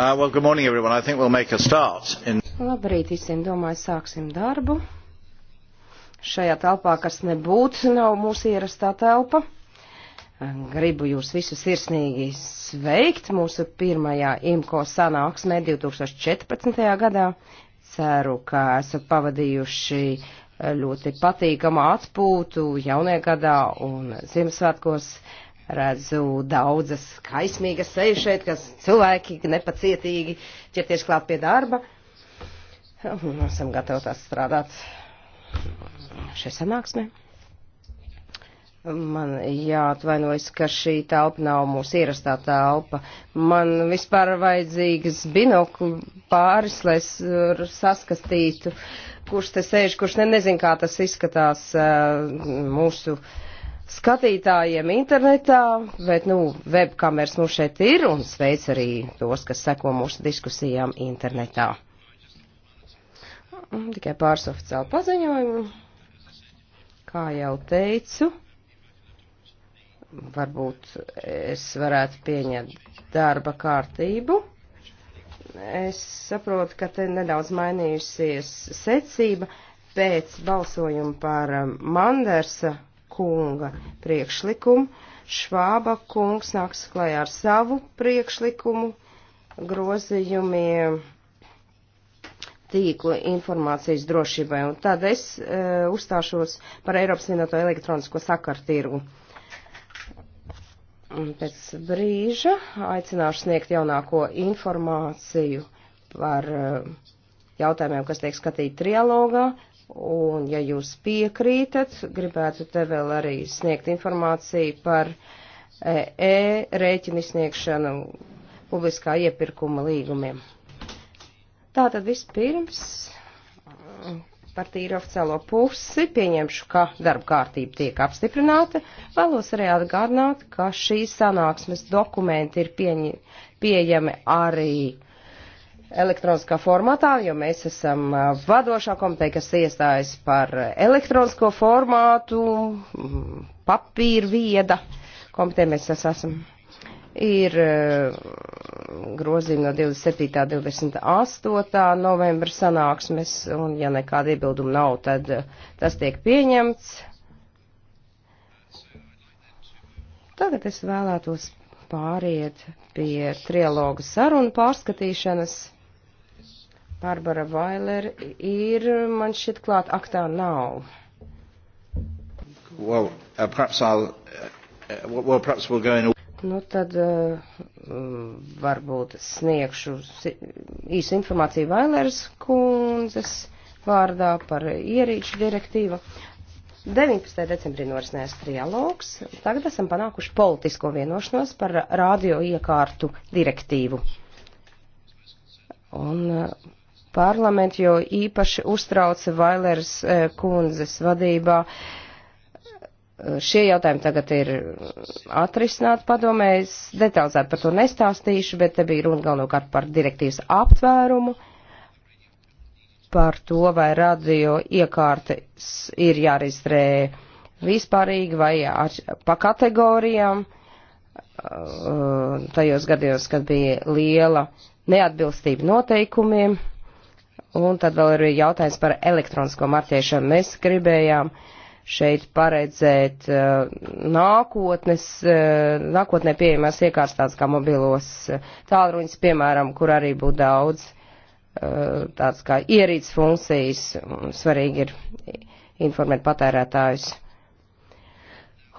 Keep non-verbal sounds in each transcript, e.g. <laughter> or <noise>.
Uh, well, good morning, everyone. I think we'll make a start. In... Labrīt visiem, domāju, sāksim darbu. Šajā telpā, kas nebūtu, nav mūsu ierastā telpa. Gribu jūs visus sirsnīgi sveikt mūsu pirmajā IMCO sanāksmē 2014. gadā. Ceru, ka esat pavadījuši ļoti patīkamu atpūtu jaunajā gadā un Ziemassvētkos redzu daudzas kaismīgas seju šeit, kas cilvēki nepacietīgi ķerties klāt pie darba. Un esam gatavi tās strādāt šai sanāksmē. Man jāatvainojas, ka šī telpa nav mūsu ierastā telpa. Man vispār vajadzīgas binoklu pāris, lai es saskastītu, kurš te sēž, kurš ne nezin, kā tas izskatās mūsu uh, skatītājiem internetā, bet, nu, webkameras mums šeit ir un sveic arī tos, kas seko mūsu diskusijām internetā. Tikai pāris oficiāli paziņojumu. Kā jau teicu, varbūt es varētu pieņemt darba kārtību. Es saprotu, ka te nedaudz mainījusies secība pēc balsojuma par um, Mandersa kunga priekšlikumu. Švāba kungs nāks klajā ar savu priekšlikumu grozījumiem tīkla informācijas drošībai, un tad es e, uzstāšos par Eiropas vienoto elektronisko sakaru tirgu. Un pēc brīža aicināšu sniegt jaunāko informāciju par e, jautājumiem, kas tiek skatīti trialogā. Un, ja jūs piekrītat, gribētu te vēl arī sniegt informāciju par e, e-rēķinu sniegšanu publiskā iepirkuma līgumiem. Tātad vispirms mm, par tīru oficiālo pusi pieņemšu, ka darba kārtība tiek apstiprināta. Vēlos arī atgādināt, ka šīs sanāksmes dokumenti ir pieņi, pieejami arī elektroniskā formātā, jo mēs esam vadošā komiteja, kas iestājas par elektronisko formātu, mm, papīra vieda komiteja mēs esam. Ir grozījumi no 27. un 28. novembra sanāksmes, un ja nekāda iebilduma nav, tad tas tiek pieņemts. Tagad es vēlētos pāriet pie trialogu sarunu pārskatīšanas. Barbara Vailer ir, man šķiet, klāt aktā nav. Well, uh, perhaps I'll, uh, uh well, perhaps we'll go in... Nu, tad uh, mm, varbūt sniegšu īsu informāciju Vailers kundzes vārdā par ierīču direktīvu. 19. decembrī norisinājās trialogs. Tagad esam panākuši politisko vienošanos par radio iekārtu direktīvu. Un uh, parlamentu, jo īpaši uztrauca Vailers e, kundzes vadībā. E, šie jautājumi tagad ir atrisināti padomē, es detalizēti par to nestāstīšu, bet te bija runa galvenokārt par direktīvas aptvērumu, par to, vai radio iekārtas ir jāreģistrē vispārīgi vai pa kategorijām, e, tajos gadījos, kad bija liela neatbilstība noteikumiem. Un tad vēl ir jautājums par elektronisko marķēšanu. Mēs gribējām šeit paredzēt uh, nākotnes, uh, nākotnē pieejamās iekārtas tāds kā mobilos eh, tālruņas, piemēram, kur arī būtu daudz uh, tāds kā ierīts funkcijas. Svarīgi ir informēt patērētājus.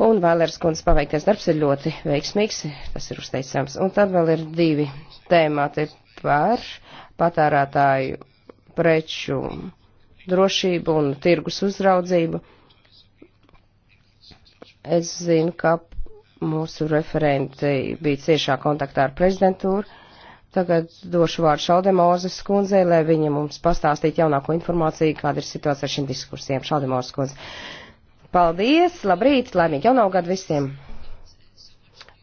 Un Vēlers kundzes paveiktais darbs ir ļoti veiksmīgs, tas ir uzteicams. Un tad vēl ir divi tēmāti par patērētāju preču drošību un tirgus uzraudzību. Es zinu, ka mūsu referenti bija ciešā kontaktā ar prezidentūru. Tagad došu vārdu Šaldemozes kundzei, lai viņa mums pastāstītu jaunāko informāciju, kāda ir situācija ar šiem diskursiem. Šaldemozes kundze. Paldies, labrīt, laimīgi jaunā gada visiem!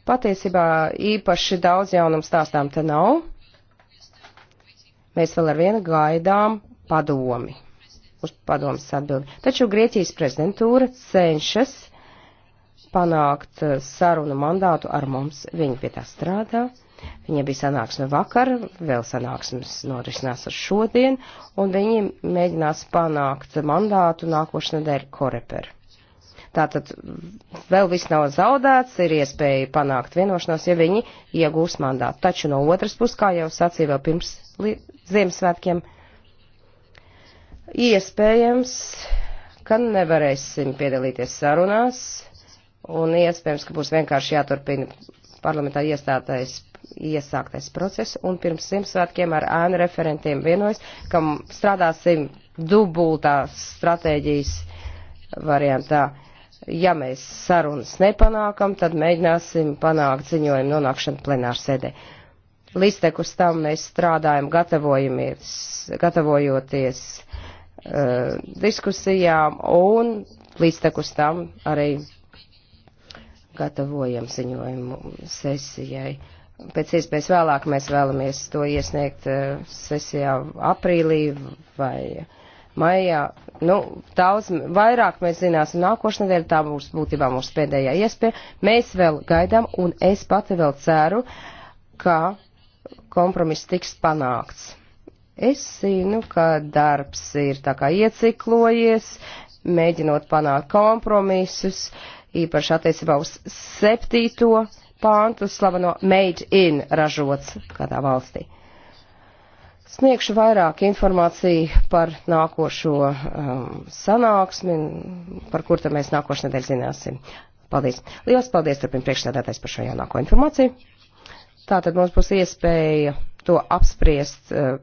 Patiesībā īpaši daudz jaunumu stāstām te nav. Mēs vēl ar vienu gaidām padomi, uz padomas atbildi. Taču Grieķijas prezidentūra cenšas panākt eh, sarunu mandātu ar mums. Viņi pie tā strādā. Viņa bija sanāksme vakar, vēl sanāksmes norisinās ar šodien, un viņi mēģinās panākt mandātu nākošu nedēļu koreperu. Tātad vēl viss nav zaudēts, ir iespēja panākt vienošanos, ja viņi iegūs mandātu. Taču no otras puses, kā jau sacīja vēl pirms Ziemassvētkiem. Iespējams, ka nevarēsim piedalīties sarunās, un iespējams, ka būs vienkārši jāturpina parlamentā iestātais iesāktais process, un pirms Ziemassvētkiem ar ēnu referentiem vienojas, ka strādāsim dubultā stratēģijas variantā. Ja mēs sarunas nepanākam, tad mēģināsim panākt ziņojumu nonākšanu plenārsēdē. sēdē. Līdztekus tam mēs strādājam, gatavojoties uh, diskusijām un līdztekus tam arī gatavojam ziņojumu sesijai. Pēc iespējas vēlāk mēs vēlamies to iesniegt uh, sesijā aprīlī vai maijā. Nu, daudz vairāk mēs zināsim nākošnedēļ, tā būs būtībā mūsu pēdējā iespēja. Mēs vēl gaidām un es pati vēl ceru, ka kompromiss tiks panākts. Es zinu, ka darbs ir tā kā ieciklojies, mēģinot panākt kompromisus, īpaši attiecībā uz septīto pāntu slaveno made in ražots kādā valstī. Sniegšu vairāk informāciju par nākošo um, sanāksmi, par kur tad mēs nākošu nedēļu zināsim. Paldies. Lielas paldies, turpin priekšstādātais par šo jaunāko informāciju. Tātad mums būs iespēja to apspriest uh,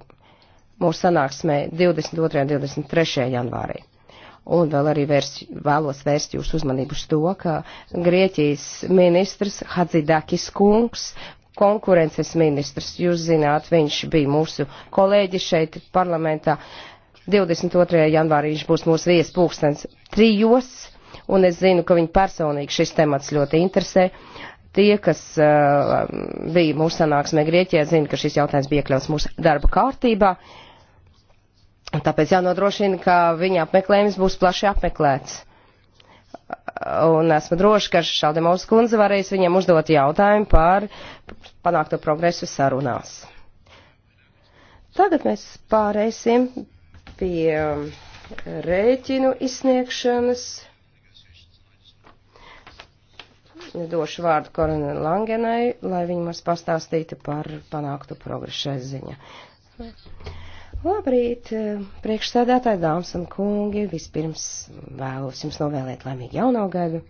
mūsu sanāksmē 22. un 23. janvārī. Un vēl arī vērst, vēlos vērst jūsu uzmanību uz to, ka Grieķijas ministrs Hadzidakis Kungs, konkurences ministrs, jūs zināt, viņš bija mūsu kolēģis šeit parlamentā. 22. janvārī viņš būs mūsu viesis pūkstens trijos, un es zinu, ka viņu personīgi šis temats ļoti interesē. Uh, Tie, kas uh, bija mūsu sanāksmē Grieķijā, zina, ka šis jautājums bija iekļauts mūsu darba kārtībā. Tāpēc jānodrošina, ka viņa apmeklējums būs plaši apmeklēts. Un esmu droši, ka Šaldemovs kundze varēs viņam uzdot jautājumu par panākto progresu sarunās. Tagad mēs pārēsim pie rēķinu izsniegšanas došu vārdu Korina Langenai, lai viņa mums pastāstītu par panāktu progresu šai ziņā. Labrīt, priekšsēdētāji, dāmas un kungi, vispirms vēlos jums novēlēt laimīgu jauno gadu.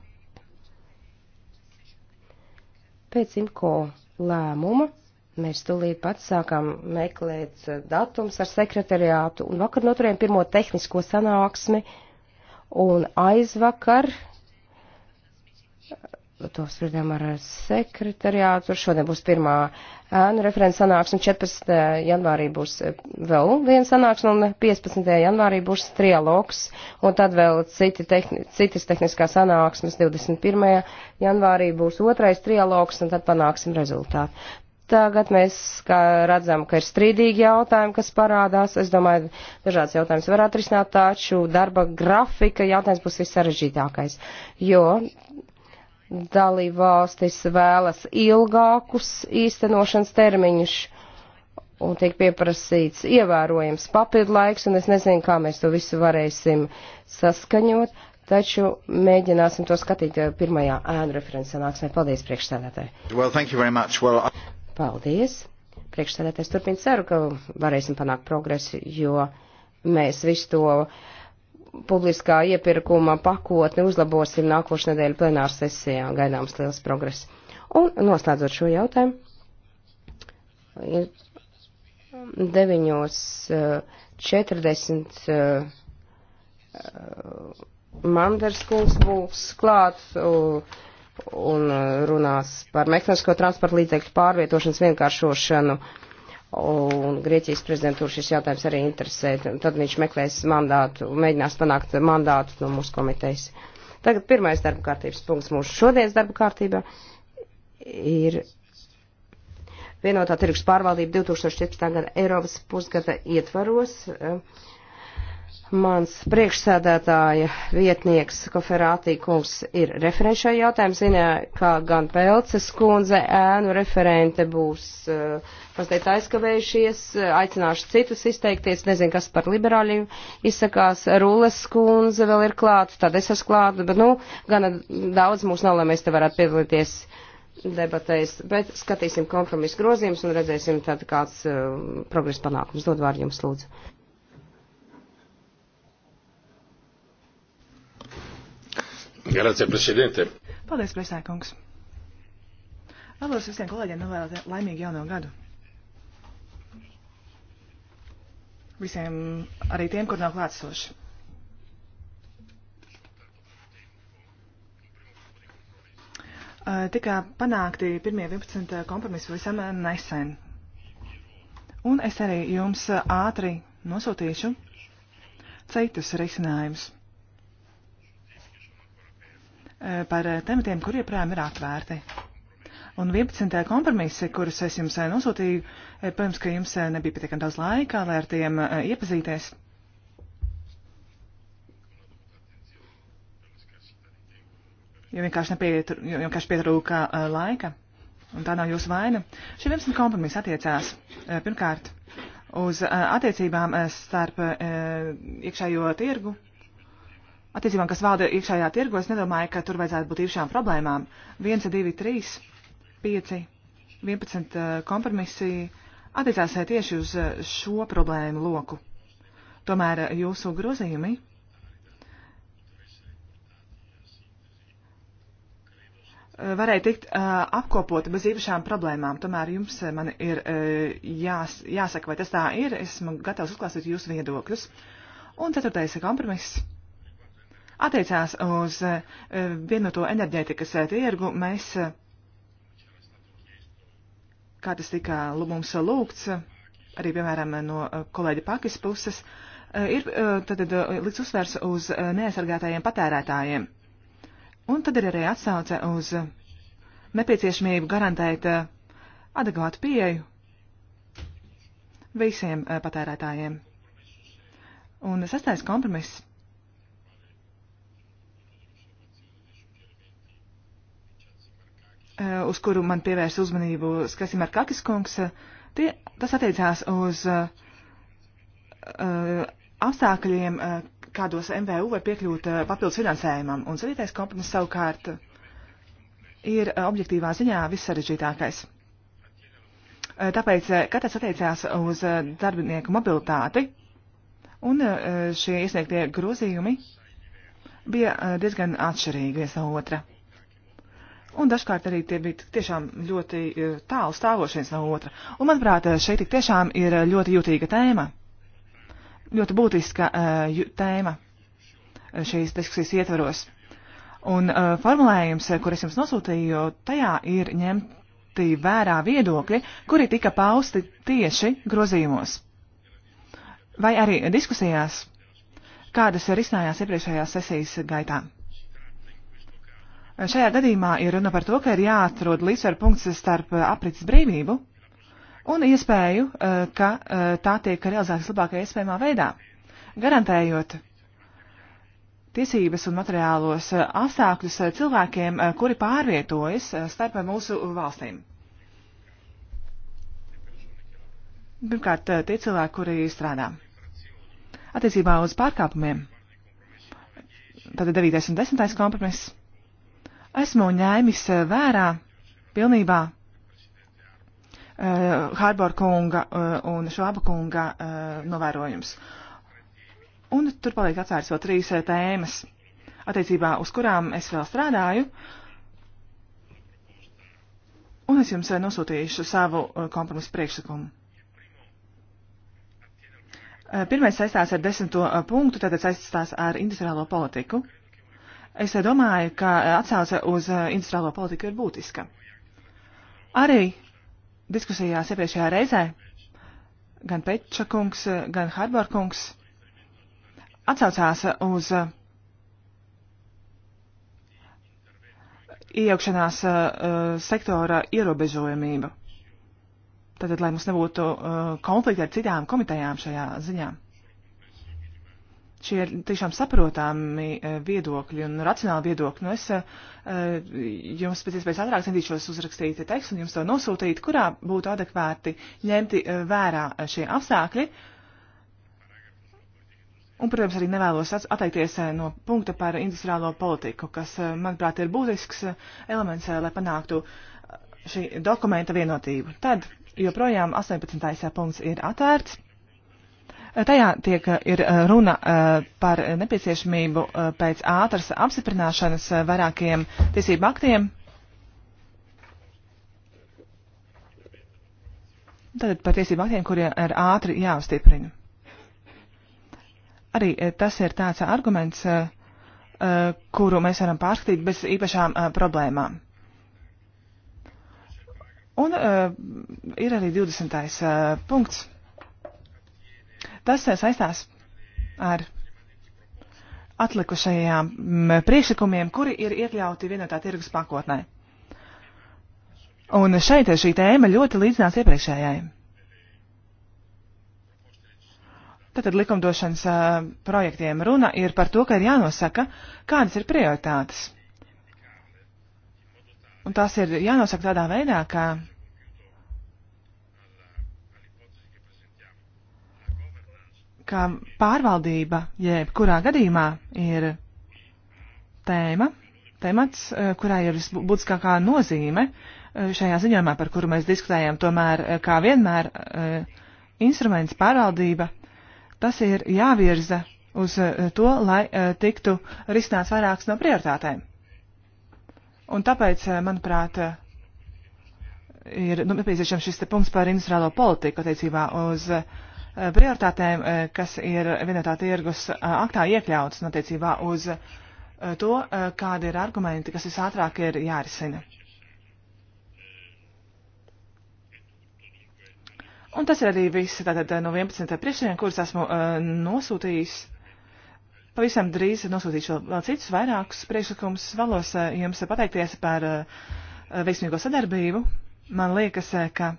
Pēc imko lēmuma mēs tūlīt pat sākam meklēt datums ar sekretariātu un vakar noturējām pirmo tehnisko sanāksmi un aizvakar to spriedām ar sekretariātu. Šodien būs pirmā ēnu referents sanāksme, 14. janvārī būs vēl viena sanāksme un 15. janvārī būs trialogs un tad vēl citi tehni, citas tehniskās sanāksmes. 21. janvārī būs otrais trialogs un tad panāksim rezultātu. Tagad mēs redzam, ka ir strīdīgi jautājumi, kas parādās. Es domāju, dažādas jautājumas varētu risināt, taču darba grafika jautājums būs vissarežģītākais, jo dalībvalstis vēlas ilgākus īstenošanas termiņus un tiek pieprasīts ievērojams papildu laiks, un es nezinu, kā mēs to visu varēsim saskaņot, taču mēģināsim to skatīt pirmajā ēnu referents sanāksmē. Paldies, priekšstādātāji. Well, thank you very much. Well, I... Paldies. Priekšstādātājs turpina ceru, ka varēsim panākt progresu, jo mēs visu to publiskā iepirkuma pakotni uzlabosim nākošu nedēļu plenāru sesijā. Gaidāms liels progress. Un noslēdzot šo jautājumu, ir 9.40. Eh, eh, Manders kungs būs klāt un eh, runās par mehānisko transporta līdzekļu pārvietošanas vienkāršošanu un Grieķijas prezidentūru šis jautājums arī interesē. Tad viņš meklēs mandātu, mēģinās panākt mandātu no mūsu komitejas. Tagad pirmais darba kārtības punkts mūsu šodienas darba kārtībā ir vienotā tirgus pārvaldība 2014. gada Eiropas pusgada ietvaros. Mans priekšsēdētāja vietnieks Koferātī kungs ir referents šajā jautājumā. Zināja, ka gan Pelces kundze ēnu referente būs uh, mazliet aizkavējušies, aicināšu citus izteikties, nezinu, kas par liberāļiem izsakās, Rūles kundze vēl ir klāta, tad es esmu klāta, bet, nu, gana daudz mūs nav, lai mēs te varētu piedalīties debatēs, bet skatīsim kompromisu grozījumus un redzēsim tad kāds uh, progress panākums. Dod vārdu jums, lūdzu. Grazie, prezidente. Paldies, prezidentkungs. Vēlos visiem kolēģiem novēlēt laimīgu jauno gadu. visiem, arī tiem, kur nav klātsoši. Tikā panākti pirmie 11 kompromisi visam nesen. Un es arī jums ātri nosūtīšu citus risinājumus par tematiem, kur joprojām ir atvērti. Un 11. kompromisi, kurus es jums eh, nosūtīju, eh, protams, ka jums eh, nebija pietiekami daudz laika, lai ar tiem iepazīties. Jo vienkārši, nepietur, jo vienkārši pietrūka laika, un tā nav jūsu vaina. Šie 11 kompromisi attiecās pirmkārt uz attiecībām starp iekšējo tirgu attiecībām, kas valda iekšējā tirgu, es nedomāju, ka tur vajadzētu būt īpašām problēmām. 1, 2, 3 5, 11 eh, kompromisi attiecās eh, tieši uz eh, šo problēmu loku. Tomēr jūsu grozījumi varēja tikt uh, apkopota bez īpašām problēmām. Tomēr jums man ir uh, jās, jāsaka, vai tas tā ir. Esmu gatavs uzklāstīt jūsu viedokļus. Un ceturtais kompromiss attiecās uz uh, vienoto enerģētikas tirgu. Mēs uh, kā tas tika mums lūgts, arī, piemēram, no uh, kolēģa Pakis puses, uh, ir uh, tad liks uzsvers uz neaizsargātajiem patērētājiem. Un tad ir arī atsauce uz nepieciešamību garantēt adekvātu pieeju visiem patērētājiem. Un sastais kompromiss Eh, uz kuru man pievērsa uzmanību Skasimēr Kakis kungs, eh, tie, tas attiecās uz uh, apstākļiem, uh, kādos MVU var piekļūt uh, papildus finansējumam, un sadītais komponents savukārt ir objektīvā ziņā vissarežģītākais. Tāpēc katrs attiecās uz darbinieku mobilitāti, un šie iesniegtie grozījumi bija diezgan atšķirīgi viens no otra un dažkārt arī tie bija tiešām ļoti eh, tālu stāvoši viens no otra. Un, manuprāt, eh, šeit tik tiešām ir eh, ļoti jūtīga tēma, ļoti būtiska tēma šīs diskusijas ietvaros. Un formulējums, kur es jums nosūtīju, tajā ir ņemti vērā viedokļi, kuri tika pausti tieši grozījumos. Vai arī diskusijās, kādas ir iznājās iepriekšējās sesijas gaitā. Šajā gadījumā ir runa par to, ka ir jāatrod līdzsvaru punkts starp eh, aprits brīvību un iespēju, eh, ka eh, tā tiek realizētas labākajā iespējamā veidā, garantējot tiesības un materiālos apstākļus cilvēkiem, kuri pārvietojas starp mūsu valstīm. Pirmkārt, tie cilvēki, kuri strādā. Attiecībā uz pārkāpumiem. Tātad 9. un 10. kompromiss Esmu ņēmis eh, vērā pilnībā uh, Harbor kunga uh, un Švaba kunga uh, novērojums. Un tur paliek atvērts vēl trīs uh, tēmas, attiecībā uz kurām es vēl strādāju. Un es jums uh, nosūtīšu savu uh, kompromisu priekšsakumu. Pirmais saistās ar desmito punktu, tātad saistās ar industriālo politiku. Uh, Es domāju, ka atsauce uz eh, industriālo politiku ir būtiska. Arī diskusijās iepriekšējā reizē gan Peča kungs, gan Harbor kungs atsaucās uz eh, iejaukšanās eh, sektora ierobežojamību. Tātad, lai mums nebūtu konflikti ar citām komitejām šajā ziņā šie ir tiešām saprotami e, viedokļi un racionāli viedokļi. Nu, es e, e, jums pēc iespējas ātrāk centīšos uzrakstīt tekstu un jums to nosūtīt, kurā būtu adekvāti ņemti vērā šie apstākļi. Un, protams, arī nevēlos atteikties no punkta par industriālo politiku, kas, manuprāt, ir būtisks elements, lai panāktu šī dokumenta vienotību. Tad joprojām 18. punkts ir atvērts. Tajā tiek eh, ir eh, runa eh, par nepieciešamību pēc ātras apstiprināšanas vairākiem tiesību aktiem. Tātad par tiesību aktiem, kuriem ir ātri jāapstiprina. Arī tas ir tāds arguments, kuru mēs varam pārskatīt bez īpašām problēmām. Un ir arī 20. punkts. Tas eh, saistās ar atlikušajām mm, priekšlikumiem, kuri ir iekļauti vienotā tirgus pakotnē. Un šeit šī tēma ļoti līdzinās iepriekšējai. Tātad likumdošanas eh, projektiem runa ir par to, ka ir jānosaka, kādas ir prioritātes. Un tās ir jānosaka tādā veidā, ka ka pārvaldība jebkurā gadījumā ir tēma, temats, eh, kurā ir visbūtiskākā nozīme eh, šajā ziņojumā, par kuru mēs diskutējām, tomēr, eh, kā vienmēr, instruments pārvaldība, tas ir jāvirza uz to, lai tiktu risināts vairākas no prioritātēm. Un tāpēc, manuprāt, ir nu, nepieciešams šis punkts par industriālo politiku attiecībā uz uh, Eh, prioritātēm, eh, kas ir vienotā tirgus eh, aktā iekļauts attiecībā uz to, kādi ir argumenti, kas visātrāk ir jārisina. Un tas ir arī viss tātad no 11 priekšējiem, kurus esmu uh, nosūtījis. Pavisam drīz nosūtīšu vēl citus vairākus priekšlikumus. Vēlos uh, jums pateikties par uh, veiksmīgo sadarbību. Man liekas, uh, ka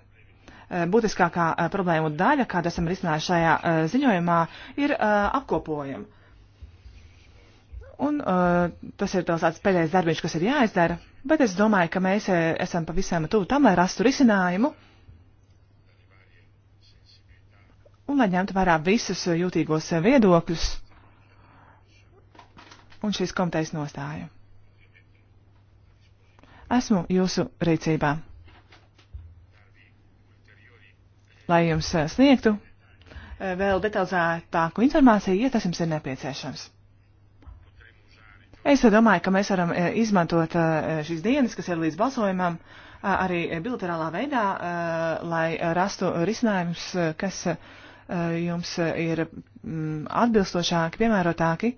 Eh, būtiskākā eh, problēmu daļa, kādu esam risinājuši šajā eh, ziņojumā, ir apkopojuma. Un uh, tas ir tāds pēdējais darbiņš, kas ir jāizdara, bet es domāju, ka mēs esam pavisam tuvu tam, lai rastu risinājumu un lai ņemtu vērā visus jūtīgos viedokļus un šīs komitejas nostāju. Esmu jūsu rīcībā. lai jums eh, sniegtu eh, vēl detalizētāku informāciju, ja tas jums ir nepieciešams. Es domāju, ka mēs varam eh, izmantot šīs dienas, kas ir līdz balsojumam, arī bilaterālā veidā, lai rastu risinājumus, kas jums ir mm, atbilstošāki, piemērotāki,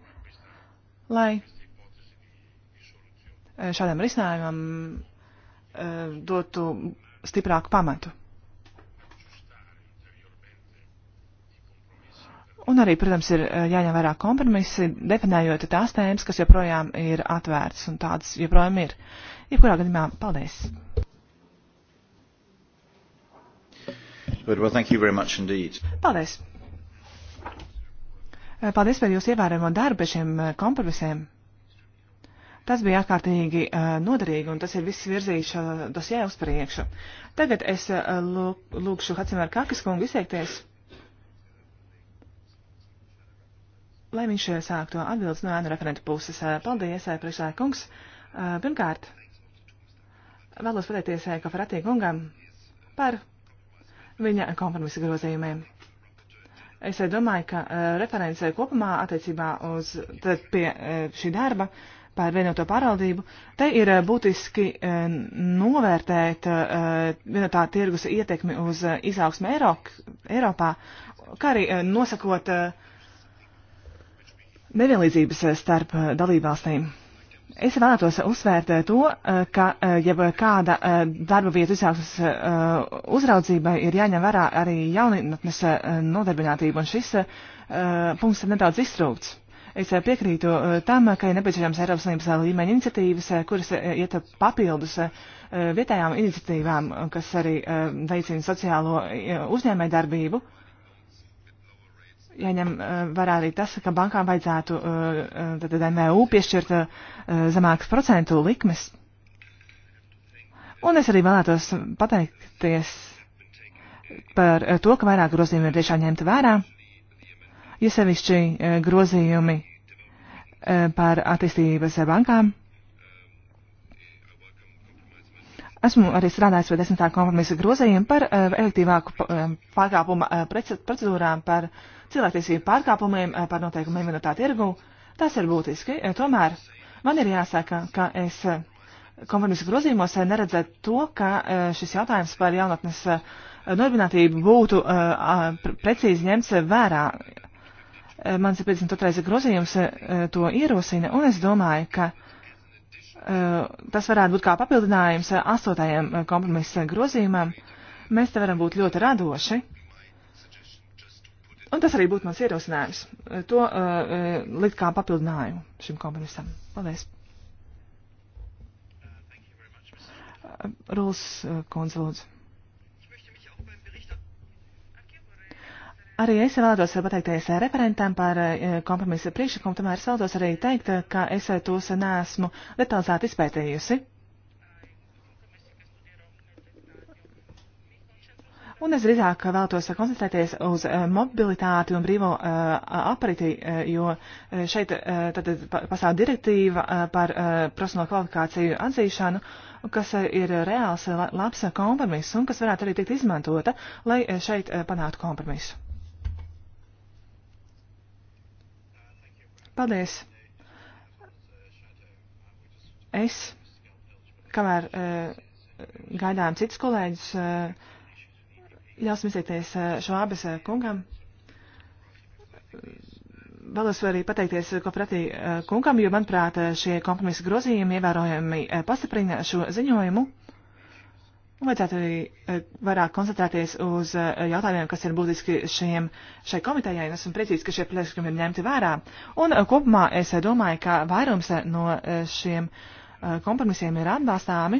lai šādam risinājumam dotu stiprāku pamatu. Un arī, protams, ir eh, jāņem vērā kompromisi, definējot tās tēmas, kas joprojām ir atvērtas, un tādas joprojām ir. Jebkurā gadījumā, paldies! Good, well, thank you very much indeed. Paldies! Eh, paldies par jūsu ievērojumu darbu pie šiem eh, kompromisiem. Tas bija ārkārtīgi uh, noderīgi, un tas ir viss virzījis uh, dosjē uz priekšu. Tagad es uh, lūkšu Hacimēru Kakis kungu izteikties. lai viņš eh, sāktu atbildes no ēnu referentu puses. Eh, paldies, eh, priekšsēkungs. Pirmkārt, vēlos pateikties Koferatī kungam par viņa kompromisa grozījumiem. Es domāju, ka referents kopumā attiecībā uz pie šī darba par vienoto pārvaldību, te ir būtiski novērtēt vienotā tirgus ietekmi uz izaugsmu Eiropā, kā arī nosakot uh, nevienlīdzības eh, starp eh, dalībvalstīm. Es vēlētos uzsvērt eh, to, ka jebkāda darba vietas izaugsmas uzraudzība ir jāņem vērā arī jaunatnes nodarbinātība, un šis punkts ir nedaudz iztrūkts. Es piekrītu tam, ka ir nepieciešams Eiropas Savienības līmeņa iniciatīvas, kuras iet papildus vietējām iniciatīvām, kas arī veicina sociālo uzņēmē darbību. Uh, jāņem eh, vērā arī tas, ka bankām vajadzētu eh, eh, tad MVU piešķirt zemākas procentu likmes. Un es arī vēlētos pateikties par to, ka vairāk grozījumi ir tiešām ņemti vērā, ja sevišķi grozījumi par attīstības bankām. Esmu arī strādājis pie desmitā kompromisa grozījuma par efektīvāku pārkāpuma procedūrām, par uh, cilvēktiesību pārkāpumiem eh, par noteikumiem vienotā tirgu. Tas ir būtiski. Eh, tomēr man ir jāsaka, ka es eh, kompromisu grozījumos neredzētu to, ka šis jautājums par jaunatnes norbinātību būtu precīzi ņemts vērā. Mans 52. grozījums to ierosina, un es domāju, ka tas varētu būt kā papildinājums astotajam kompromisa grozījumam. Mēs te varam būt ļoti radoši Un tas arī būtu mans ierosinājums. To uh, uh likt kā papildinājumu šim kompromisam. Paldies. Uh, Rūls uh, Kons, lūdzu. Arī es vēlētos pateikties referentam par kompromisa priekšlikumu, tomēr es vēlētos arī teikt, ka es tos neesmu detalizēti izpētījusi. Un es drīzāk vēlētos koncentrēties uz eh, mobilitāti un brīvo eh, apriti, eh, jo šeit tad pasāv direktīva par profesionālo kvalifikāciju atzīšanu, kas ir reāls labs kompromiss un kas varētu arī tikt izmantota, lai šeit panātu kompromisu. Paldies! Es, kamēr gaidām citus kolēģus, Ļausim izteikties eh, Švābes eh, kungam. Vēlos arī pateikties Kofratī eh, kungam, jo, manuprāt, šie kompromisa grozījumi ievērojami pastiprina šo ziņojumu. Un vajadzētu arī vairāk koncentrēties uz jautājumiem, kas ir būtiski šiem, šai komitejai, un esmu priecīgs, ka šie priekšlikumi ir ņemti vērā. Un kopumā es domāju, ka vairums no šiem kompromisiem ir atbalstāmi.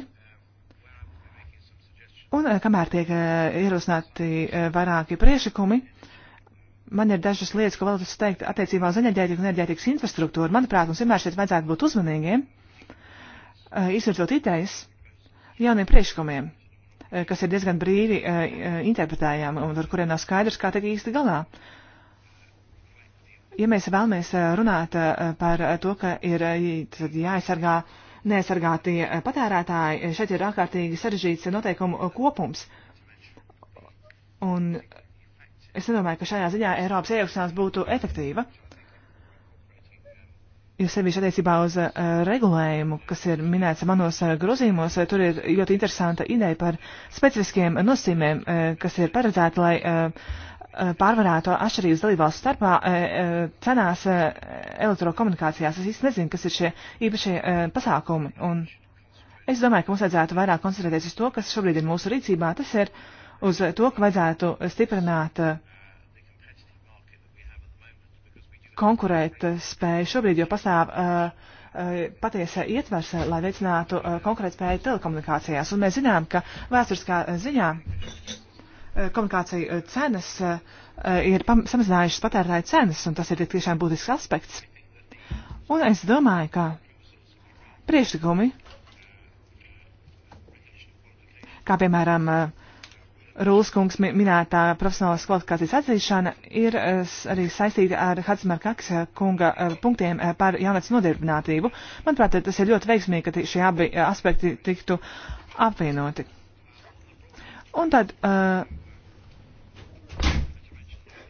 Un eh, kamēr tiek eh, ierosināti eh, vairāki priešakumi, man ir dažas lietas, ko vēlos teikt attiecībā uz enerģētiku un enerģētikas infrastruktūru. Manuprāt, mums vienmēr šeit vajadzētu būt uzmanīgiem, izvirzot idejas jauniem priekšlikumiem, kas ir diezgan brīvi interpretējami un ar kuriem nav skaidrs, kā tiek īsti galā. Ja mēs vēlamies runāt par to, ka ir jāaizsargā neaizsargātie eh, patērētāji. Eh, šeit ir ārkārtīgi sarežģīts eh, noteikumu kopums. Un es nedomāju, ka šajā ziņā Eiropas iejaukšanās būtu efektīva. Jo sevišķi attiecībā uz uh, regulējumu, kas ir minēts manos uh, grozījumos, uh, tur ir ļoti interesanta ideja par specifiskiem nosīmēm, uh, kas ir paredzēti, lai uh, Eh, pārvarēto atšķirības dalībvalstu starpā eh, eh, cenās elektrokomunikācijās. Es īsti nezinu, kas ir šie īpašie pasākumi. Un es domāju, ka mums vajadzētu vairāk koncentrēties uz to, kas šobrīd ir mūsu rīcībā. Tas ir uz to, ka vajadzētu stiprināt konkurēt spēju šobrīd, jo pastāv uh, patiesa ietvers, lai veicinātu konkurētspēju telekomunikācijās. Un mēs zinām, ka vēsturiskā ziņā Eh, komunikāciju eh, cenas eh, ir samazinājušas patērētāju cenas, un tas ir tiešām būtisks aspekts. Un es domāju, ka priekšlikumi, kā piemēram Rūlas kungs minētā profesionālās kvalifikācijas atzīšana, ir arī saistīta ar Hatzmarkaks kunga punktiem par jaunatnes nodarbinātību. Manuprāt, tas ir ļoti veiksmīgi, ka šie abi aspekti tiktu apvienoti. Un tad uh,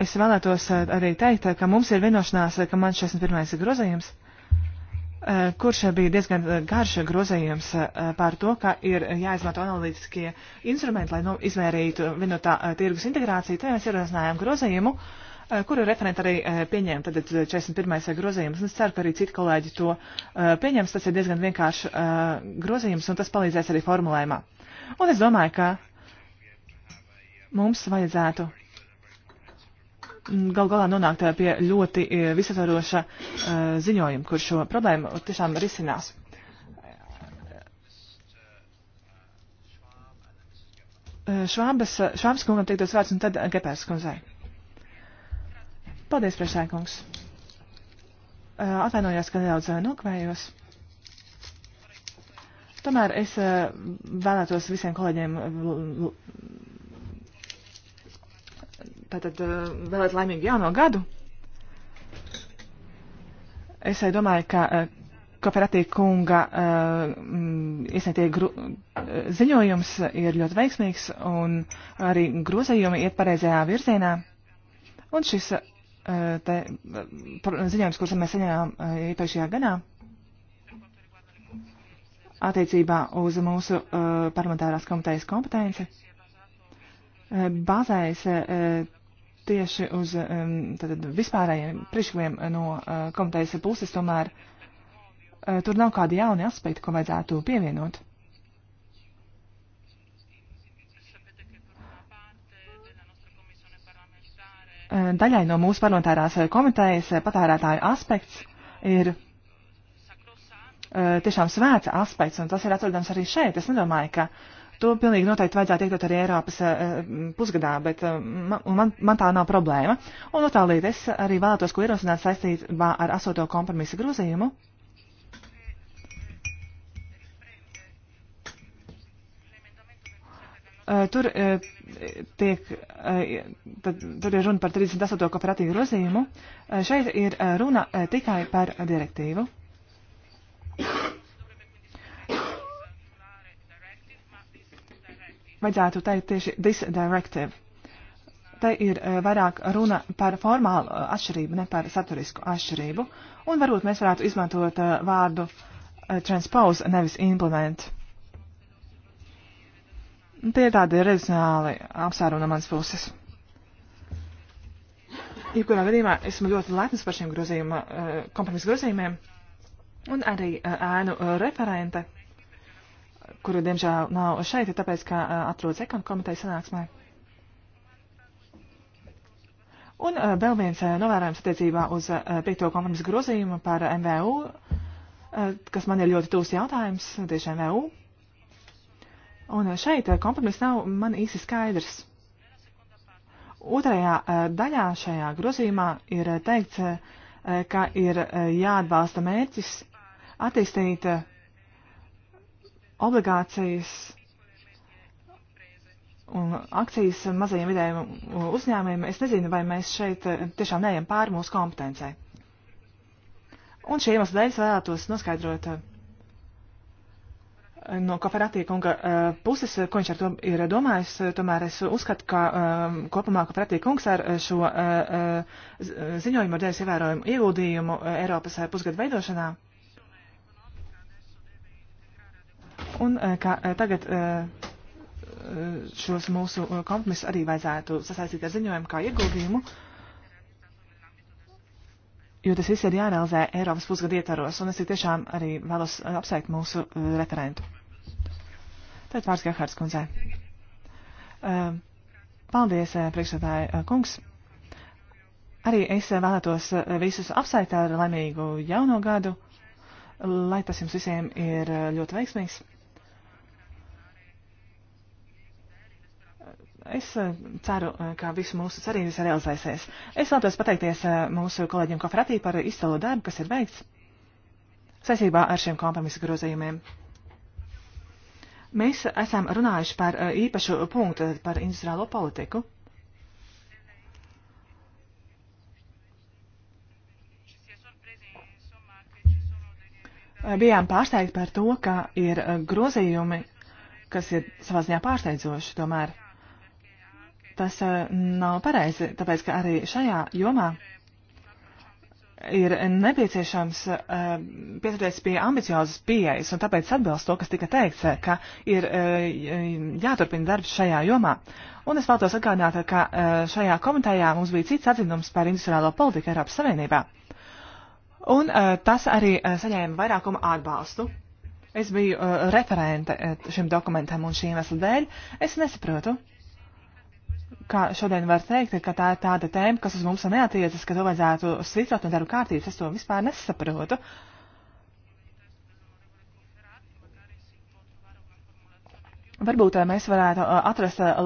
es vēlētos eh, arī teikt, eh, ka mums ir vienošanās, ka man 61. grozījums, uh, kurš bija diezgan garš grozījums uh, par to, ka ir jāizmanto analītiskie instrumenti, lai nu, izvērītu vienotā uh, tirgus integrāciju. Tad mēs ierosinājām grozījumu, uh, kuru referenti arī uh, pieņēma. Tad 41. grozījums. Un es ceru, ka arī citi kolēģi to uh, pieņems. Tas ir diezgan vienkāršs uh, grozījums, un tas palīdzēs arī formulējumā. Un es domāju, ka Mums vajadzētu gal galā nonākt eh, pie ļoti eh, visatvaroša eh, ziņojuma, kur šo problēmu tiešām risinās. Švābas, švābas kungam teiktos vārds un tad Gepērs kundzei. Paldies, priekšsēkungs. Atvainojos, ka nedaudz nokavējos. Tomēr es vēlētos visiem kolēģiem tātad eh, vēlēt laimīgu jauno gadu. Es domāju, ka eh, Kooperatīva kunga eh, mm, iesniegtie ziņojums ir ļoti veiksmīgs un arī grozījumi iet pareizajā virzienā. Un šis te, ziņojums, kurus mēs saņēmām īpašajā gadā, attiecībā uz mūsu parlamentārās komitejas kompetenci, bāzējas tieši uz tātad, vispārējiem priekšlikumiem eh, no eh, komitejas puses, tomēr eh, tur nav kādi jauni aspekti, ko vajadzētu pievienot. Daļai no mūsu parlamentārās komitejas patērētāju aspekts ir tiešām svēts aspekts, un tas ir atrodams arī šeit. Es nedomāju, ka uh, To pilnīgi noteikti vajadzētu iekļaut arī Eiropas eh, eh, pusgadā, bet eh, man, man, man tā nav problēma. Un otrā no lieta, es arī vēlētos, ko ierosināt saistībā ar asoto kompromisa grozījumu. Tur, tiek, tad, tur ir runa par 38. kooperatīvu grozījumu. Šeit ir runa tikai par direktīvu. vajadzētu teikt tieši this directive. Te ir eh, vairāk runa par formālu eh, atšķirību, ne par saturisku atšķirību, un varbūt mēs varētu izmantot eh, vārdu transpose, nevis implement. Tie ir tādi reizināli apsvērumi no manas puses. Jebkurā gadījumā esmu ļoti lepns par šiem grozījuma, kompromisu grozījumiem un arī ēnu referente kura diemžēl nav šeit, ir tāpēc, ka atrodas ekonomikas komitejas sanāksmē. Un vēl viens novērojums attiecībā uz piekto kompromisu grozījumu par MVU, kas man ir ļoti tūs jautājums, tieši MVU. Un šeit kompromiss nav man īsi skaidrs. Otrajā daļā šajā grozījumā ir teikts, ka ir jāatbalsta mērķis attīstīt obligācijas un akcijas mazajiem vidējiem uzņēmējiem, es nezinu, vai mēs šeit eh, tiešām neejam pāri mūsu kompetencei. Un šī iemesla dēļ es vēlētos noskaidrot eh, no kooperatīva kunga eh, puses, ko viņš ar to ir domājis. Tomēr es uzskatu, ka kopumā kooperatīva kungs ar šo ziņojumu ar dēļ ievērojumu ieguldījumu Eiropas pusgadu veidošanā Un eh, kā eh, tagad eh, šos mūsu kompromisus arī vajadzētu sasaistīt ar ziņojumu kā ieguldījumu, jo tas viss ir jārealizē Eiropas pusgada ietvaros, un es tiešām arī vēlos apsveikt mūsu referentu. Tad vārds Gehards kundzei. Paldies, priekšsēdāja kungs. Arī es vēlētos visus apsveikt ar laimīgu jauno gadu, lai tas jums visiem ir ļoti veiksmīgs. Es eh, ceru, eh, ka visu mūsu cerības realizēsies. Es vēlētos pateikties eh, mūsu kolēģiem Kofratī par izcilo darbu, kas ir veikts saistībā ar šiem kompromisa grozījumiem. Mēs esam runājuši par īpašu punktu par industriālo politiku. Bijām pārsteigti par to, ka ir grozījumi, kas ir savā ziņā pārsteidzoši tomēr tas eh, nav pareizi, tāpēc ka arī šajā jomā ir nepieciešams eh, pieturēties pie ambiciozas pieejas, un tāpēc atbilst to, kas tika teikts, eh, ka ir jāturpina darbs šajā jomā. Un es vēlos atgādināt, ka šajā komitējā mums bija cits atzinums par industriālo politiku Eiropas Savienībā. Un tas arī saņēma vairākumu atbalstu. Es biju referente šim dokumentam, un šī iemesla dēļ es nesaprotu, kā šodien var teikt, ka tā ir tāda tēma, kas uz mums neatiecas, ka to vajadzētu svītrot no darba kārtības. Es to vispār nesaprotu. Varbūt eh, mēs varētu eh, atrast eh,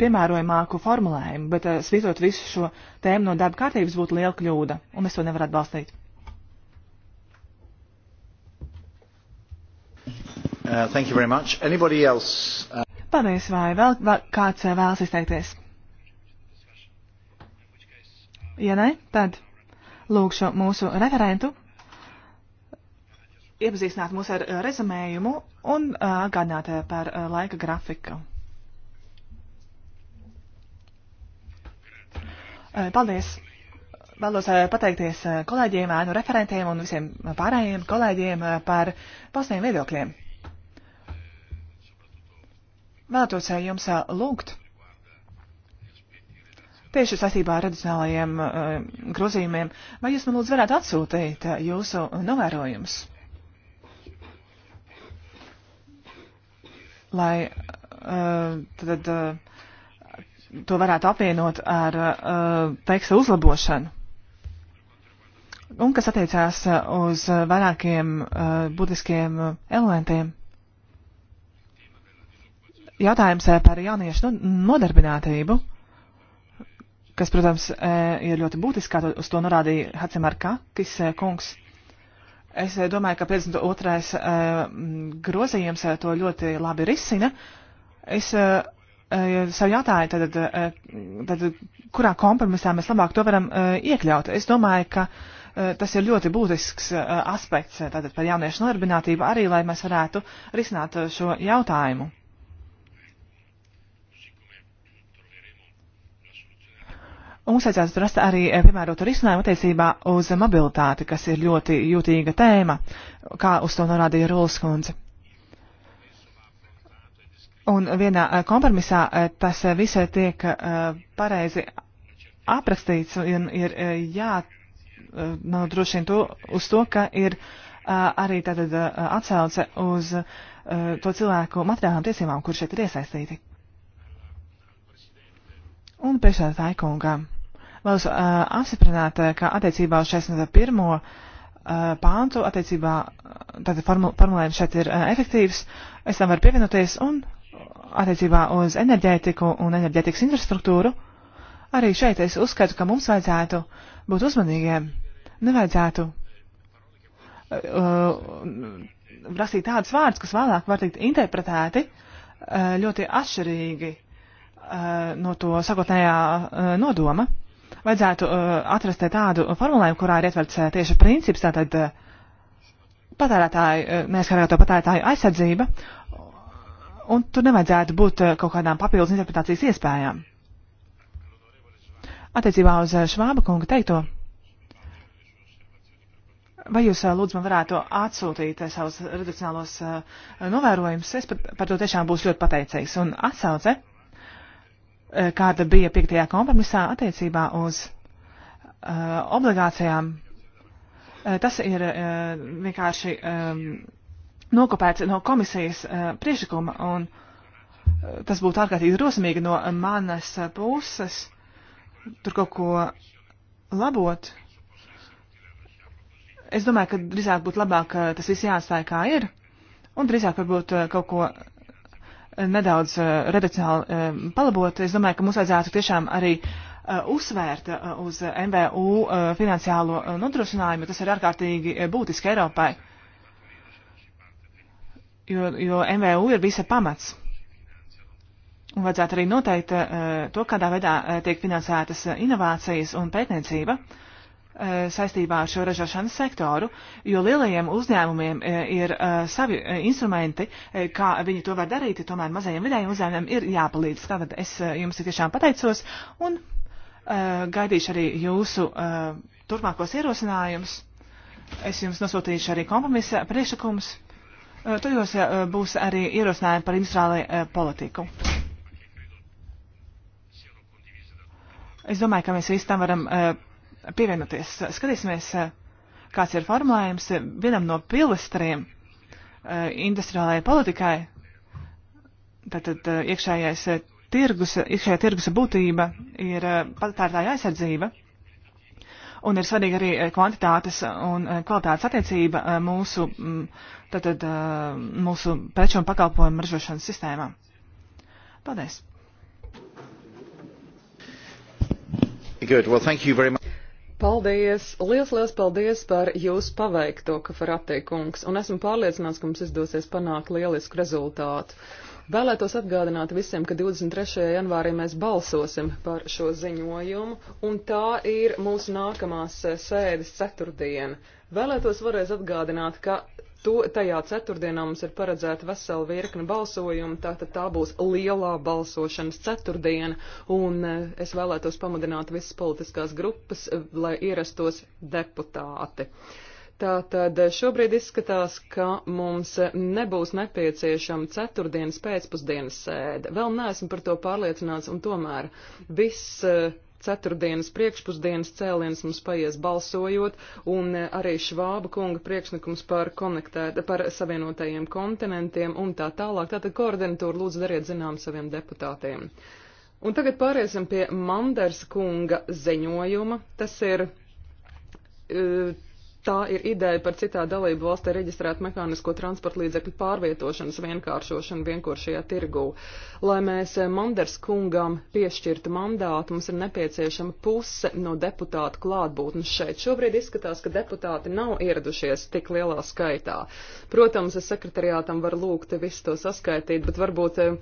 piemērojamāku formulējumu, bet svītrot visu šo tēmu no darba kārtības būtu liela kļūda, un es to nevaru atbalstīt. Uh, thank you very much. Anybody else? Uh... Paldies, vai vēl, vēl kāds vēlas izteikties? Ja nē, tad lūkšu mūsu referentu iepazīstināt mūs ar eh, rezumējumu un eh, atgādināt eh, par laika grafiku. Paldies! Vēlos pateikties kolēģiem, ēnu referentiem un visiem pārējiem kolēģiem par pasniegtiem viedokļiem. Vēlētos jums lūgt tieši saistībā ar tradicionālajiem uh, grozījumiem. Vai jūs man lūdzu varētu atsūtīt uh, jūsu novērojumus? Lai uh, tad, uh, to varētu apvienot ar uh, teksta uzlabošanu. Un kas attiecās uz vairākiem uh, būtiskiem elementiem. Jautājums par jauniešu nodarbinātību. Uh, kas, protams, e, ir ļoti būtiski, kā uz to norādīja Hacemārka, kas e, kungs. Es e, domāju, ka 52. grozījums to ļoti labi risina. Es savu jautāju, tad, tad kurā kompromisā mēs labāk to varam iekļaut. Es domāju, ka tas ir ļoti būtisks aspekts tātad par jauniešu nodarbinātību arī, lai mēs varētu risināt šo jautājumu. Mums vajadzētu rast arī eh, piemērotu risinājumu attiecībā uz mobilitāti, kas ir ļoti jūtīga tēma, kā uz to norādīja Rūlas kundze. Un vienā eh, kompromisā eh, tas viss tiek pareizi aprakstīts un ir jānodrošina to, uz to, ka ir arī tātad atsauce uz to cilvēku materiālām tiesībām, kur šeit ir iesaistīti. Un priekšsēdētāja kungām vēlos uh, apstiprināt, ka attiecībā uz 61. Uh, pāntu, attiecībā, tātad formulējums šeit ir uh, efektīvs, es tam varu pievienoties un attiecībā uz enerģētiku un enerģētikas infrastruktūru. Arī šeit es uzskatu, ka mums vajadzētu būt uzmanīgiem. Nevajadzētu uh, rasīt tādus vārdus, kas vēlāk var tikt interpretēti uh, ļoti atšķirīgi uh, no to sakotnējā uh, nodoma. Uh, vajadzētu uh, atrast tādu formulējumu, kurā ir ietverts uh, tieši princips, tātad uh, patērētāju, uh, neaizskarēto patērētāju aizsardzība, un tur nevajadzētu būt uh, kaut kādām papildus interpretācijas iespējām. Attiecībā uz uh, Švāba kunga teikto, vai jūs uh, lūdzu man varētu atsūtīt uh, savus redakcionālos uh, novērojumus, es pat, par to tiešām būšu ļoti pateicīgs, un atsauce. Uh, Eh, kāda bija piektajā kompromisā attiecībā uz uh, obligācijām. Uh, tas ir uh, vienkārši um, nokopēts no komisijas uh, priešakuma, un uh, tas būtu ārkārtīgi drosmīgi no manas puses tur kaut ko labot. Es domāju, ka drīzāk būtu labāk tas viss jāatstāja kā ir, un drīzāk varbūt kaut ko nedaudz eh, redakcionāli eh, palabot. Es domāju, ka mums vajadzētu tiešām arī eh, uzsvērt uz MVU finansiālo nodrošinājumu. Tas ir ārkārtīgi būtiski Eiropai, jo, jo MVU ir visa pamats. Un vajadzētu arī noteikt to, kādā veidā tiek finansētas inovācijas un pētniecība. Uh, E, saistībā ar šo ražošanas sektoru, jo lielajiem uzņēmumiem e, ir e, savi instrumenti, kā viņi to var darīt, tomēr mazajiem vidējiem uzņēmumiem ir jāpalīdz. Tātad es jums tiešām pateicos un gaidīšu arī jūsu turpmākos ierosinājumus. Es jums nosūtīšu arī kompromisa priekšlikumus. Tajos būs arī ierosinājumi par industriālo politiku. Es domāju, ka mēs visi tam varam uh, pievienoties. Skatīsimies, kāds ir formulējums vienam no pilastriem eh, industriālajai politikai. Tātad eh, iekšējais eh, tirgus, iekšējā tirgus būtība ir patērtāja aizsardzība. Un ir svarīga arī kvantitātes un kvalitātes attiecība mūsu, mm, tātad, mūsu preču un pakalpojumu ražošanas sistēmā. Paldies! Good. Well, thank you very much. Paldies! Liels, liels paldies par jūsu paveikto, Kafarati kungs, un esmu pārliecināts, ka mums izdosies panākt lielisku rezultātu. Vēlētos atgādināt visiem, ka 23. janvārī mēs balsosim par šo ziņojumu, un tā ir mūsu nākamās sēdes ceturtdiena. Vēlētos varēs atgādināt, ka To, tajā ceturtdienā mums ir paredzēta vesela virkne balsojumu, tātad tā būs lielā balsošanas ceturtdiena, un e, es vēlētos pamudināt visas politiskās grupas, e, lai ierastos deputāti. Tātad e, šobrīd izskatās, ka mums nebūs nepieciešama ceturtdienas pēcpusdienas sēde. Vēl neesmu par to pārliecināts, un tomēr viss ceturtdienas priekšpusdienas cēliens mums paies balsojot, un e, arī Švāba kunga priekšlikums par, par savienotajiem kontinentiem un tā tālāk. Tātad koordinatūru lūdzu dariet zinām saviem deputātiem. Un tagad pāriesim pie Manders kunga ziņojuma. Tas ir. Uh, Tā ir ideja par citā dalību valstī reģistrēt mehānisko transporta līdzekļu pārvietošanas vienkāršošanu vienkāršajā tirgū. Lai mēs eh, Manders kungam piešķirtu mandātu, mums ir nepieciešama puse no deputātu klātbūtnes šeit. Šobrīd izskatās, ka deputāti nav ieradušies tik lielā skaitā. Protams, es sekretariātam var lūgt visu to saskaitīt, bet varbūt eh,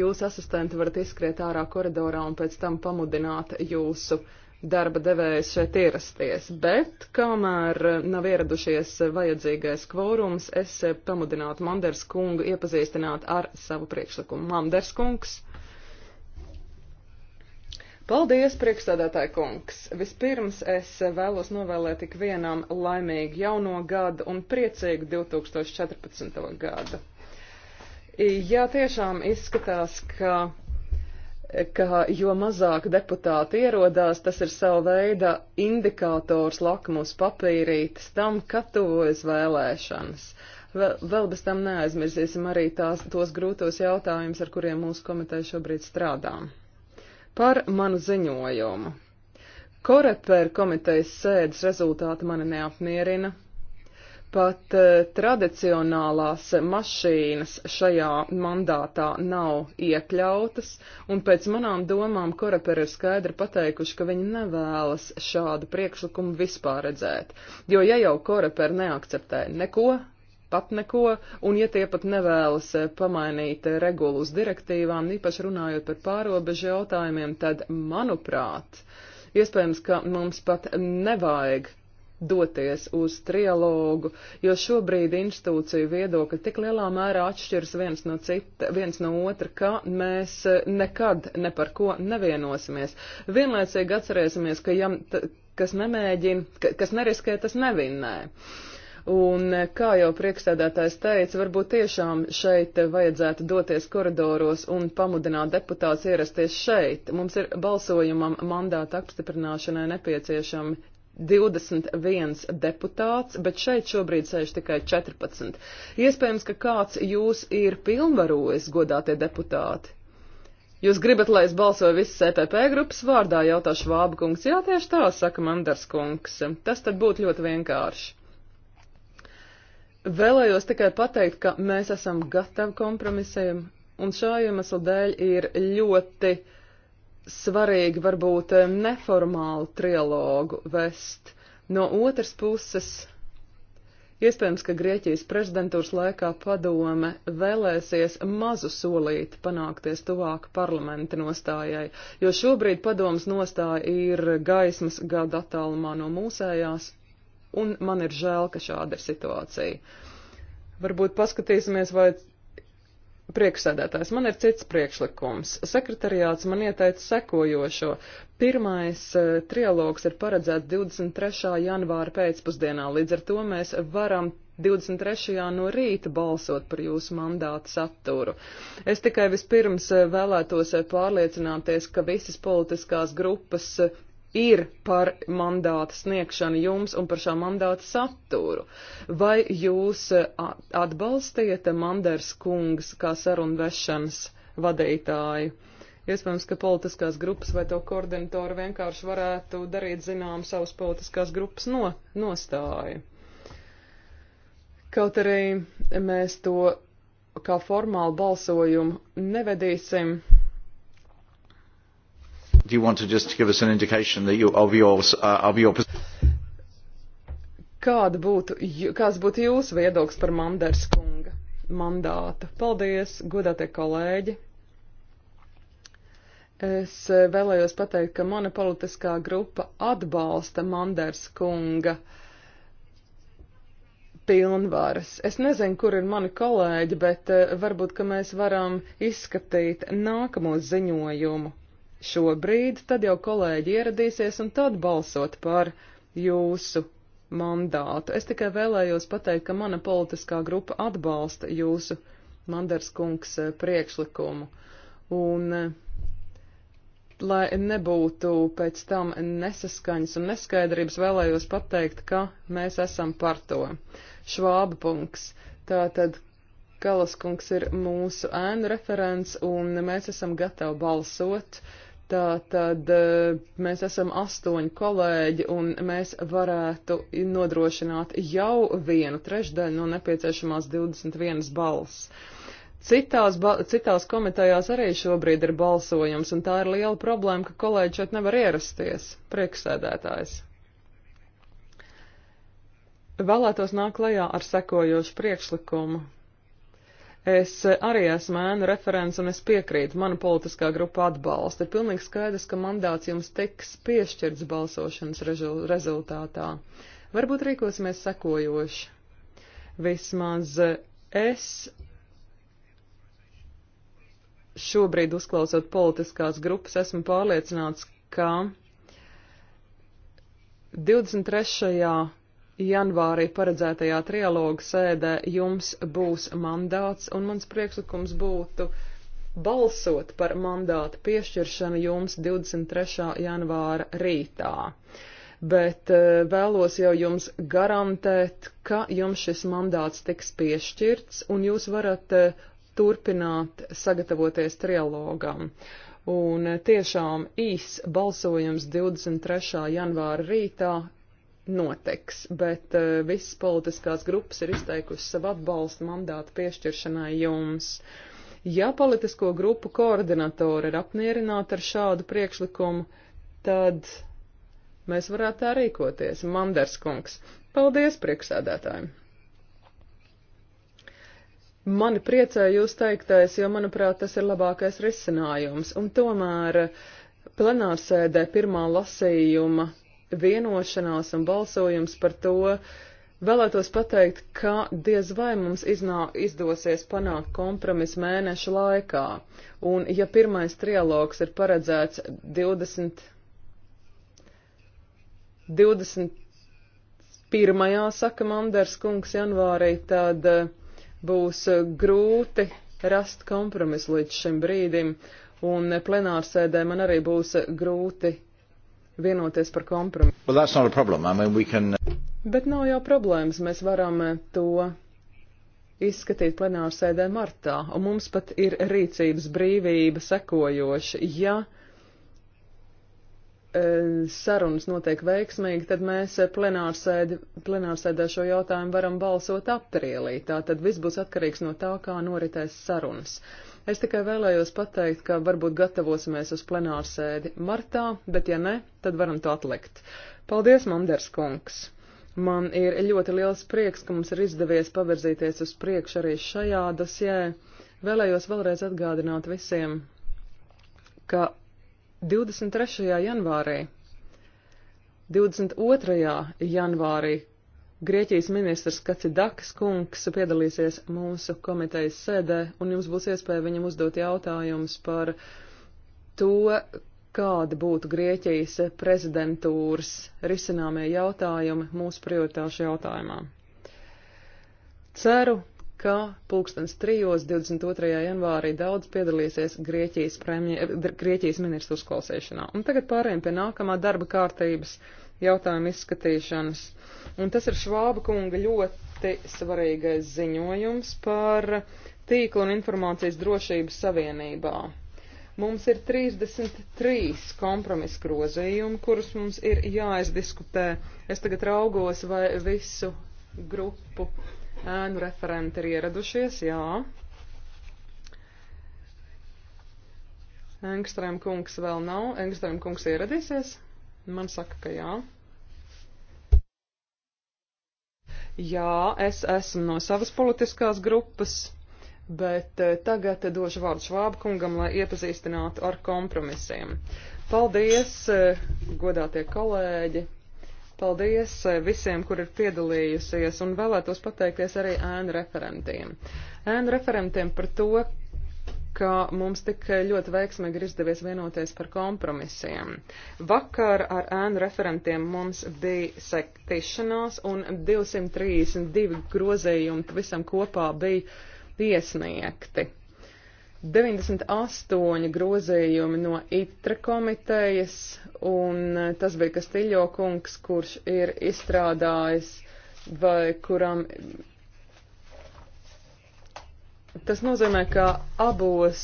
jūs asistenti varat izskriet ārā koridorā un pēc tam pamudināt jūsu darba devējs šeit ierasties, bet kamēr eh, nav ieradušies vajadzīgais kvorums, es eh, pamudinātu Manders kungu iepazīstināt ar savu priekšlikumu. Manders kungs. Paldies, priekšstādātāji kungs! Vispirms es vēlos novēlēt tik vienam laimīgu jauno gadu un priecīgu 2014. gadu. Jā, tiešām izskatās, ka ka jo mazāk deputāti ierodās, tas ir sava veida indikators lakmus papīrītis tam, ka tuvojas vēlēšanas. Vēl, vēl bez tam neaizmirsīsim arī tās, tos grūtos jautājumus, ar kuriem mūsu komiteja šobrīd strādā. Par manu ziņojumu. Koreper komitejas sēdes rezultāti mani neapmierina, Pat eh, tradicionālās mašīnas šajā mandātā nav iekļautas, un pēc manām domām Korepere ir skaidri pateikuši, ka viņi nevēlas šādu priekšlikumu vispār redzēt. Jo ja jau Korepere neakceptē neko, pat neko, un ja tie pat nevēlas eh, pamainīt regulu uz direktīvām, īpaši runājot par pārobežu jautājumiem, tad, manuprāt, iespējams, ka mums pat nevajag doties uz trialogu, jo šobrīd institūciju viedokļi tik lielā mērā atšķiras viens no, cita, viens no otra, ka mēs eh, nekad ne par ko nevienosimies. Vienlaicīgi atcerēsimies, ka jam, t, kas nemēģina, ka, kas neriskē, tas nevinnē. Un, eh, kā jau priekšsēdētājs teica, varbūt tiešām šeit vajadzētu doties koridoros un pamudināt deputāts ierasties šeit. Mums ir balsojumam mandāta apstiprināšanai nepieciešami 21 deputāts, bet šeit šobrīd sēž tikai 14. Iespējams, ka kāds jūs ir pilnvarojis, godātie deputāti. Jūs gribat, lai es balsoju visas EPP grupas vārdā, jautā Švāba kungs. Jā, tieši tā, saka Mandars kungs. Tas tad būtu ļoti vienkārši. Vēlējos tikai pateikt, ka mēs esam gatavi kompromisiem, un šā iemesla dēļ ir ļoti svarīgi varbūt neformālu trilogu vest. No otras puses, iespējams, ka Grieķijas prezidentūras laikā padome vēlēsies mazu solīti panākties tuvāk parlamenta nostājai, jo šobrīd padomas nostāja ir gaismas gada attālumā no mūsējās, un man ir žēl, ka šāda ir situācija. Varbūt paskatīsimies, vai Priekšsēdētājs, man ir cits priekšlikums. Sekretariāts man ieteica sekojošo. Pirmais uh, trialogs ir paredzēts 23. janvāra pēcpusdienā, līdz ar to mēs varam 23. no rīta balsot par jūsu mandātu saturu. Es tikai vispirms eh, vēlētos eh, pārliecināties, ka visas politiskās grupas ir par mandātu sniegšanu jums un par šā mandāta saturu. Vai jūs eh, atbalstiet Manders kungs kā sarunvešanas vadītāju? Iespējams, ka politiskās grupas vai to koordinatoru vienkārši varētu darīt zinām savas politiskās grupas no, nostāju. Kaut arī mēs to kā formālu balsojumu nevedīsim, do you want to just give us an indication that you, of, yours, uh, of your Kāda būtu, kāds būtu jūsu viedoklis par Manders kunga mandātu? Paldies, godātie kolēģi! Es e, vēlējos pateikt, ka mana politiskā grupa atbalsta Manders kunga pilnvaras. Es nezinu, kur ir mani kolēģi, bet e, varbūt, ka mēs varam izskatīt nākamo ziņojumu šobrīd, tad jau kolēģi ieradīsies un tad balsot par jūsu mandātu. Es tikai vēlējos pateikt, ka mana politiskā grupa atbalsta jūsu Mandarskungs eh, priekšlikumu. Un, eh, lai nebūtu pēc tam nesaskaņas un neskaidrības, vēlējos pateikt, ka mēs esam par to. Švāba punkts. Tātad Kalaskungs ir mūsu ēnu referents, un mēs esam gatavi balsot. Uh, Tā tad eh, mēs esam astoņi kolēģi, un mēs varētu nodrošināt jau vienu trešdaļu no nepieciešamās 21 balss. Citās, ba citās komitejās arī šobrīd ir balsojums, un tā ir liela problēma, ka kolēģi šeit nevar ierasties. Priekšsēdētājs. Vēlētos nākt klajā ar sekojošu priekšlikumu. Es arī esmu ēnu referents un es piekrītu, mana politiskā grupa atbalsta. Ir pilnīgi skaidrs, ka mandāts jums tiks piešķirts balsošanas rezultātā. Varbūt rīkosimies sekojoši. Vismaz es šobrīd uzklausot politiskās grupas esmu pārliecināts, ka 23 janvārī paredzētajā trialoga sēdē jums būs mandāts, un mans priekšlikums būtu balsot par mandātu piešķiršanu jums 23. janvāra rītā. Bet eh, vēlos jau jums garantēt, ka jums šis mandāts tiks piešķirts, un jūs varat eh, turpināt sagatavoties trialogam. Un eh, tiešām īs balsojums 23. janvāra rītā notiks, bet uh, visas politiskās grupas ir izteikusi savu atbalstu mandātu piešķiršanai jums. Ja politisko grupu koordinatori ir apmierināti ar šādu priekšlikumu, tad mēs varētu tā rīkoties. Manderskungs, paldies priekšsēdētājiem! Mani priecē jūs teiktais, jo, manuprāt, tas ir labākais risinājums, un tomēr plenārsēdē pirmā lasījuma vienošanās un balsojums par to. Vēlētos pateikt, ka diez vai mums iznā, izdosies panākt kompromisu mēnešu laikā, un ja pirmais trialogs ir paredzēts 20. 20 pirmajā, saka Manders kungs janvārī, tad eh, būs eh, grūti rast kompromisu līdz šim brīdim, un eh, plenārsēdē man arī būs grūti vienoties par kompromisu. Well, I mean, can... Uh, Bet nav jau problēmas. Mēs varam uh, to izskatīt plenāru sēdē martā, un mums pat ir rīcības brīvība sekojoši. Ja e, sarunas notiek veiksmīgi, tad mēs plenārsēdi, plenārsēdē šo jautājumu varam balsot aprīlī. Tātad viss būs atkarīgs no tā, kā noritēs sarunas. Uh, Es tikai vēlējos pateikt, ka varbūt gatavosimies uz plenārsēdi martā, bet ja ne, tad varam to atlikt. Paldies, Manders kungs! Man ir ļoti liels prieks, ka mums ir izdevies pavirzīties uz priekšu arī šajā dosjē. Vēlējos vēlreiz atgādināt visiem, ka 23. janvārī 22. janvārī Grieķijas ministrs Kacidakas kungs piedalīsies mūsu komitejas sēdē, un jums būs iespēja viņam uzdot jautājumus par to, kāda būtu Grieķijas prezidentūras risināmie jautājumi mūsu prioritāšu jautājumā. Ceru, ka pulkstens trijos 22. janvārī daudz piedalīsies Grieķijas, premjer, Grieķijas ministru uzklausīšanā. Un tagad pārējiem pie nākamā darba kārtības jautājumu izskatīšanas. Un tas ir Švāba kunga ļoti svarīgais ziņojums par tīklu un informācijas drošības savienībā. Mums ir 33 kompromisa grozījumi, kurus mums ir jāizdiskutē. Es tagad raugos, vai visu grupu ēnu referenti ir ieradušies. Jā. Engstrēm kungs vēl nav. Engstrēm kungs ieradīsies. Man saka, ka jā. Jā, es esmu no savas politiskās grupas, bet eh, tagad došu vārdu Švāba kungam, lai iepazīstinātu ar kompromisiem. Paldies, eh, godātie kolēģi! Paldies eh, visiem, kur ir piedalījusies, un vēlētos pateikties arī ēnu referentiem. Ēnu referentiem par to, ka mums tik ļoti veiksmīgi ir izdevies vienoties par kompromisiem. Vakar ar ēnu referentiem mums bija sektīšanās un 232 grozējumi visam kopā bija iesniegti. 98 grozījumi no ITRA komitejas, un tas bija Kastiļo kungs, kurš ir izstrādājis vai kuram Tas nozīmē, ka abos,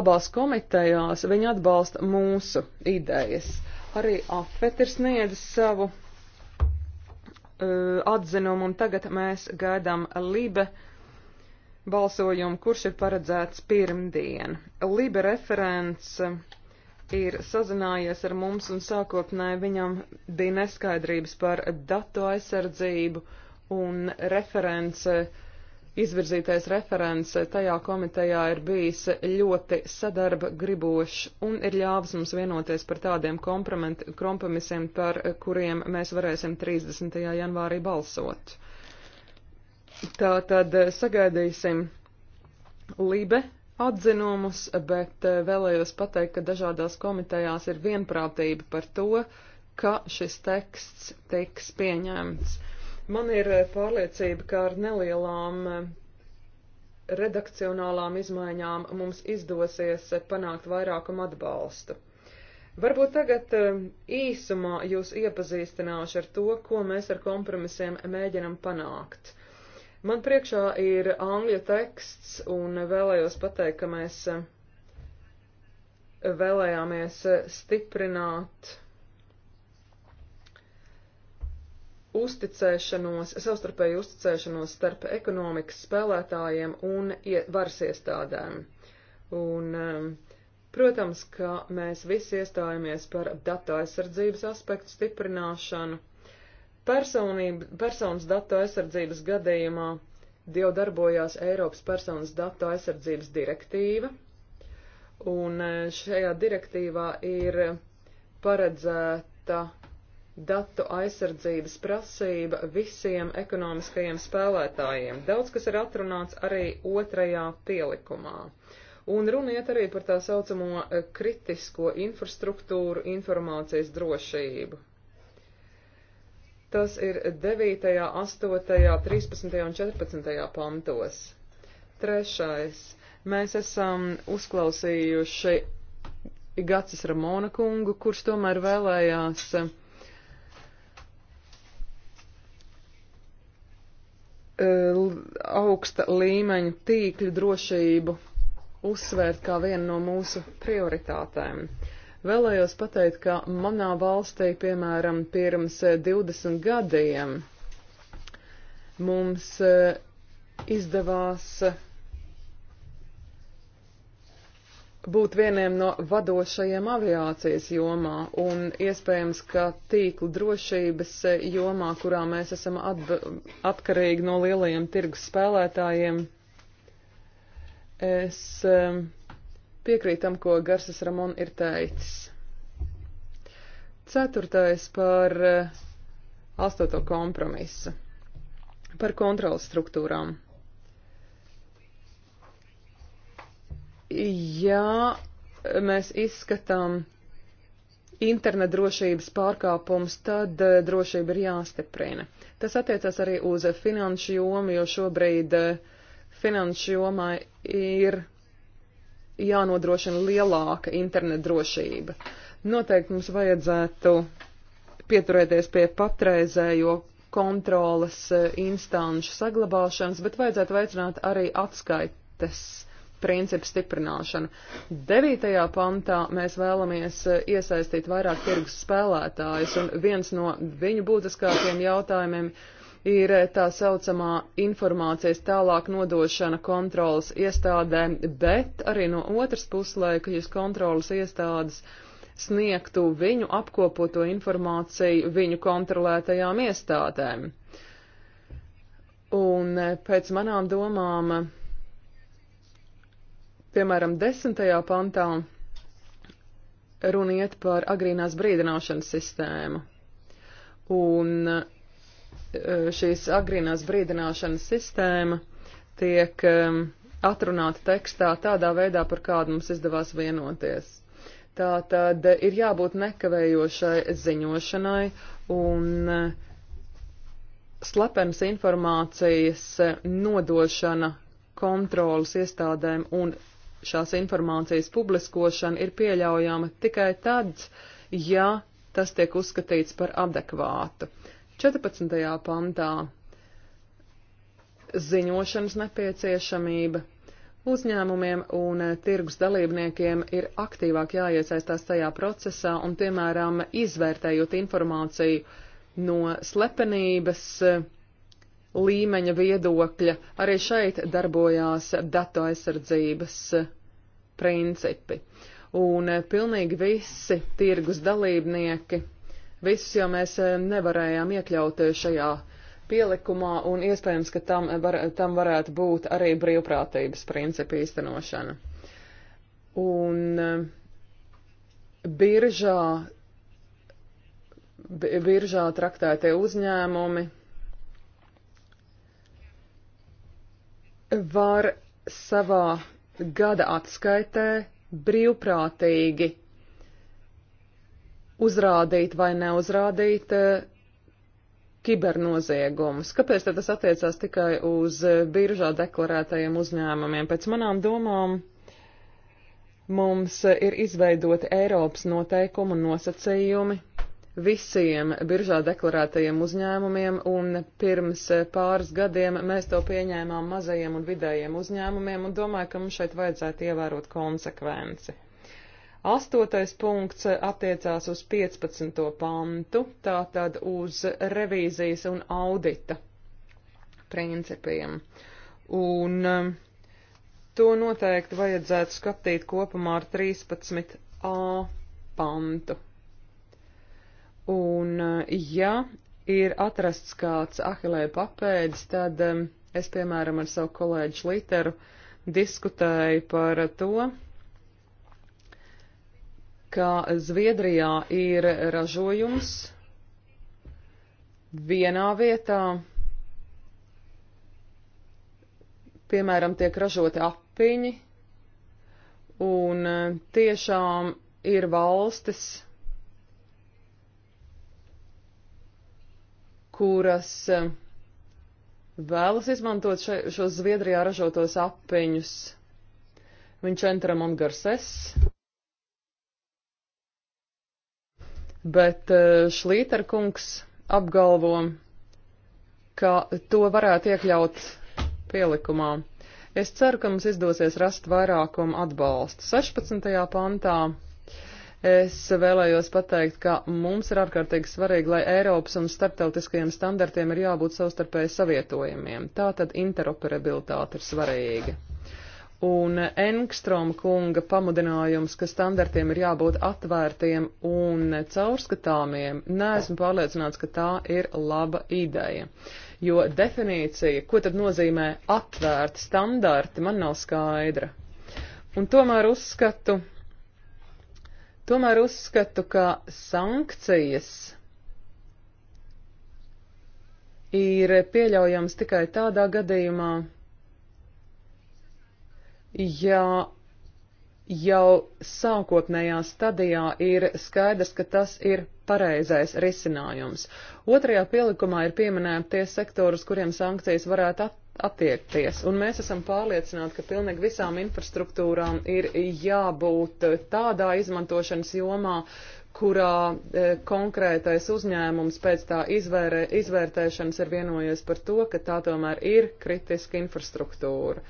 abās komitejās viņi atbalsta mūsu idejas. Arī AFET ir sniedzis savu uh, atzinumu, un tagad mēs gaidām LIBE balsojumu, kurš ir paredzēts pirmdien. Liba referents ir sazinājies ar mums un sākotnēji viņam bija neskaidrības par datu aizsardzību un reference Izvirzītais referents tajā komitejā ir bijis ļoti sadarba gribošs un ir ļāvis mums vienoties par tādiem kompromisiem, par kuriem mēs varēsim 30. janvārī balsot. Tā tad sagaidīsim Libe atzinumus, bet vēlējos pateikt, ka dažādās komitejās ir vienprātība par to, ka šis teksts tiks pieņemts. Man ir eh, pārliecība, ka ar nelielām eh, redakcionālām izmaiņām mums izdosies eh, panākt vairākumu atbalstu. Varbūt tagad īsumā jūs iepazīstināšu ar to, ko mēs ar kompromisiem mēģinam panākt. Man priekšā ir angļu teksts un vēlējos pateikt, ka mēs vēlējāmies stiprināt uzticēšanos, savstarpēju uzticēšanos starp ekonomikas spēlētājiem un varas iestādēm. Un, um, protams, ka mēs visi iestājāmies par datu aizsardzības aspektu stiprināšanu. Personība, personas datu aizsardzības gadījumā jau darbojās Eiropas personas datu aizsardzības direktīva, un eh, šajā direktīvā ir paredzēta datu aizsardzības prasība visiem ekonomiskajiem spēlētājiem. Daudz kas ir atrunāts arī otrajā pielikumā. Un runa iet arī par tā saucamo e, kritisko infrastruktūru informācijas drošību. Tas ir 9., 8., 13. un 14. pantos. Trešais. Mēs esam uzklausījuši Gacis Ramona kungu, kurš tomēr vēlējās uh, Eh, augsta līmeņa tīkļu drošību uzsvērt kā vienu no mūsu prioritātēm. Vēlējos pateikt, ka manā valstī, piemēram, pirms 20 eh, gadiem mums eh, izdevās būt vieniem no vadošajiem aviācijas jomā un iespējams, ka tīklu drošības jomā, kurā mēs esam atkarīgi no lielajiem tirgus spēlētājiem, es um, piekrītam, ko Garsas Ramon ir teicis. Ceturtais par uh, astoto kompromisu, par kontrolas struktūrām. ja mēs izskatām internet drošības pārkāpums, tad eh, drošība ir jāstiprina. Tas attiecas arī uz finanšu jomu, jo šobrīd eh, finanšu jomā ir jānodrošina lielāka internet drošība. Noteikti mums vajadzētu pieturēties pie patreizējo kontrolas eh, instanšu saglabāšanas, bet vajadzētu veicināt arī atskaites principu stiprināšanu. Devītajā pantā mēs vēlamies e, iesaistīt vairāk tirgus spēlētājus, un viens no viņu būtiskākiem jautājumiem ir e, tā saucamā informācijas tālāk nodošana kontrolas iestādēm, bet arī no otras puslēka, ja kontrolas iestādes sniegtu viņu apkopoto informāciju viņu kontrolētajām iestādēm. Un e, pēc manām domām Piemēram, desmitajā pantā runa iet par agrīnās brīdināšanas sistēmu. Un e, šīs agrīnās brīdināšanas sistēma tiek e, atrunāta tekstā tādā veidā, par kādu mums izdevās vienoties. Tā tad ir jābūt nekavējošai ziņošanai un e, slepenas informācijas nodošana kontrolas iestādēm un šās informācijas publiskošana ir pieļaujama tikai tad, ja tas tiek uzskatīts par adekvātu. 14. pantā ziņošanas nepieciešamība. Uzņēmumiem un tirgus dalībniekiem ir aktīvāk jāiesaistās tajā procesā un, piemēram, izvērtējot informāciju no slepenības, uh, līmeņa viedokļa, arī šeit darbojās datu aizsardzības principi. Un eh, pilnīgi visi tirgus dalībnieki, visus jau mēs eh, nevarējām iekļaut eh, šajā pielikumā, un iespējams, ka tam, var, tam varētu būt arī brīvprātības principu īstenošana. Un biržā, biržā traktētie uzņēmumi var savā gada atskaitē brīvprātīgi uzrādīt vai neuzrādīt eh, kibernoziegumus. Kāpēc tas attiecās tikai uz eh, biržā deklarētajiem uzņēmumiem? Pēc manām domām mums eh, ir izveidoti Eiropas noteikumi un nosacījumi, visiem biržā deklarētajiem uzņēmumiem, un pirms eh, pāris gadiem mēs to pieņēmām mazajiem un vidējiem uzņēmumiem, un domāju, ka mums šeit vajadzētu ievērot konsekvenci. Astotais punkts eh, attiecās uz 15. pantu, tātad uz revīzijas un audita principiem. Un eh, to noteikti vajadzētu skatīt kopumā ar 13a pantu. Un, eh, ja ir atrasts kāds ahilēja papēdis, tad eh, es, piemēram, ar savu kolēģi Šliteru diskutēju par to, ka Zviedrijā ir ražojums vienā vietā, piemēram, tiek ražoti apiņi, un eh, tiešām ir valstis, kuras eh, vēlas izmantot še, šos Zviedrijā ražotos apiņus. Vincentra Mongarses. Bet eh, Šlīterkungs apgalvo, ka to varētu iekļaut pielikumā. Es ceru, ka mums izdosies rast vairākumu atbalstu. 16. pantā Es vēlējos pateikt, ka mums ir ārkārtīgi svarīgi, lai Eiropas un starptautiskajiem standartiem ir jābūt savstarpēji savietojumiem. Tātad interoperabilitāte ir svarīga. Un Engstroma kunga pamudinājums, ka standartiem ir jābūt atvērtiem un caurskatāmiem, neesmu pārliecināts, ka tā ir laba ideja. Jo definīcija, ko tad nozīmē atvērti standarti, man nav skaidra. Un tomēr uzskatu, Tomēr uzskatu, ka sankcijas ir pieļaujams tikai tādā gadījumā, ja jau sākotnējā stadijā ir skaidrs, ka tas ir pareizais risinājums. Otrajā pielikumā ir pieminēti tie sektori, uz kuriem sankcijas varētu attiekties attiekties. Un mēs esam pārliecināti, ka pilnīgi visām infrastruktūrām ir jābūt tādā izmantošanas jomā, kurā e, konkrētais uzņēmums pēc tā izvērē, izvērtēšanas ir vienojies par to, ka tā tomēr ir kritiska infrastruktūra.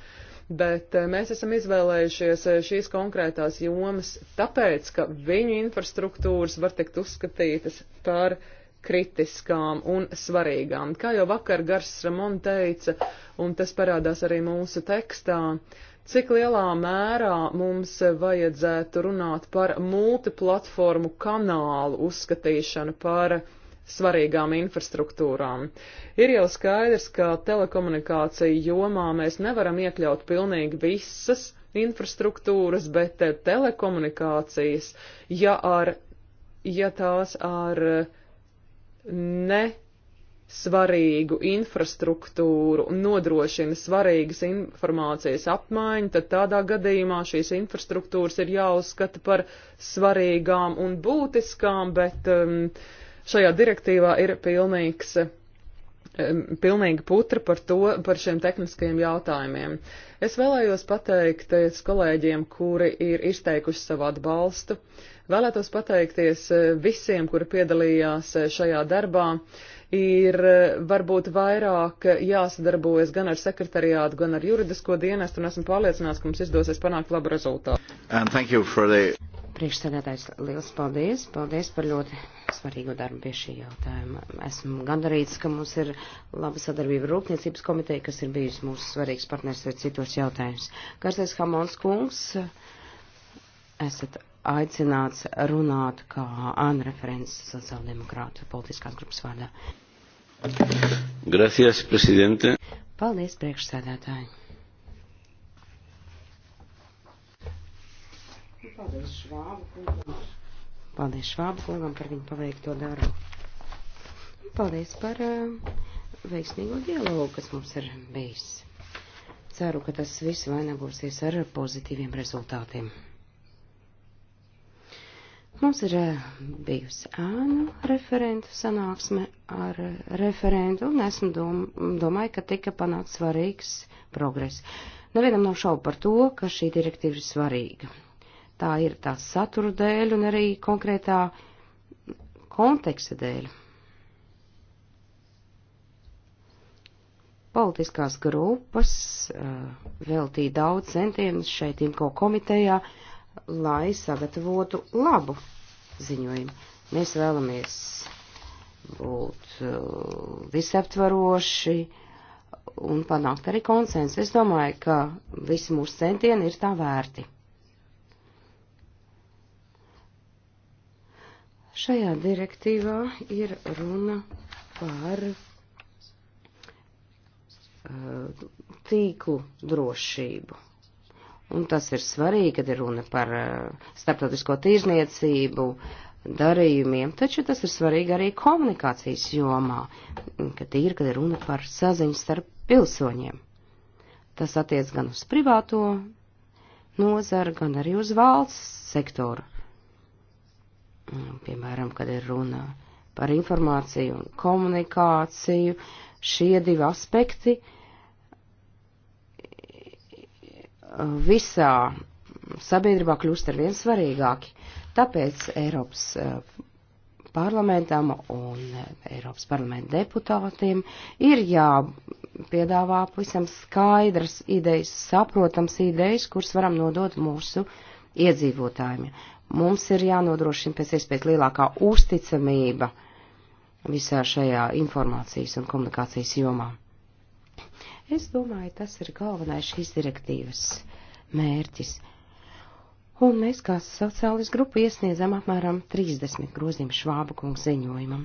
Bet e, mēs esam izvēlējušies e, šīs konkrētās jomas tāpēc, ka viņu infrastruktūras var tikt uzskatītas par uh, kritiskām un svarīgām. Kā jau vakar Gars Ramon teica, un tas parādās arī mūsu tekstā, cik lielā mērā mums vajadzētu runāt par multiplatformu kanālu uzskatīšanu par svarīgām infrastruktūrām. Ir jau skaidrs, ka telekomunikāciju jomā mēs nevaram iekļaut pilnīgi visas infrastruktūras, bet telekomunikācijas, ja, ar, ja tās ar uh, ne svarīgu infrastruktūru un nodrošina svarīgas informācijas apmaiņu, tad tādā gadījumā šīs infrastruktūras ir jāuzskata par svarīgām un būtiskām, bet um, šajā direktīvā ir pilnīgs, um, pilnīga putra par, to, par šiem tehniskajiem jautājumiem. Es vēlējos pateikt kolēģiem, kuri ir izteikuši savu atbalstu. Uh, Vēlētos pateikties eh, visiem, kuri piedalījās eh, šajā darbā. Ir eh, varbūt vairāk jāsadarbojas gan ar sekretariātu, gan ar juridisko dienestu, un esmu pārliecināts, ka mums izdosies panākt labu rezultātu. The... Priekšsēdētājs, liels paldies! Paldies par ļoti svarīgu darbu pie šī jautājuma. Esmu gandarīts, ka mums ir laba sadarbība Rūpniecības komiteja, kas ir bijusi mūsu svarīgs partners ar citos jautājumus. Karstais Hamons kungs, esat aicināts runāt kā anreferents sociāldemokrātu politiskās grupas vārdā. Gracias, prezidente. Paldies, priekšsēdētāji. Paldies Švābu kungam. Paldies Švābu kungam par viņu paveikto darbu. Paldies par uh, veiksmīgo dialogu, kas mums ir bijis. Ceru, ka tas viss vainagosies ar pozitīviem rezultātiem. Mums ir eh, bijusi ēnu referentu sanāksme ar eh, referentu, un esmu dom, domāju, ka tika panākt svarīgs progress. Nevienam nav šaubu par to, ka šī direktīva ir svarīga. Tā ir tās satura dēļ un arī konkrētā konteksta dēļ. Politiskās grupas uh, veltīja daudz centienus šeit imko komitejā, uh, lai sagatavotu labu ziņojumu. Mēs vēlamies būt uh, visaptvaroši un panākt arī konsensu. Es domāju, ka visi mūsu centieni ir tā vērti. Šajā direktīvā ir runa par uh, tīklu drošību. Un tas ir svarīgi, kad ir runa par eh, starptautisko tīrzniecību, darījumiem, taču tas ir svarīgi arī komunikācijas jomā, kad ir, kad ir runa par saziņu starp pilsoņiem. Tas attiec gan uz privāto nozaru, gan arī uz valsts sektoru. Mm, piemēram, kad ir runa par informāciju un komunikāciju, šie divi aspekti visā sabiedrībā kļūst ar vien svarīgāki. Tāpēc Eiropas eh, parlamentam un eh, Eiropas parlamenta deputātiem ir jāpiedāvā pavisam skaidras idejas, saprotams idejas, kuras varam nodot mūsu iedzīvotājiem. Mums ir jānodrošina pēc iespējas lielākā uzticamība visā šajā informācijas un komunikācijas jomā. Es domāju, tas ir galvenais šīs direktīvas mērķis. Un mēs, kā sociālis grupa, iesniedzam apmēram 30 grozījumu švābu kungu ziņojumam.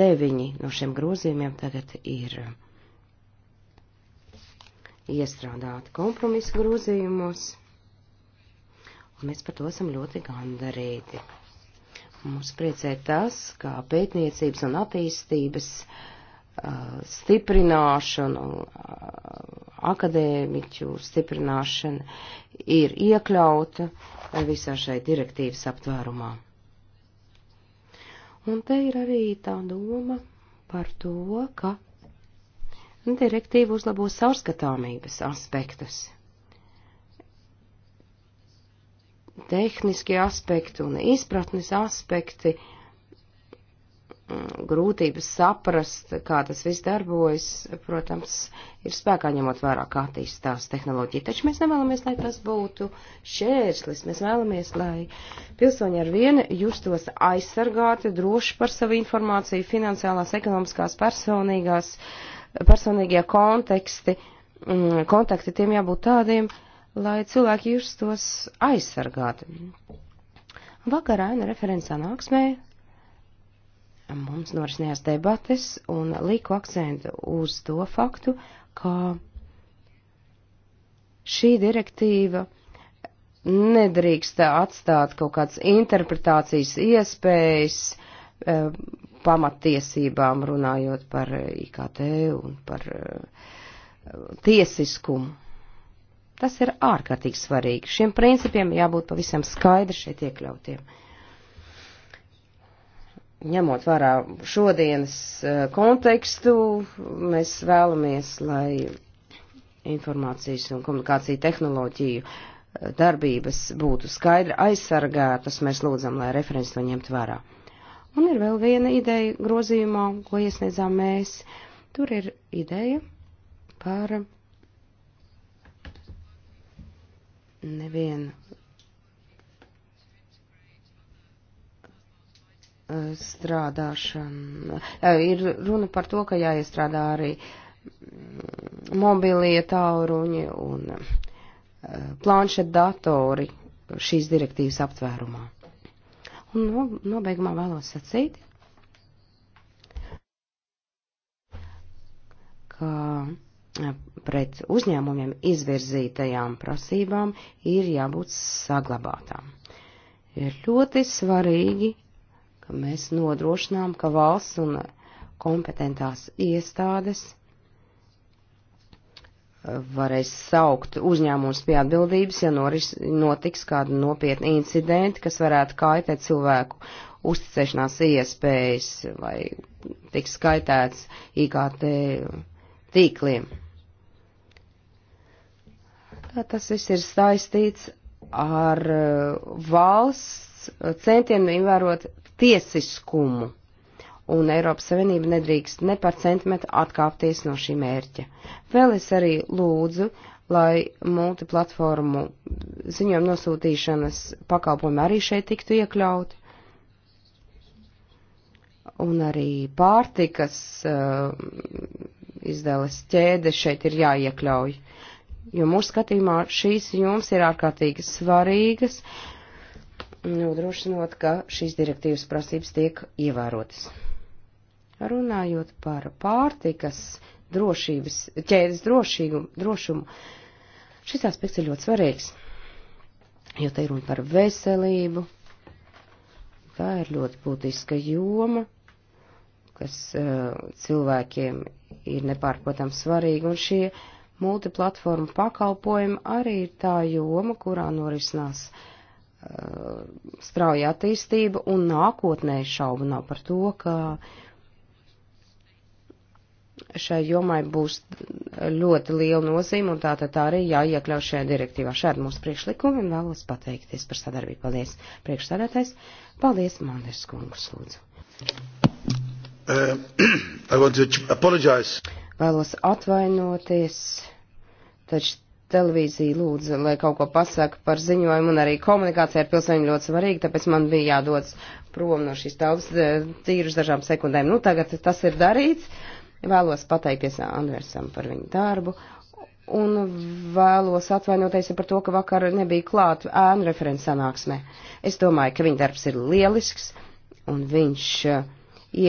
Deviņi no šiem grozījumiem tagad ir iestrādāti kompromisu grozījumos, un mēs par to esam ļoti gandarīti. Mums priecē tas, kā pētniecības un attīstības uh, stiprināšanu, akadēmiķu stiprināšana ir iekļauta visā šai direktīvas aptvērumā. Un te ir arī tā doma par to, ka direktīva uzlabos saurskatāmības aspektus. Tehniskie aspekti un izpratnes aspekti uh, grūtības saprast, kā tas viss darbojas, protams, ir spēkā ņemot vērā, kā attīstās tehnoloģija. Taču mēs nevēlamies, lai tas būtu šķērslis. Mēs vēlamies, lai pilsoņi ar vienu justos aizsargāti, droši par savu informāciju, finansiālās, ekonomiskās, personīgās, personīgie konteksti, mm, kontakti tiem jābūt tādiem, lai cilvēki justos aizsargāti. Vakarā, referents sanāksmē, Mums norisinājās debates un liku akcentu uz to faktu, ka šī direktīva nedrīkst atstāt kaut kādas interpretācijas iespējas e, eh, pamattiesībām runājot par eh, IKT un par e, tiesiskumu. Tas ir ārkārtīgi svarīgi. Šiem principiem jābūt pavisam skaidri šeit iekļautiem ņemot vērā šodienas eh, kontekstu, mēs vēlamies, lai informācijas un komunikāciju tehnoloģiju eh, darbības būtu skaidri aizsargātas, mēs lūdzam, lai referents to ņemt vērā. Un ir vēl viena ideja grozījumā, ko iesniedzām mēs. Tur ir ideja par nevienu strādāšana. Ir runa par to, ka jāiestrādā arī mobilie tauruņi un planšet datori šīs direktīvas aptvērumā. Un no, nobeigumā vēlos sacīt, ka pret uzņēmumiem izvirzītajām prasībām ir jābūt saglabātām. Ir ļoti svarīgi mēs nodrošinām, ka valsts un kompetentās iestādes eh, varēs saukt uzņēmumus pie atbildības, ja noris, notiks kāda nopietna incidenta, kas varētu kaitēt cilvēku uzticēšanās iespējas vai tiks skaitēts IKT tīkliem. Tā tas viss ir saistīts ar eh, valsts centienu ievērot tiesiskumu. Un Eiropas Savienība nedrīkst ne par centimetru atkāpties no šī mērķa. Vēl es arī lūdzu, lai multiplatformu ziņojumu nosūtīšanas pakalpojumi arī šeit tiktu iekļauti. Un arī pārtikas uh, izdēles ķēde šeit ir jāiekļauj, jo mūsu skatījumā šīs jums ir ārkārtīgi svarīgas. Uh, nodrošinot, ka šīs direktīvas prasības tiek ievērotas. Runājot par pārtikas drošības, ķēdes drošīgu, drošumu, šis aspekts ir ļoti svarīgs, jo te ir runa par veselību, tā ir ļoti būtiska joma, kas uh, cilvēkiem ir nepārprotam svarīga, un šie multiplatforma pakalpojumi arī ir tā joma, kurā norisinās uh, Uh, strauja attīstība, un nākotnē šaubu nav par to, ka šai jomai būs ļoti liela nozīme, un tātad tā arī jāiekļauj šajā direktīvā. Šādi mūsu priekšlikumi un vēlos pateikties par sadarbību. Paldies, priekšsādātais. Paldies, Manders kungs, lūdzu. Uh, <clears throat> vēlos atvainoties, taču televīzija lūdza, lai kaut ko pasaka par ziņojumu, un arī komunikācija ar pilsēņu ļoti svarīga, tāpēc man bija jādodas prom no šīs tautas e, tīras dažām sekundēm. Nu, tagad tas ir darīts. Vēlos pateikties Andresam par viņu darbu, un vēlos atvainoties par to, ka vakar nebija klāt ēnu referents sanāksmē. Es domāju, ka viņa darbs ir lielisks, un viņš e,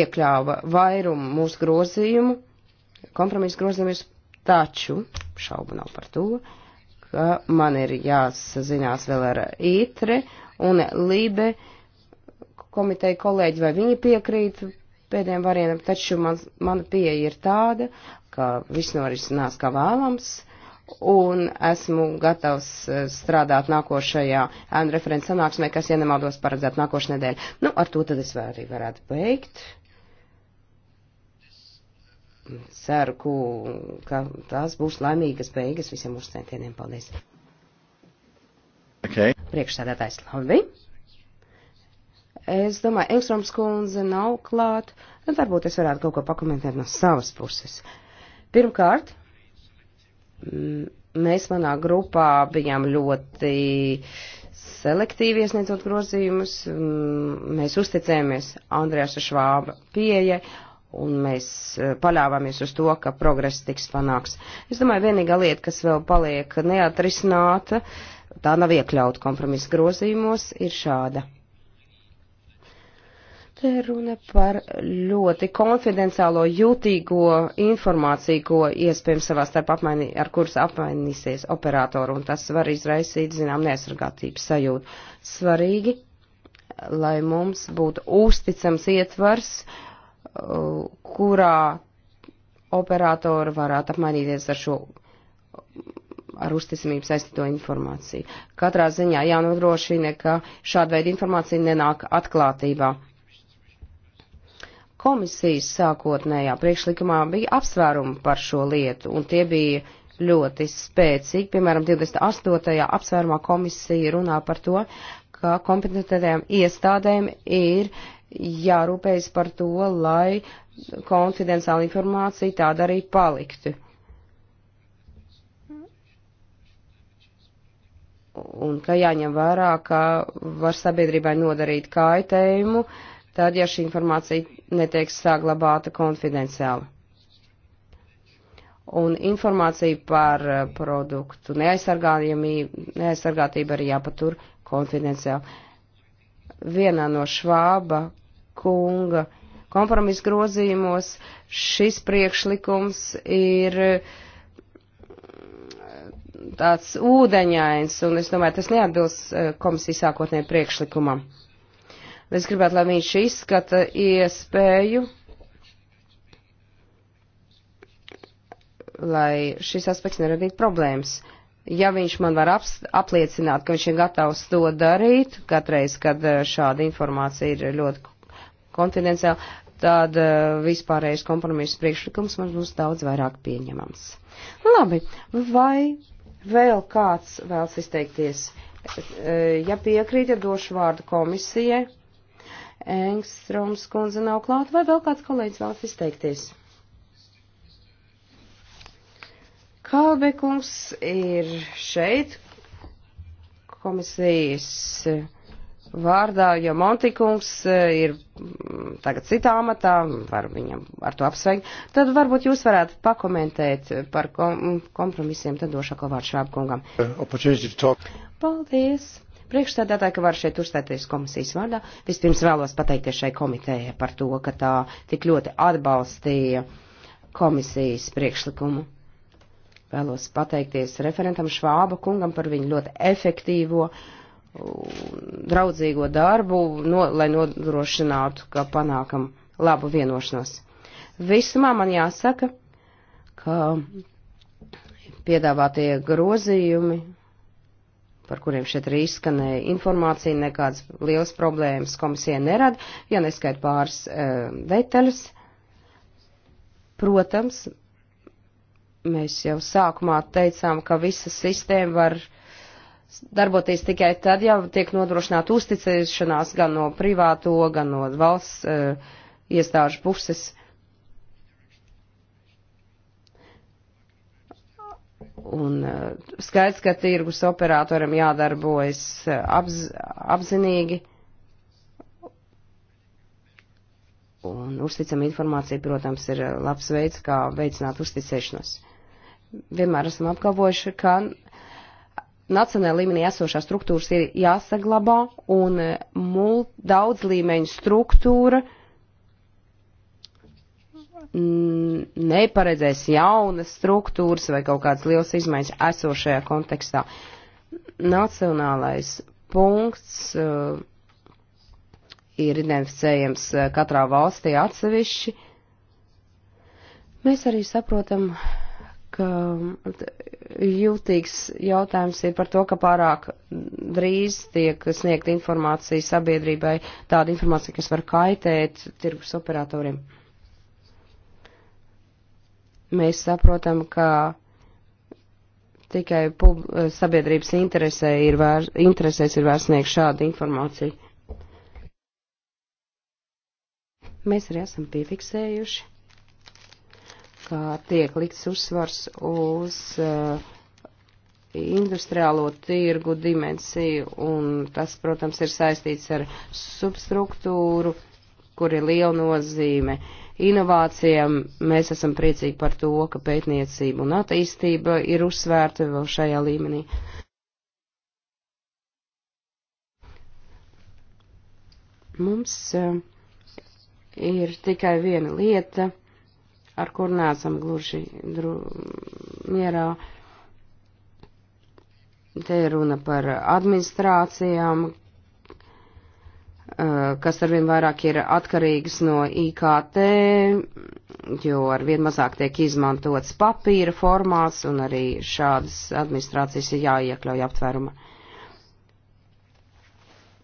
iekļāva vairumu mūsu grozījumu, kompromisu grozījumus Taču, šaubu nav par to, ka man ir jāsazinās vēl ar ITRE un LIBE komiteju kolēģi, vai viņi piekrīt pēdējiem variantiem, taču man, mana pieeja ir tāda, ka viss norisinās kā vēlams un esmu gatavs e, strādāt nākošajā ēnu referents sanāksmē, kas, ja nemaldos, paredzēt nākošu nedēļu. Nu, ar to tad es vēl arī varētu beigt ceru, ku, ka tās būs laimīgas beigas visiem mūsu centieniem. Paldies! Okay. Priekšsēdētājs labi. Es domāju, Elstroms kundze nav klāt, tad varbūt es varētu kaut ko pakomentēt no savas puses. Pirmkārt, mēs manā grupā bijām ļoti selektīvi iesniedzot grozījumus, mēs uzticējamies Andrēsa Švāba pieeja un mēs eh, paļāvāmies uz to, ka progress tiks panāks. Es domāju, vienīgā lieta, kas vēl paliek neatrisināta, tā nav iekļauta kompromisa grozījumos, ir šāda. Te runa par ļoti konfidenciālo, jūtīgo informāciju, ko iespējams savā starp apmaini, ar kuras apmainīsies operātori, un tas var izraisīt, zinām, neaizsargātības sajūtu. Svarīgi, lai mums būtu uzticams ietvars, uh, kurā operatori varētu apmainīties ar šo ar uzticamību saistīto informāciju. Katrā ziņā jānodrošina, ka šāda veida informācija nenāk atklātībā. Komisijas sākotnējā priekšlikumā bija apsvērumi par šo lietu, un tie bija ļoti spēcīgi. Piemēram, 28. apsvērumā komisija runā par to, ka kompetentajām iestādēm ir uh, jārūpējas par to, lai konfidenciāla informācija tāda arī paliktu. Un ka jāņem vērā, ka var sabiedrībai nodarīt kaitējumu, tad, ja šī informācija netiek saglabāta konfidenciāli. Un informācija par eh, produktu neaizsargātību arī jāpatur konfidenciāli. Vienā no švāba kunga kompromisa grozījumos šis priekšlikums ir mm, tāds ūdeņains, un es domāju, tas neatbilst eh, komisijas sākotnējiem priekšlikumam. Es gribētu, lai viņš izskata iespēju, lai šis aspekts neradītu problēmas. Ja viņš man var aps, apliecināt, ka viņš ir gatavs to darīt, katreiz, kad eh, šāda informācija ir ļoti konfidenciāli, tad eh, vispārējais kompromiss priekšlikums man būs daudz vairāk pieņemams. Labi, vai vēl kāds vēlas izteikties? Eh, ja piekrīt, ja došu vārdu komisijai, Engstroms kundze nav klāt, vai vēl kāds kolēģis vēlas izteikties? Kalbekungs ir šeit komisijas vārdā, jo Montikungs e, ir mm, tagad citā amatā, var viņam ar to apsveikt, tad varbūt jūs varētu pakomentēt par kom kompromisiem tad došu atkal vārdu Šrābkungam. Paldies! Priekšstādātāji, ka var šeit uzstāties komisijas vārdā. Vispirms vēlos pateikties šai komitējai par to, ka tā tik ļoti atbalstīja komisijas priekšlikumu. Vēlos pateikties referentam Švāba kungam par viņu ļoti efektīvo uh, draudzīgo darbu, no, lai nodrošinātu, ka panākam labu vienošanos. Visumā man jāsaka, ka piedāvātie grozījumi, par kuriem šeit arī izskanēja informācija, nekādas liels problēmas komisija nerada, ja neskait pāris e, detaļas. Protams, mēs jau sākumā teicām, ka visa sistēma var darboties tikai tad, ja tiek nodrošināta uzticēšanās gan no privāto, gan no valsts uh, iestāžu puses. Un uh, skaidrs, ka tirgus operatoram jādarbojas uh, apz, apzinīgi. Un uzticama informācija, protams, ir labs veids, kā veicināt uzticēšanos. Vienmēr esam apgalvojuši, ka uh, nacionālajā līmenī esošās struktūras ir jāsaglabā un e, mult, daudz līmeņu struktūra neparedzēs jaunas struktūras vai kaut kādas liels izmaiņas esošajā kontekstā. Nacionālais punkts uh, ir identificējams e, katrā valstī atsevišķi. Mēs arī saprotam, uh, ka um, jūtīgs jautājums ir par to, ka pārāk drīz tiek sniegt informācija sabiedrībai, tāda informācija, kas var kaitēt tirgus operatoriem. Mēs saprotam, ka tikai pub, sabiedrības interesē ir vēr, interesēs ir vērsniegt šādu informāciju. Mēs arī esam piefiksējuši ka tiek likts uzsvars uz uh, industriālo tirgu dimensiju, un tas, protams, ir saistīts ar substruktūru, kur ir liela nozīme. Inovācijām mēs esam priecīgi par to, ka pētniecība un attīstība ir uzsvērta vēl šajā līmenī. Mums uh, ir tikai viena lieta ar kur neesam gluži dru, mierā. Te ir runa par administrācijām, eh, kas arvien vairāk ir atkarīgas no IKT, jo arvien mazāk tiek izmantots papīra formāts, un arī šādas administrācijas ir jāiekļauj aptvērumā.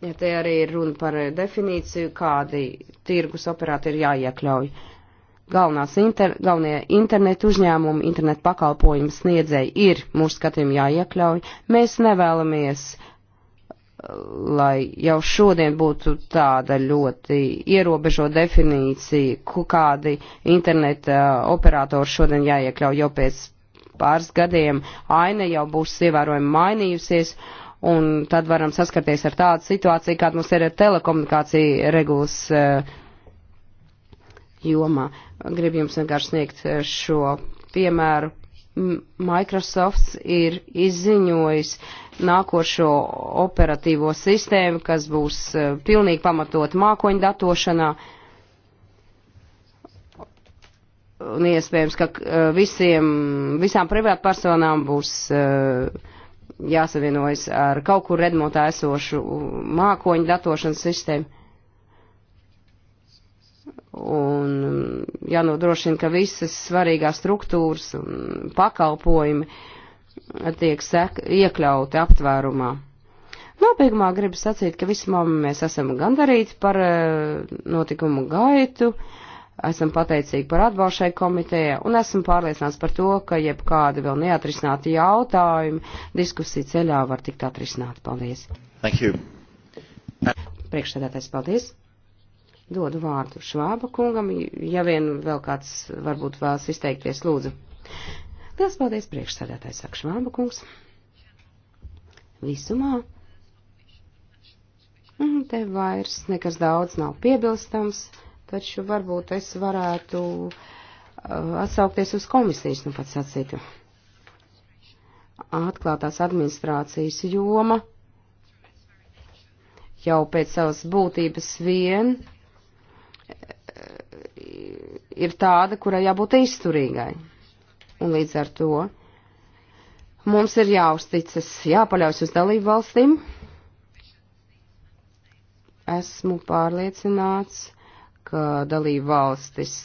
Ja te arī ir runa par definīciju, kādi tirgus operāti ir jāiekļauj galvenās inter, galvenie internetu uzņēmumi, internetu pakalpojumu sniedzēji ir mūsu skatījumā jāiekļauj. Mēs nevēlamies, eh, lai jau šodien būtu tāda ļoti ierobežo definīcija, kādi interneta eh, operatori šodien jāiekļauj, jo pēc pāris gadiem aina jau būs ievērojami mainījusies. Un tad varam saskarties ar tādu situāciju, kāda mums ir telekomunikācija regulas uh, jomā. Gribu jums vienkārši sniegt eh, šo piemēru. Microsoft ir izziņojis nākošo operatīvo sistēmu, kas būs eh, pilnīgi pamatot mākoņu datošanā. Un iespējams, ka eh, visiem, visām privātpersonām būs jāsavienojas ar kaut kur redmotā esošu mākoņu datošanas sistēmu un jānodrošina, ka visas svarīgās struktūras un pakalpojumi tiek sek, iekļauti aptvērumā. Nobeigumā gribu sacīt, ka vismā mēs esam gandarīti par eh, notikumu gaitu, esam pateicīgi par atbalstu šai komitejai un esam pārliecināts par to, ka jebkādi vēl neatrisināti jautājumi diskusiju ceļā var tikt atrisināti. Paldies! Priekšsēdētājs, paldies! Dodu vārdu Švāba kungam, ja vien vēl kāds varbūt vēlas izteikties, lūdzu. Liels paldies priekšsēdētājs, saka Švāba kungs. Visumā. Mhm, te vairs nekas daudz nav piebilstams, taču varbūt es varētu uh, atsaukties uz komisijas, nu pats sacītu. Atklātās administrācijas joma jau pēc savas būtības vien ir tāda, kurai jābūt izturīgai. Un līdz ar to mums ir jāuzticas, jāpaļaujas uz dalību valstīm. Esmu pārliecināts, ka dalību valstis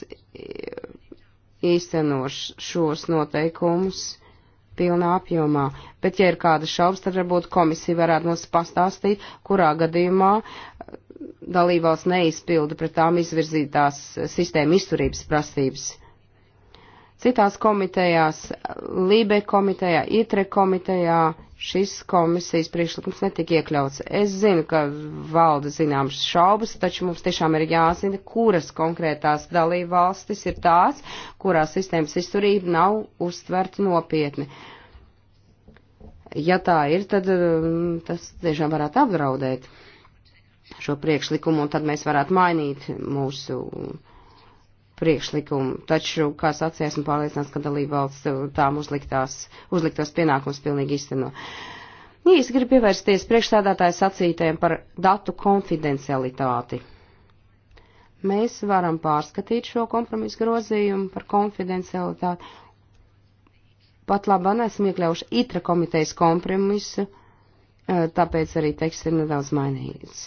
īstenoš šos noteikumus pilnā apjomā. Bet, ja ir kāda šaubas, tad varbūt komisija varētu mums pastāstīt, kurā gadījumā dalībvalsts neizpilda pret tām izvirzītās sistēma izturības prasības. Citās komitejās, Lībe komitejā, ITRE komitejā, šis komisijas priekšlikums netika iekļauts. Es zinu, ka valda zināmas šaubas, taču mums tiešām ir jāzina, kuras konkrētās dalībvalstis ir tās, kurās sistēmas izturība nav uztverta nopietni. Ja tā ir, tad mm, tas tiešām varētu apdraudēt šo priekšlikumu, un tad mēs varētu mainīt mūsu priekšlikumu. Taču, kā sacīja, esmu pārliecināts, ka dalība valsts tām uzliktās, uzliktos pienākums pilnīgi izteno. Īsi gribu pievērsties priekšstādātāju sacītēm par datu konfidencialitāti. Mēs varam pārskatīt šo kompromisu grozījumu par konfidencialitāti. Pat labāk esam iekļaujuši itra komitejas kompromisu, tāpēc arī teksts ir nedaudz mainīts.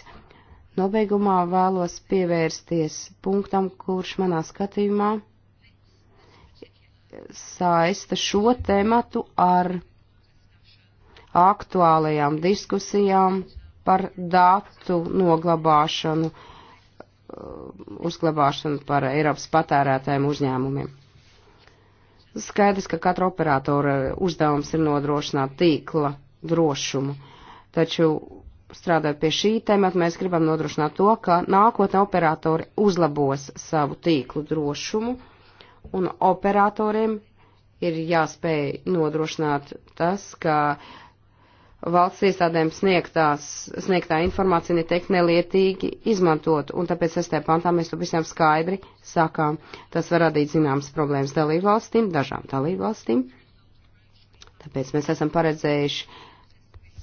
Nobeigumā vēlos pievērsties punktam, kurš manā skatījumā saista šo tematu ar aktuālajām diskusijām par datu noglabāšanu, uh, uzglabāšanu par Eiropas patērētājiem uzņēmumiem. Skaidrs, ka katra operatora uzdevums ir nodrošināt tīkla drošumu, taču strādājot pie šī temata, mēs gribam nodrošināt to, ka nākotnē operatori uzlabos savu tīklu drošumu, un operatoriem ir jāspēj nodrošināt tas, ka valsts iestādēm sniegtās, sniegtā informācija netiek nelietīgi izmantot, un tāpēc sestē pantā mēs to visiem skaidri sakām. Tas var radīt zināmas problēmas dalībvalstīm, dažām dalībvalstīm. Tāpēc mēs esam paredzējuši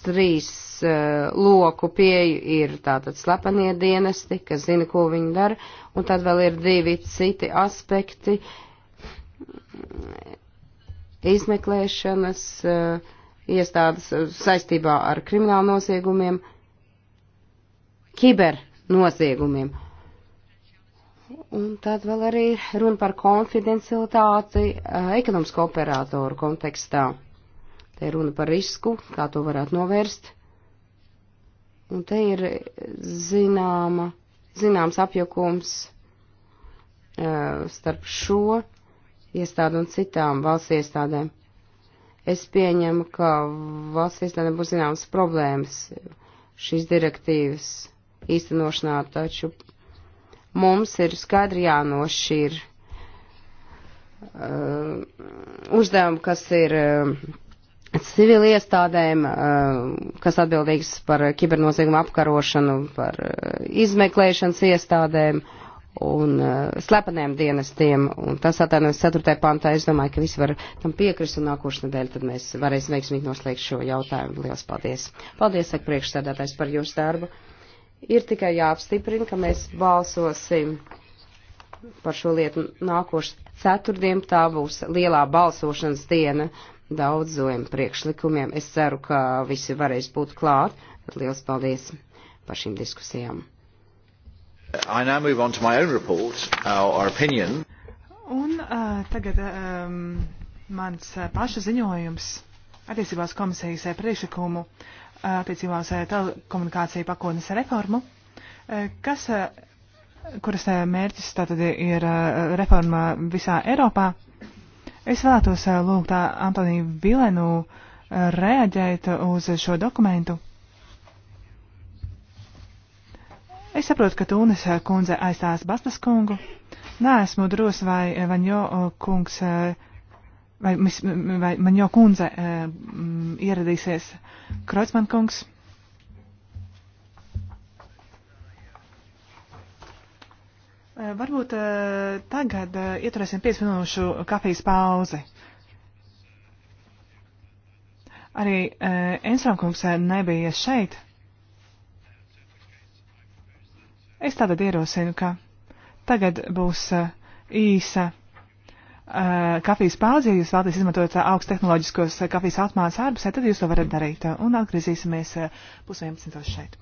trīs uh, loku pieju ir tātad slepenie dienesti, kas zina, ko viņi dara, un tad vēl ir divi citi aspekti izmeklēšanas uh, iestādes saistībā ar kriminālu noziegumiem, kiber noziegumiem. Un tad vēl arī runa par konfidencialitāti uh, ekonomisko operātoru kontekstā. Te runa par risku, kā to varētu novērst. Un te ir zināma, zināms apjukums uh, starp šo iestādi un citām valsts iestādēm. Es pieņemu, ka valsts iestādēm būs zināmas problēmas šīs direktīvas īstenošanā, taču mums ir skaidri jānošķir uh, uzdevumi, kas ir uh, civili iestādēm, uh, kas atbildīgs par kibernoziegumu apkarošanu, par uh, izmeklēšanas iestādēm un uh, slepeniem dienestiem. Un tas atainojas 4. pantā. Es domāju, ka visi var tam piekrist un nākošu nedēļu tad mēs varēsim veiksmīgi noslēgt šo jautājumu. Lielas paldies! Paldies, saka priekšsēdētājs, par jūsu darbu. Ir tikai jāapstiprina, ka mēs balsosim par šo lietu nākošu ceturtdienu. Tā būs lielā balsošanas diena daudziem priekšlikumiem. Es ceru, ka visi varēs būt klāt. Liels paldies par šīm diskusijām. Report, our, our Un uh, tagad um, mans uh, paša ziņojums attiecībās komisijas uh, priekšlikumu uh, attiecībās uh, telekomunikāciju pakotnes reformu, kas, kuras mērķis tātad ir reforma visā Eiropā. Es vēlētos eh, lūgt Antoniju Vilenu eh, reaģēt uz šo dokumentu. Es saprotu, ka Tūnes kundze aizstās Bastas kungu. Nē, esmu dros, vai Vaņo kungs, vai, vai Vaņo kundze ieradīsies Kreutzmann kungs. Eh, varbūt eh, tagad eh, ieturēsim 5 minūšu kafijas pauzi. Arī Enstrāmkungs nebija šeit. Es tātad ierosinu, ka tagad būs īsa kafijas pauze, ja jūs vēlaties izmantot augstu tehnoloģiskos kafijas atmācības ārpusē, tad jūs to varat darīt. Un atgriezīsimies pusvienpadsmitos šeit.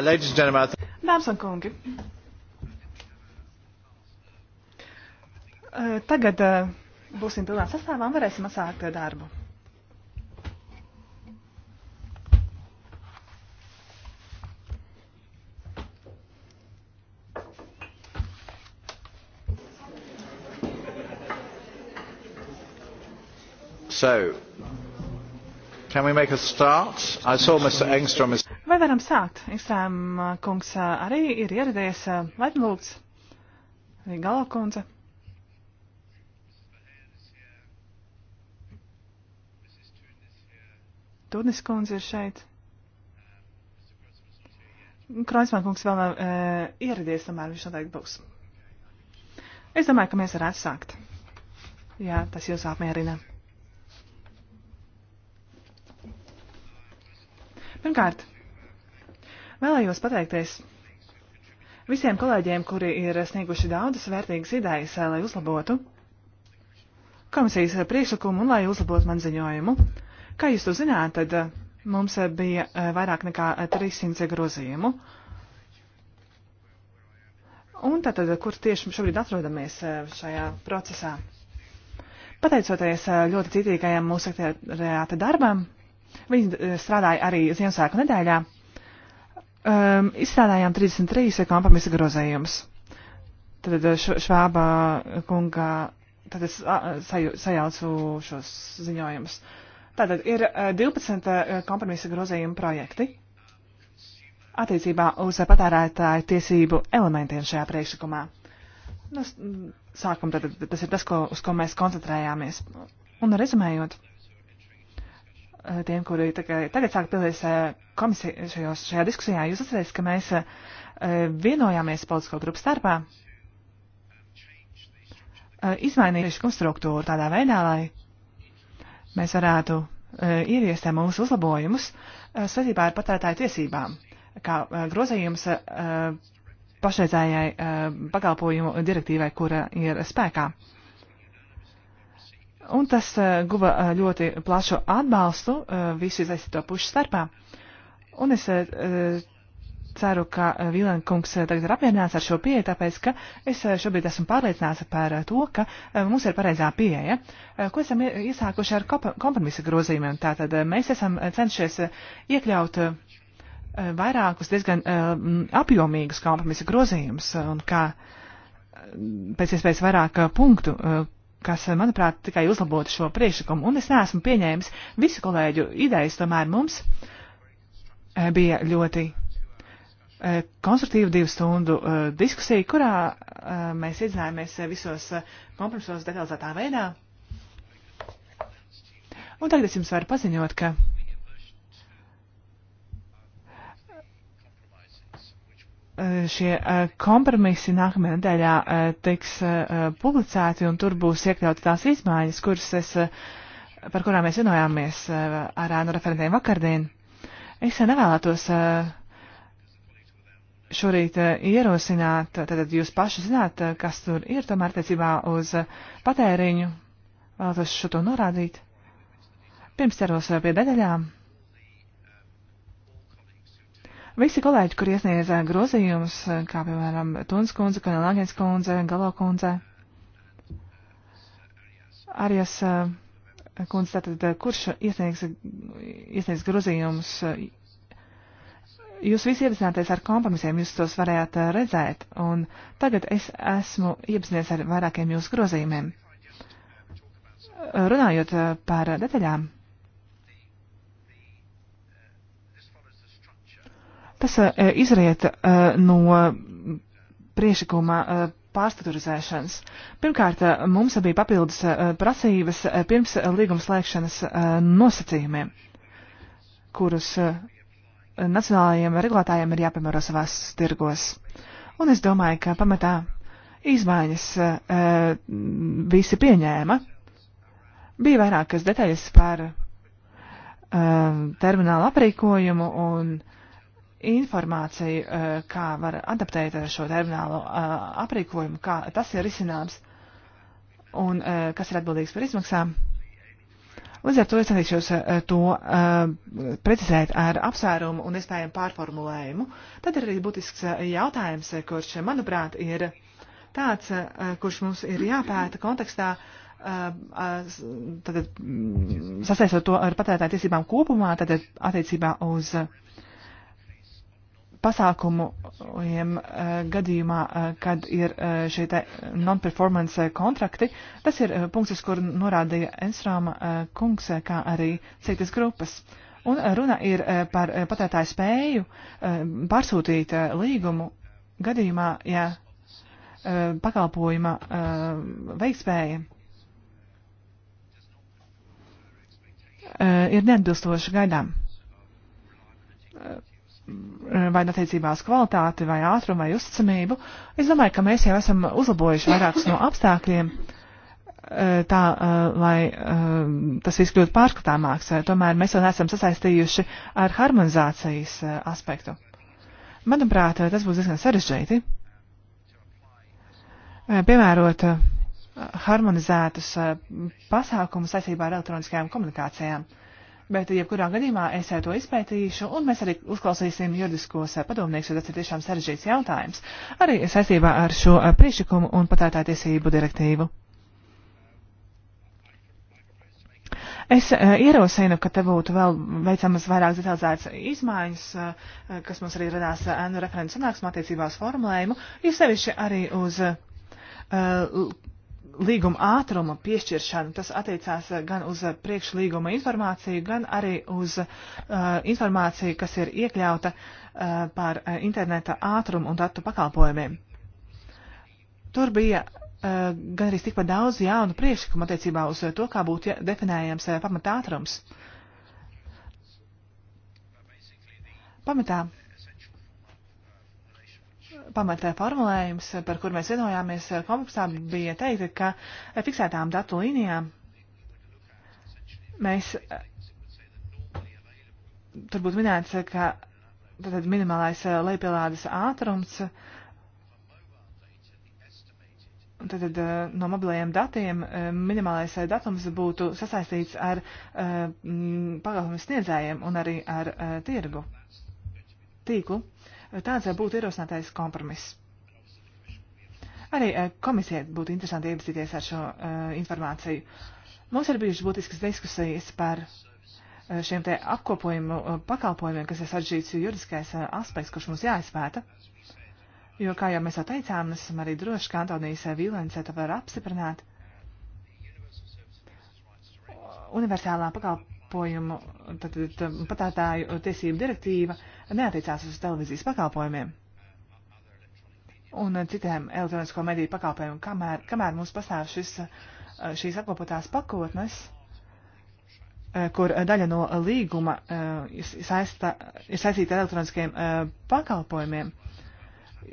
Uh, Dāmas un kungi, uh, tagad uh, būsim pilnā sastāvā un varēsim atsākt darbu. So, can we make a start? I saw Mr. Engstrom is varam sākt. Islēma kungs arī ir ieradies. Vai lūdzu? Arī Galo kundze. Tudnis kundze ir šeit. Kreisman kungs vēl nav e, ieradies, tomēr viņš noteikti būs. Es domāju, ka mēs varētu sākt. Jā, tas jūs apmierina. Pirmkārt, vēlējos pateikties visiem kolēģiem, kuri ir snieguši daudzas vērtīgas idejas, eh, lai uzlabotu komisijas eh, priekšlikumu un lai uzlabotu man ziņojumu. Kā jūs to zināt, tad eh, mums bija vairāk nekā 300 grozījumu. Un tātad, kur tieši šobrīd atrodamies šajā procesā? Pateicoties ļoti citīgajam mūsu sekretariāta darbam, viņi strādāja arī Ziemassvētku nedēļā um, izstrādājām 33 kompromisa grozējumus. Tad eh, švābā kungā tad es saju, sajaucu šos ziņojumus. Tātad ir 12 eh, eh, kompromisa grozējumu projekti attiecībā uz patērētāju tiesību elementiem šajā priekšlikumā. Nu, sākam, tad, tas ir tas, ko, uz ko mēs koncentrējāmies. Un rezumējot, Eh, tiem, kuri tagad, tagad sāk pildies eh, komisijos šajā diskusijā, jūs atcerēsiet, ka mēs eh, vienojāmies politisko grupu starpā izmainīt risku struktūru tādā veidā, lai mēs varētu ieviest mūsu uzlabojumus saistībā ar patērētāju tiesībām, kā grozījums pašreizējai pakalpojumu direktīvai, kura ir spēkā. Un tas e, guva e, ļoti plašu atbalstu e, visu izaistīto pušu starpā. Un es ceru, ka Vīlēna kungs tagad ir apmierināts ar šo pieeju, tāpēc, ka es šobrīd esmu pārliecināts par to, ka mums ir pareizā pieeja, ko esam iesākuši ar kompromisa grozījumiem. Tātad mēs esam cenšies iekļaut vairākus diezgan apjomīgus kompromisa grozījumus un kā pēc iespējas vairāk punktu, kas, eh, manuprāt, tikai uzlabotu šo priekšlikumu. Un es neesmu pieņēmis visu kolēģu idejas, tomēr mums eh, bija ļoti eh, konstruktīva divu stundu diskusija, kurā mēs iedzinājāmies visos kompromisos detalizētā veidā. Un tagad es jums varu paziņot, ka Eh, šie eh, kompromisi nākamajā nedēļā eh, tiks publicēti, un tur būs iekļautas tās izmaiņas, kuras es, par kurām mēs vienojāmies ar ēnu referentiem vakardien. Es nevēlētos šorīt ierosināt, tad jūs paši zināt, kas tur ir tomēr attiecībā uz patēriņu, vēlētos šo to norādīt. Pirms ķeros pie detaļām Visi kolēģi, kur iesniedz eh, grozījumus, eh, kā piemēram Tuns kundze, Kanelāgens kundze, Galo kundze, Arijas eh, kundze, tātad kurš iesniegs, iesniegs grozījumus, jūs visi iepazināties ar kompromisiem, jūs tos varējāt redzēt, un tagad es esmu iepazinies ar vairākiem jūsu grozījumiem. Runājot par detaļām Tas eh, eh, izriet eh, no priešakuma pārstaturizēšanas. Pirmkārt, mums bija papildus prasības pirms līguma slēgšanas nosacījumiem, kurus nacionālajiem regulātājiem ir jāpiemēro savās tirgos. Un es domāju, ka pamatā izmaiņas visi pieņēma. Bija vairākas detaļas par terminālu aprīkojumu un uh, informāciju, eh, kā var adaptēt eh, šo terminālu eh, aprīkojumu, kā tas ir risināms un kas ir atbildīgs par izmaksām. Līdz ar to es centīšos to precizēt ar apsvērumu un iespējamu pārformulējumu. Tad ir arī būtisks jautājums, kurš, manuprāt, ir tāds, kurš mums ir jāpēta kontekstā mm, sasaistot to ar patērētāju tiesībām kopumā, tad attiecībā uz uh, pasākumiem eh, gadījumā, eh, kad ir eh, šie non-performance kontrakti. Tas ir punkts, uz kuru norādīja Enstrāma kungs, kā arī citas grupas. Un runa ir par patērētāju spēju pārsūtīt līgumu gadījumā, ja pakalpojuma veikspēja ir neatbilstoša gaidām vai nu attiecībās kvalitāti, vai ātrumu, vai uzticamību. Es domāju, ka mēs jau esam uzlabojuši vairākus no apstākļiem, eh, tā eh, lai eh, tas viss kļūtu pārskatāmāks. Tomēr mēs vēl neesam sasaistījuši ar harmonizācijas aspektu. Manuprāt, tas būs diezgan sarežģīti. Piemērot harmonizētus pasākumus saistībā ar elektroniskajām komunikācijām. Bet, jebkurā gadījumā, es to izpētīšu, un mēs arī uzklausīsim juridiskos padomniekus, jo tas ir tiešām sarežģīts jautājums, arī saistībā ar šo eh, priekšlikumu un patērētāju tiesību direktīvu. Es eh, ierosinu, ka te būtu vēl veicamas vairāk detalizētas izmaiņas, eh, kas mums arī radās ēnu referents sanāksmā attiecībā uz formulējumu, jo sevišķi arī uz līguma ātruma piešķiršanu. Tas attiecās gan uz priekšlīguma informāciju, gan arī uz uh, informāciju, kas ir iekļauta uh, par uh, interneta ātrumu un datu pakalpojumiem. Tur bija uh, gan arī tikpat daudz jaunu priekšlikumu attiecībā uz to, kā būtu definējams uh, pamatā ātrums. Pamatā pamatā formulējums, par kur mēs vienojāmies kompleksā, bija teikt, ka fiksētām datu līnijām mēs tur būtu minēts, ka tad minimālais lejupielādes ātrums tad, eh, no mobilajiem datiem eh, minimālais datums būtu sasaistīts ar eh, pakalpojumu sniedzējiem un arī ar tirgu tīklu. Tāds eh, būtu ierosinātais kompromiss. Arī eh, komisijai būtu interesanti iepazīties ar šo eh, informāciju. Mums ir bijušas būtiskas diskusijas par šiem te apkopojumu pakalpojumiem, kas ir saržģīts juridiskais aspekts, kurš mums jāizpēta. Jo, kā jau mēs jau teicām, esam arī droši, ka Antonijas Vīlence to var apstiprināt. Universālā pakalpojuma pakalpojumu, tad, tad patētāju tiesību direktīva neatiecās uz televīzijas pakalpojumiem un citiem elektronisko mediju pakalpojumiem, kamēr, kamēr mums pastāv šis, šīs apkopotās pakotnes, kur daļa no līguma eh, ir saistīta ar elektroniskiem eh, pakalpojumiem. Uh,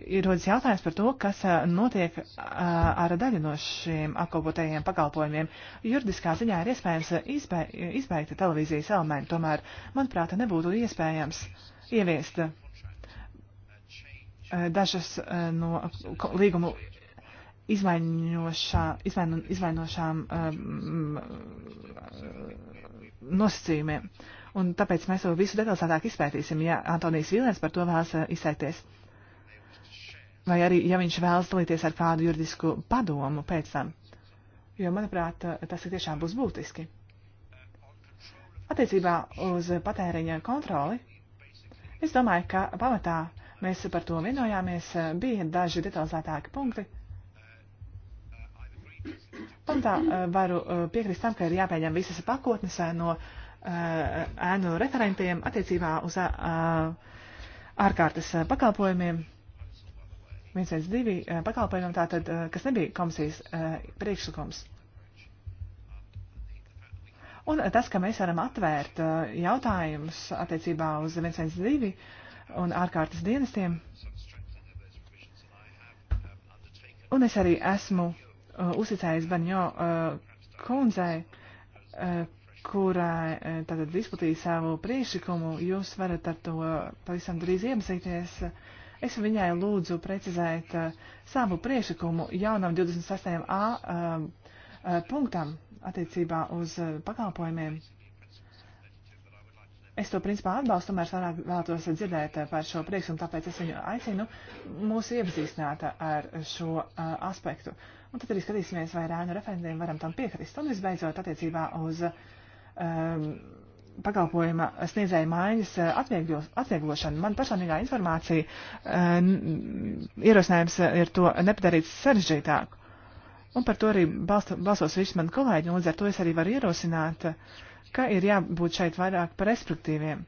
ir rodas jautājums par to, kas notiek ar daļu no šiem apkalpotajiem pakalpojumiem. Juridiskā ziņā ir iespējams izbeigt televīzijas elementu, tomēr, manuprāt, nebūtu iespējams ieviest dažas no līgumu izmaiņošā, izmaino, izmainošām um, nosacījumiem. Un tāpēc mēs to visu detalizētāk izpētīsim, ja Antonijs Vīlēns par to vēlas izteikties. Uh, vai arī, ja viņš vēlas dalīties ar kādu juridisku padomu pēc tam. Jo, manuprāt, tas ir tiešām būs būtiski. Attiecībā uz patēriņa kontroli, es domāju, ka pamatā mēs par to vienojāmies, bija daži detalizētāki punkti. Pamatā eh, varu eh, piekrist tam, ka ir jāpieņem visas pakotnes eh, no ēnu referentiem attiecībā uz ārkārtas pakalpojumiem 112 eh, pakalpojumam, tātad, eh, kas nebija komisijas eh, priekšlikums. Un tas, ka mēs varam atvērt jautājumus attiecībā uz 112 un ārkārtas dienestiem. Un es arī esmu uzticējis Banjo kundzei, kurai tātad izplatīja savu priekšlikumu. Jūs varat ar to pavisam drīz iepazīties. Uh, Es viņai lūdzu precizēt uh, savu priešakumu jaunam 26a uh, um, uh, punktam attiecībā uz uh, pakalpojumiem. Es to principā atbalstu, tomēr vairāk vēlētos dzirdēt uh, par šo priekšlikumu, tāpēc es viņu aicinu mūs iepazīstināt ar šo uh, aspektu. Un tad arī skatīsimies, vai rēnu referentiem varam tam piekrist. Un visbeidzot, attiecībā uz um, pakalpojuma sniedzēja mājas eh, atvieglošana. Man personīgā informācija eh, ierosinājums ir to nepadarīt sarežģītāk. Un par to arī balstu, balsos visi mani kolēģi, un līdz ar to es arī varu ierosināt, ka ir jābūt šeit vairāk par respektīviem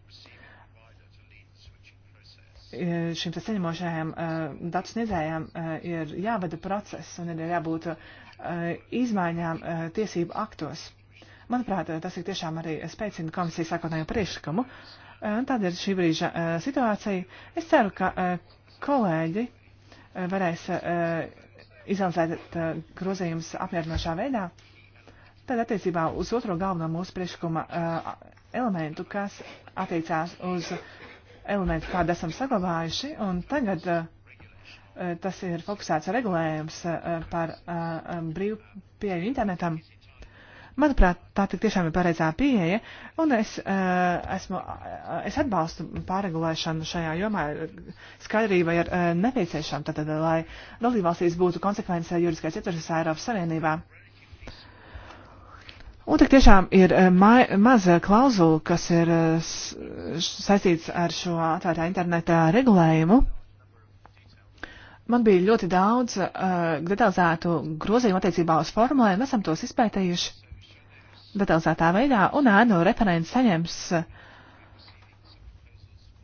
e, šim saņemošajam uh, datu sniedzējām uh, e, ir jāvada process un ir jābūt uh, izmaiņām tiesību aktos. Manuprāt, tas ir tiešām arī spēcina komisijas sākotnējo priekšlikumu. Eh, Tāda ir šī brīža eh, situācija. Es ceru, ka eh, kolēģi varēs izanalizēt grozījumus apmierinošā veidā. Tad attiecībā uz otro galveno mūsu priekšlikuma elementu, kas attiecās uz elementu, kādu esam saglabājuši, un tagad tas ir fokusēts regulējums par brīvu pieeju internetam. Manuprāt, tā tik tiešām ir pareizā pieeja, un es, eh, esmu, eh, es atbalstu pārregulēšanu šajā jomā skaidrībai ir eh, nepieciešama, tad, lai dalībvalstīs būtu konsekvence juridiskais ietvers Eiropas Savienībā. Un tik tiešām ir ma maza klauzula, kas ir saistīts ar šo atvērtā interneta regulējumu. Man bija ļoti daudz uh, detalizētu grozījumu attiecībā uz formulēm, esam tos izpētējuši detalizētā veidā, un ēnu referents saņems eh,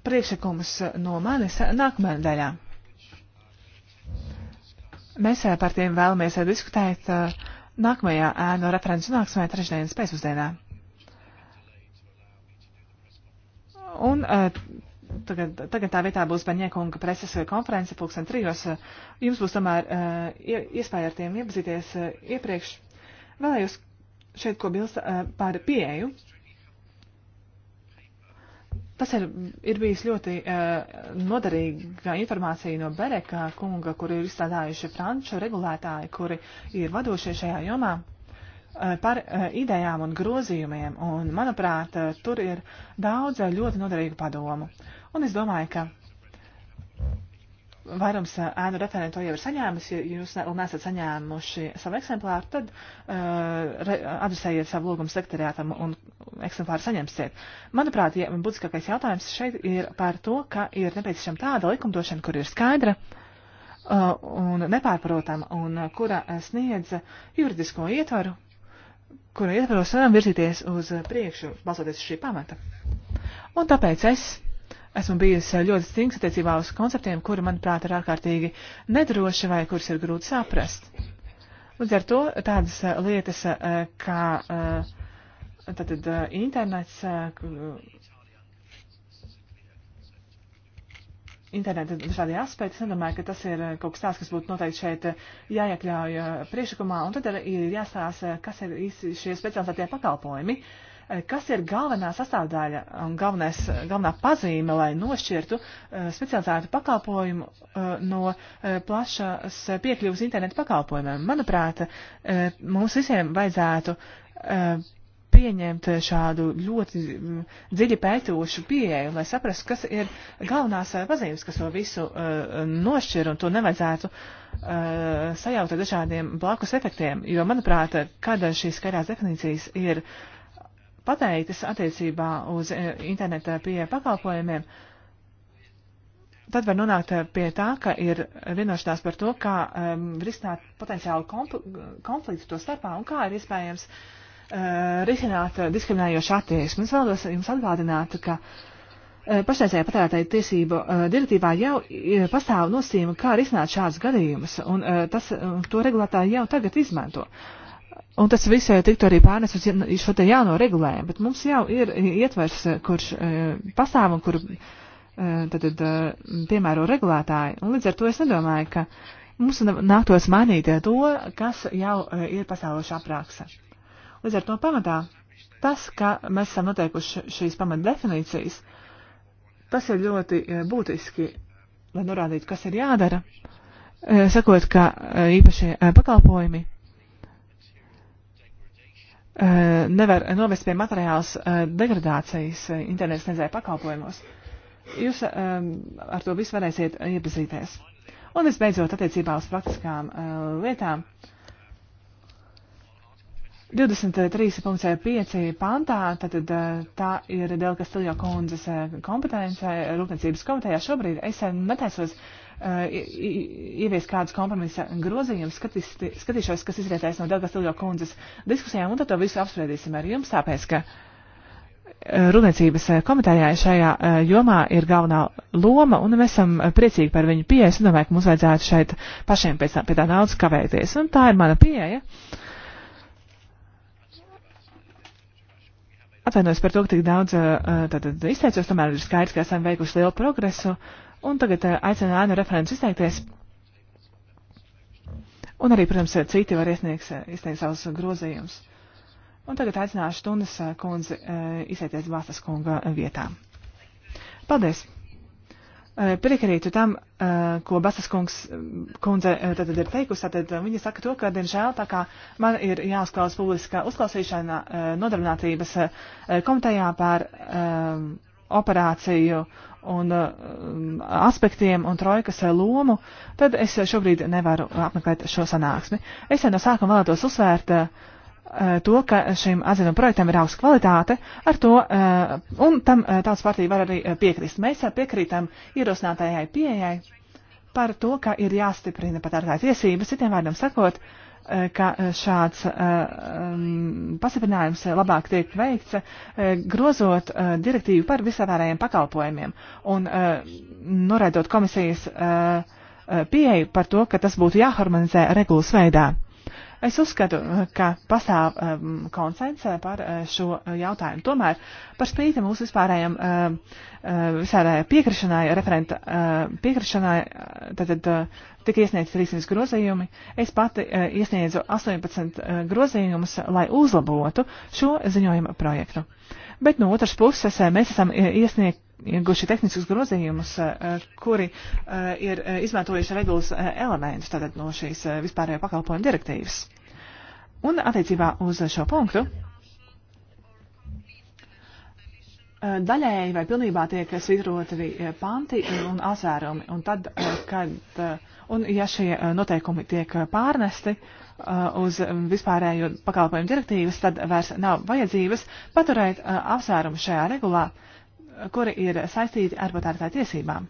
priekšlikumus no manis nākamajā daļā. Mēs eh, par tiem vēlamies eh, diskutēt nākamajā ēnu referents nākamajā trešdienas pēcpusdienā. Un tagad, tagad tā vietā būs Baņiekunga preses konference pulksten trijos. Jums būs tomēr iespēja ar tiem iepazīties iepriekš. Vēlējos šeit ko bilst eh, par pieeju. Tas ir, ir bijis ļoti uh, noderīga informācija no Bereka kunga, kur ir izstrādājuši franču regulētāji, kuri ir vadošie šajā jomā uh, par uh, idejām un grozījumiem. Un, manuprāt, uh, tur ir daudz uh, ļoti noderīgu padomu. Un es domāju, ka vairums eh, ēnu referentu jau ir saņēmis, ja jūs ne, nesat saņēmuši savu eksemplāru, tad uh, re, adresējiet savu lūgumu sekretariātam un eksemplāru saņemsiet. Manuprāt, ja, būtiskākais jautājums šeit ir par to, ka ir nepieciešama tāda likumdošana, kur ir skaidra uh, un nepārprotama un uh, kura sniedz juridisko ietvaru, kura ietvaros varam virzīties uz priekšu, balsoties uz šī pamata. Un tāpēc es esmu bijis eh, ļoti stinks attiecībā uz konceptiem, kuri, manuprāt, ir ārkārtīgi nedroši vai kurus ir grūti saprast. Līdz ar to tādas eh, lietas eh, kā tātad, internets, interneta dažādi aspekti. Es nedomāju, ka tas ir kaut kas tāds, kas būtu noteikti šeit jāiekļauj priekšlikumā, un tad ir jāstāsta, kas ir īsti šie specializētie pakalpojumi. Uh, Eh, kas ir galvenā sastāvdaļa un galvenais, galvenā pazīme, lai nošķirtu eh, specializētu pakalpojumu eh, no plašas piekļuvas internetu pakalpojumiem? Manuprāt, mums visiem vajadzētu pieņemt šādu ļoti mm, dziļi pētošu pieeju, lai saprastu, kas ir galvenās pazīmes, kas to visu uh, nošķir, un to nevajadzētu uh, sajaukt ar dažādiem blakus efektiem, jo, manuprāt, kad šīs skaidrās definīcijas ir uh, pateiktas attiecībā uz e, interneta pieeja pakalpojumiem, tad var nonākt pie tā, ka ir vienošanās par to, kā um, risināt potenciālu konfliktu to starpā un kā ir iespējams uh, risināt diskriminējošu attieksmi. Es vēlos jums atgādināt, ka uh, pašreizējā patērētāja tiesību uh, direktīvā jau uh, pastāv nosīma, kā risināt šādus gadījumus, un uh, tas, uh, to regulātāji jau tagad izmanto. Uh, Un tas viss eh, tiktu arī pārnes uz šo te jauno regulējumu, bet mums jau ir eh, ietvers, eh, kurš pastāv un kuru tad, tad, piemēro regulētāji. Un līdz ar to es nedomāju, ka mums nāktos mainīt to, kas jau ir pasauloša apraksa. Līdz ar to pamatā tas, ka mēs esam noteikuši šīs pamatdefinīcijas, tas ir ļoti būtiski, lai norādītu, kas ir jādara, sakot, ka īpašie pakalpojumi Eh, nevar novest pie materiālas eh, degradācijas eh, internets nedzēja pakalpojumos. Jūs ar to visu varēsiet iepazīties. Un visbeidzot, attiecībā uz praktiskām lietām. 23.5. pantā, tātad tā ir Delka Stiljo kundzes kompetence rūpniecības komitejā. Šobrīd es netaisos uh, ievies kādus kompromisa grozījumus, skatīšos, kas izrietēs no Delgas Tiljo kundzes diskusijām, un tad to visu apspriedīsim ar jums, tāpēc, ka e, Rūpniecības e, komitējā šajā e, jomā ir galvenā loma, un mēs esam priecīgi par viņu pieeju. Es domāju, ka mums vajadzētu šeit pašiem pēc tā, pie tā naudas kavēties, un tā ir mana pieeja. Atvainojos par to, ka tik daudz tātad, izteicos, tomēr ir skaidrs, ka esam veikuši lielu progresu. Uh, Un tagad eh, aicinu ēnu referents izteikties. Un arī, protams, citi var iesniegt, eh, izteikt savus grozījumus. Un tagad aicināšu stundas eh, kundzi izteikties Vāstas kunga vietā. Paldies! Piekrītu tam, ko Basas kungs, kundze tad ir teikusi, tad viņa saka to, ka, diemžēl, tā kā man ir jāuzklaus publiska uzklausīšana nodarbinātības komitejā par operāciju un uh, aspektiem un trojkas uh, lomu, tad es uh, šobrīd nevaru apmeklēt šo sanāksmi. Es jau no sākuma vēlētos uzsvērt to, ka šim atzinuma projektam ir augsta kvalitāte, ar to, un tam tautas partija var arī piekrist. Mēs piekrītam ierosinātājai pieejai par to, ka ir jāstiprina patērētāju tiesības, citiem vārdiem sakot, uh, Eh, ka eh, šāds eh, mm, pastiprinājums labāk tiek veikts, grozot direktīvu par visavērējiem pakalpojumiem un noraidot komisijas pieeju par to, ka tas būtu jāharmonizē regulas veidā. Es uzskatu, ka pastāv um, konsensa par uh, šo jautājumu. Tomēr par spīti mūsu vispārējiem uh, visādai piekrišanai, referenta uh, piekrišanai, tad uh, tika iesniegts 300 grozījumi. Es pati uh, iesniedzu 18 uh, e, grozījumus, lai uzlabotu šo ziņojuma projektu. Bet no otras puses uh, mēs esam iesnieguši tehniskus grozījumus, uh, kuri uh, ir uh, izmantojuši regulas uh, elementus tātad no šīs uh, vispārējo pakalpojumu direktīvas. Un attiecībā uz šo punktu Eh, daļēji vai pilnībā tiek svītroti arī eh, panti un asērumi. Un tad, eh, kad, un ja šie noteikumi tiek pārnesti uz vispārējo pakalpojumu direktīvas, tad vairs nav vajadzības paturēt apsvērumu šajā regulā, kuri ir saistīti ar patērētāju tiesībām.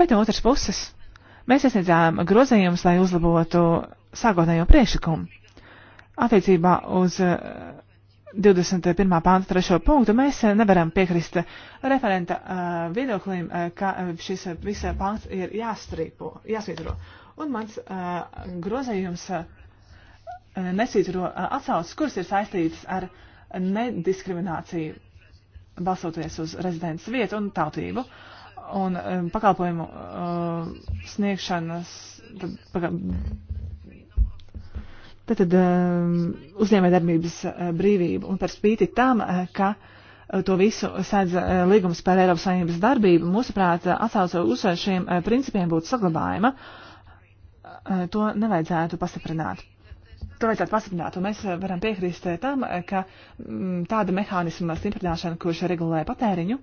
Bet no otras puses, mēs iesniedzām grozījumus, lai uzlabotu sākotnējo priekšlikumu attiecībā uz uh, 21. pānta trešo punktu, mēs eh, nevaram piekrist referenta uh, viedoklim, uh, ka šis visā pāns ir jāstrīpo, jāsvītro. Un mans uh, grozējums uh, nesvītro uh, atsaucas, kuras ir saistītas ar nediskrimināciju, balsoties uz rezidents vietu un tautību. Un um, pakalpojumu uh, sniegšanas, tad, paga, Tātad um, uzņēmējdarbības uh, brīvība un par spīti tam, uh, ka uh, to visu sēdz līgums par Eiropas Savienības darbību, mūsuprāt, atsauce uz šiem principiem būtu saglabājama. To nevajadzētu pastiprināt. To vajadzētu pastiprināt, un mēs varam piekrīst tam, ka mm, tāda mehānisma stiprināšana, kurš regulē patēriņu,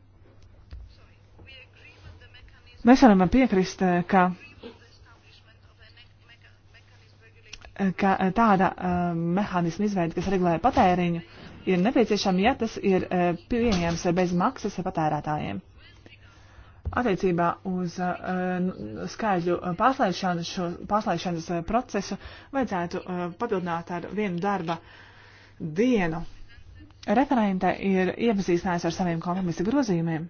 mēs varam piekrist, ka ka eh, tāda eh, mehānisma izveida, kas regulē patēriņu, ir nepieciešama, ja tas ir eh, pieejams bez maksas patērētājiem. Attiecībā uz uh, skaidru pārslēgšanu, šo pārslēgšanas procesu vajadzētu uh, papildināt ar vienu darba dienu. Referente ir iepazīstinājusi ar saviem kompromisa grozījumiem,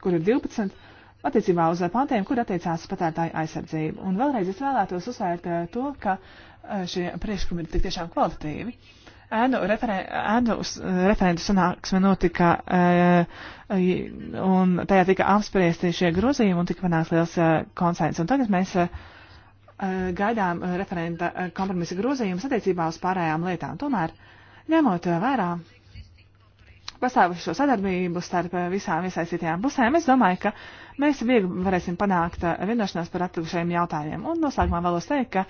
kur ir 12, attiecībā uz pantiem, kur attiecās patērtāju aizsardzību. Un vēlreiz es vēlētos uzsvērt uh, to, ka uh, Eh, šie priekšlikumi ir tik tiešām kvalitatīvi. Ēnu, referen ēnu referentu sanāksme notika, e, un tajā tika apspriesti šie grozījumi, un tika panāks liels e, konsens. Un tagad mēs e, gaidām referenta kompromisa grozījumus attiecībā uz pārējām lietām. Tomēr, ņemot vērā pastāvušo sadarbību starp visām iesaistītajām pusēm, es domāju, ka mēs viegli varēsim panākt vienošanās par atlikušajiem jautājumiem. Un noslēgumā vēlos teikt, ka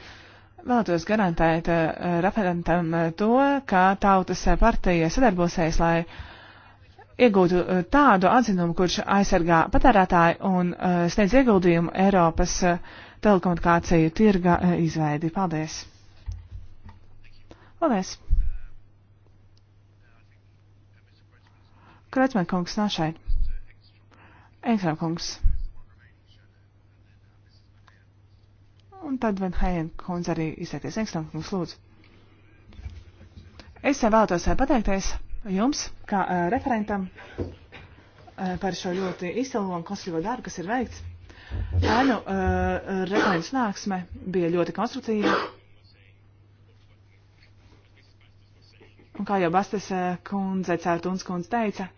Vēlētos garantēt uh, referentam uh, to, ka tautas eh, partija sadarbosies, lai iegūtu uh, tādu atzinumu, kurš aizsargā patērētāju un uh, sniedz ieguldījumu Eiropas uh, telekomunikāciju tirga uh, izveidi. Paldies! Paldies! Kreutzmann kungs nav šeit. Engstrām kungs. un tad Van Heien kundze arī izteikties. Engstam, kungs, lūdzu. Es vēlētos eh, pateikties jums, kā uh, referentam, uh, par šo ļoti izcilo un konstruktīvo darbu, kas ir veikts. Ēnu uh, referents nāksme bija ļoti konstruktīva. Un kā jau Bastes kundze, Cērtuns kundze teica,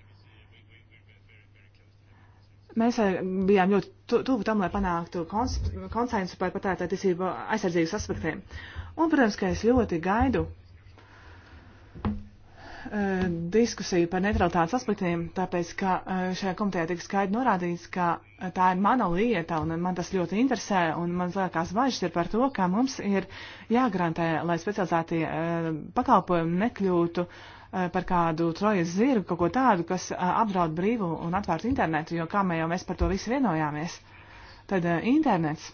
Mēs eh, bijām ļoti tuvu tam, lai panāktu konsensu par patērētāju tiesību aizsardzības aspektiem. Un, protams, ka es ļoti gaidu uh, diskusiju par neutralitātes aspektiem, tāpēc, ka uh, šajā komitejā tika skaidri norādīts, ka uh, tā ir mana lieta un man tas ļoti interesē un man lielākās bažas ir par to, ka mums ir jāgarantē, lai specializētie pakalpojumi nekļūtu uh, Eh, par kādu trojas zirgu, kaut ko tādu, kas eh, apdraud brīvu un atvērtu internetu, jo kā mēs jau mēs par to visu vienojāmies, tad eh, internets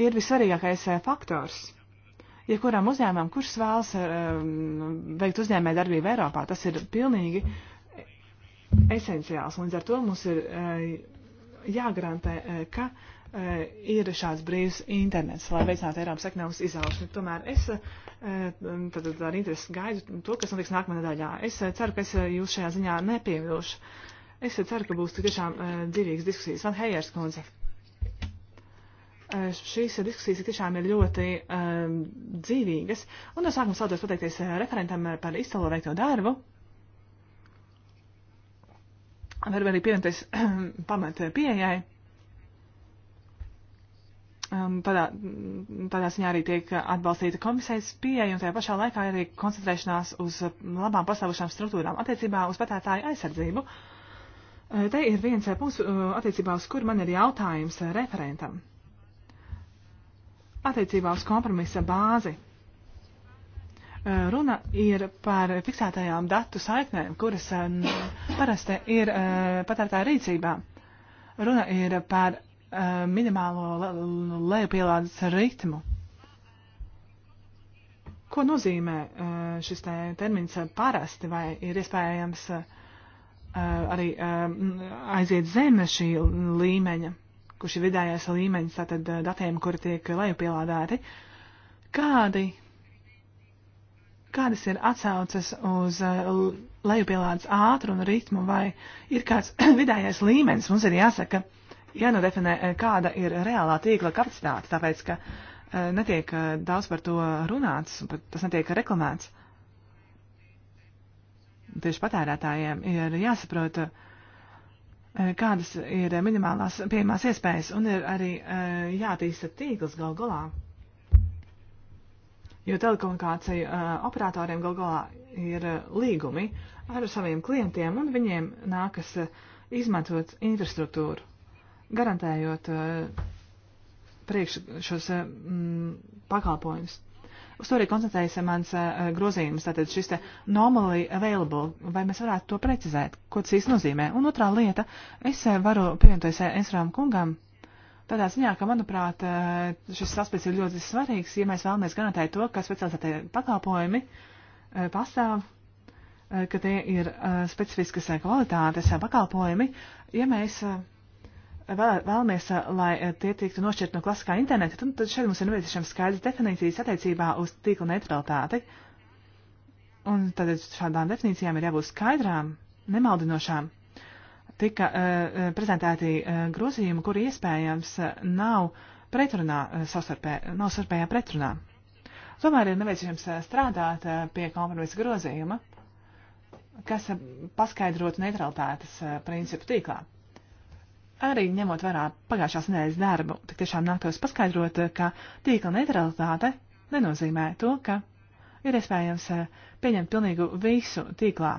ir vissvarīgākais faktors jebkuram ja uzņēmumam, kurš vēlas um, veikt uzņēmē darbību Eiropā, tas ir pilnīgi esenciāls. Līdz ar to mums ir uh, jāgarantē, uh, ka uh, ir šāds brīvs internets, lai veicinātu Eiropas ekonomikas izaugsmi. Tomēr es uh, Eh, tad ar interesi gaidu to, kas notiks nākamajā nedēļā. Es eh, ceru, ka es eh, jūs šajā ziņā nepievilšu. Es ceru, ka būs tiešām dzīvīgas diskusijas. Van Heijers, kundze. Šīs diskusijas tiešām ir ļoti um, dzīvīgas, un no sākuma sāktos pateikties referentam par izcilo veikto darbu. Var arī pievienoties <clears throat> pamata pieejai. Um, tādā, tādā ziņā arī tiek atbalstīta komisijas pieeja un tajā pašā laikā arī koncentrēšanās uz labām pastāvošām struktūrām attiecībā uz patērtāju aizsardzību. Uh, te ir viens punkts, uh, attiecībā uz kur man ir jautājums referentam. Attiecībā uz kompromisa bāzi. Uh, runa ir par fiksētajām datu saiknēm, kuras parasti ir patērtāju rīcībā. Runa ir par Uh, minimālo lejupielādes ritmu. Ko nozīmē uh, šis te termins parasti vai ir iespējams uh, arī aiziet zem šī līmeņa, kurš ir vidējais līmeņis tātad datiem, kuri tiek lejupielādēti? Kādi, kādas ir atsaucas uz lejupielādes ātrumu un ritmu vai ir kāds <clears throat> vidējais līmenis? Mums ir jāsaka, ka jānodefinē, nu eh, kāda ir reālā tīkla kapacitāte, tāpēc, ka eh, netiek eh, daudz par to runāts, tas netiek reklamēts. Tieši patērētājiem ir jāsaprot, kādas ir minimālās pieejamās iespējas, un ir arī jātīsta tīkls gal galā. Jo telekomunikāciju operatoriem gal galā ir līgumi ar saviem klientiem, un viņiem nākas izmantot infrastruktūru garantējot eh, priekš šos eh, mm, pakalpojumus. Uz to arī koncentrējas mans eh, grozījums, tātad šis te normally available, vai mēs varētu to precizēt, ko tas īsti nozīmē. Un otrā lieta, es varu pievienoties Esram kungam, tādā ziņā, ka, manuprāt, šis aspekts ir ļoti svarīgs, ja mēs vēlamies garantēt to, ka specializētie pakalpojumi pastāv, ka tie ir specifiskas kvalitātes pakalpojumi, ja mēs vēl, vēlamies, eh, lai eh, tie tiktu nošķirt no klasiskā interneta, tad, tad šeit mums ir nepieciešams skaidrs definīcijas attiecībā uz tīkla neutralitāti. Un tad šādām definīcijām ir jābūt skaidrām, nemaldinošām. Tika uh, prezentēti uh, grozījumi, kuri iespējams uh, nav pretrunā, uh, savstarpē, nav starpējā pretrunā. Tomēr ir nepieciešams uh, strādāt uh, pie kompromisa grozījuma, kas uh, paskaidrotu neutralitātes uh, principu tīklā arī ņemot vērā pagājušās nedēļas darbu, tik tiešām nāktos paskaidrot, ka tīkla neutralitāte nenozīmē to, ka ir iespējams eh, pieņemt pilnīgu visu tīklā,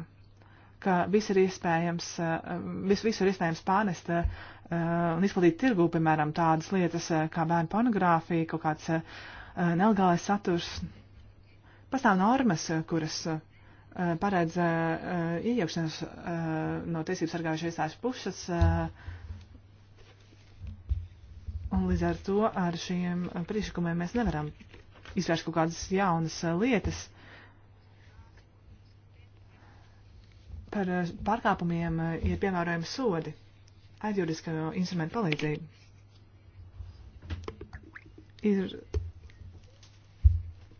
ka viss ir iespējams, eh, vis, visu ir iespējams pārnest eh, un izplatīt tirgū, piemēram, tādas lietas kā bērnu pornogrāfija, kaut kāds nelegālais saturs. Pastāv normas, kuras paredz iejaukšanas no tiesību sargājušais tās pušas Un līdz ar to ar šiem priekšlikumiem mēs nevaram izvērst kaut kādas jaunas eh, lietas. Par eh, pārkāpumiem eh, ir piemērojami sodi ar juridisko instrumentu palīdzību. Ir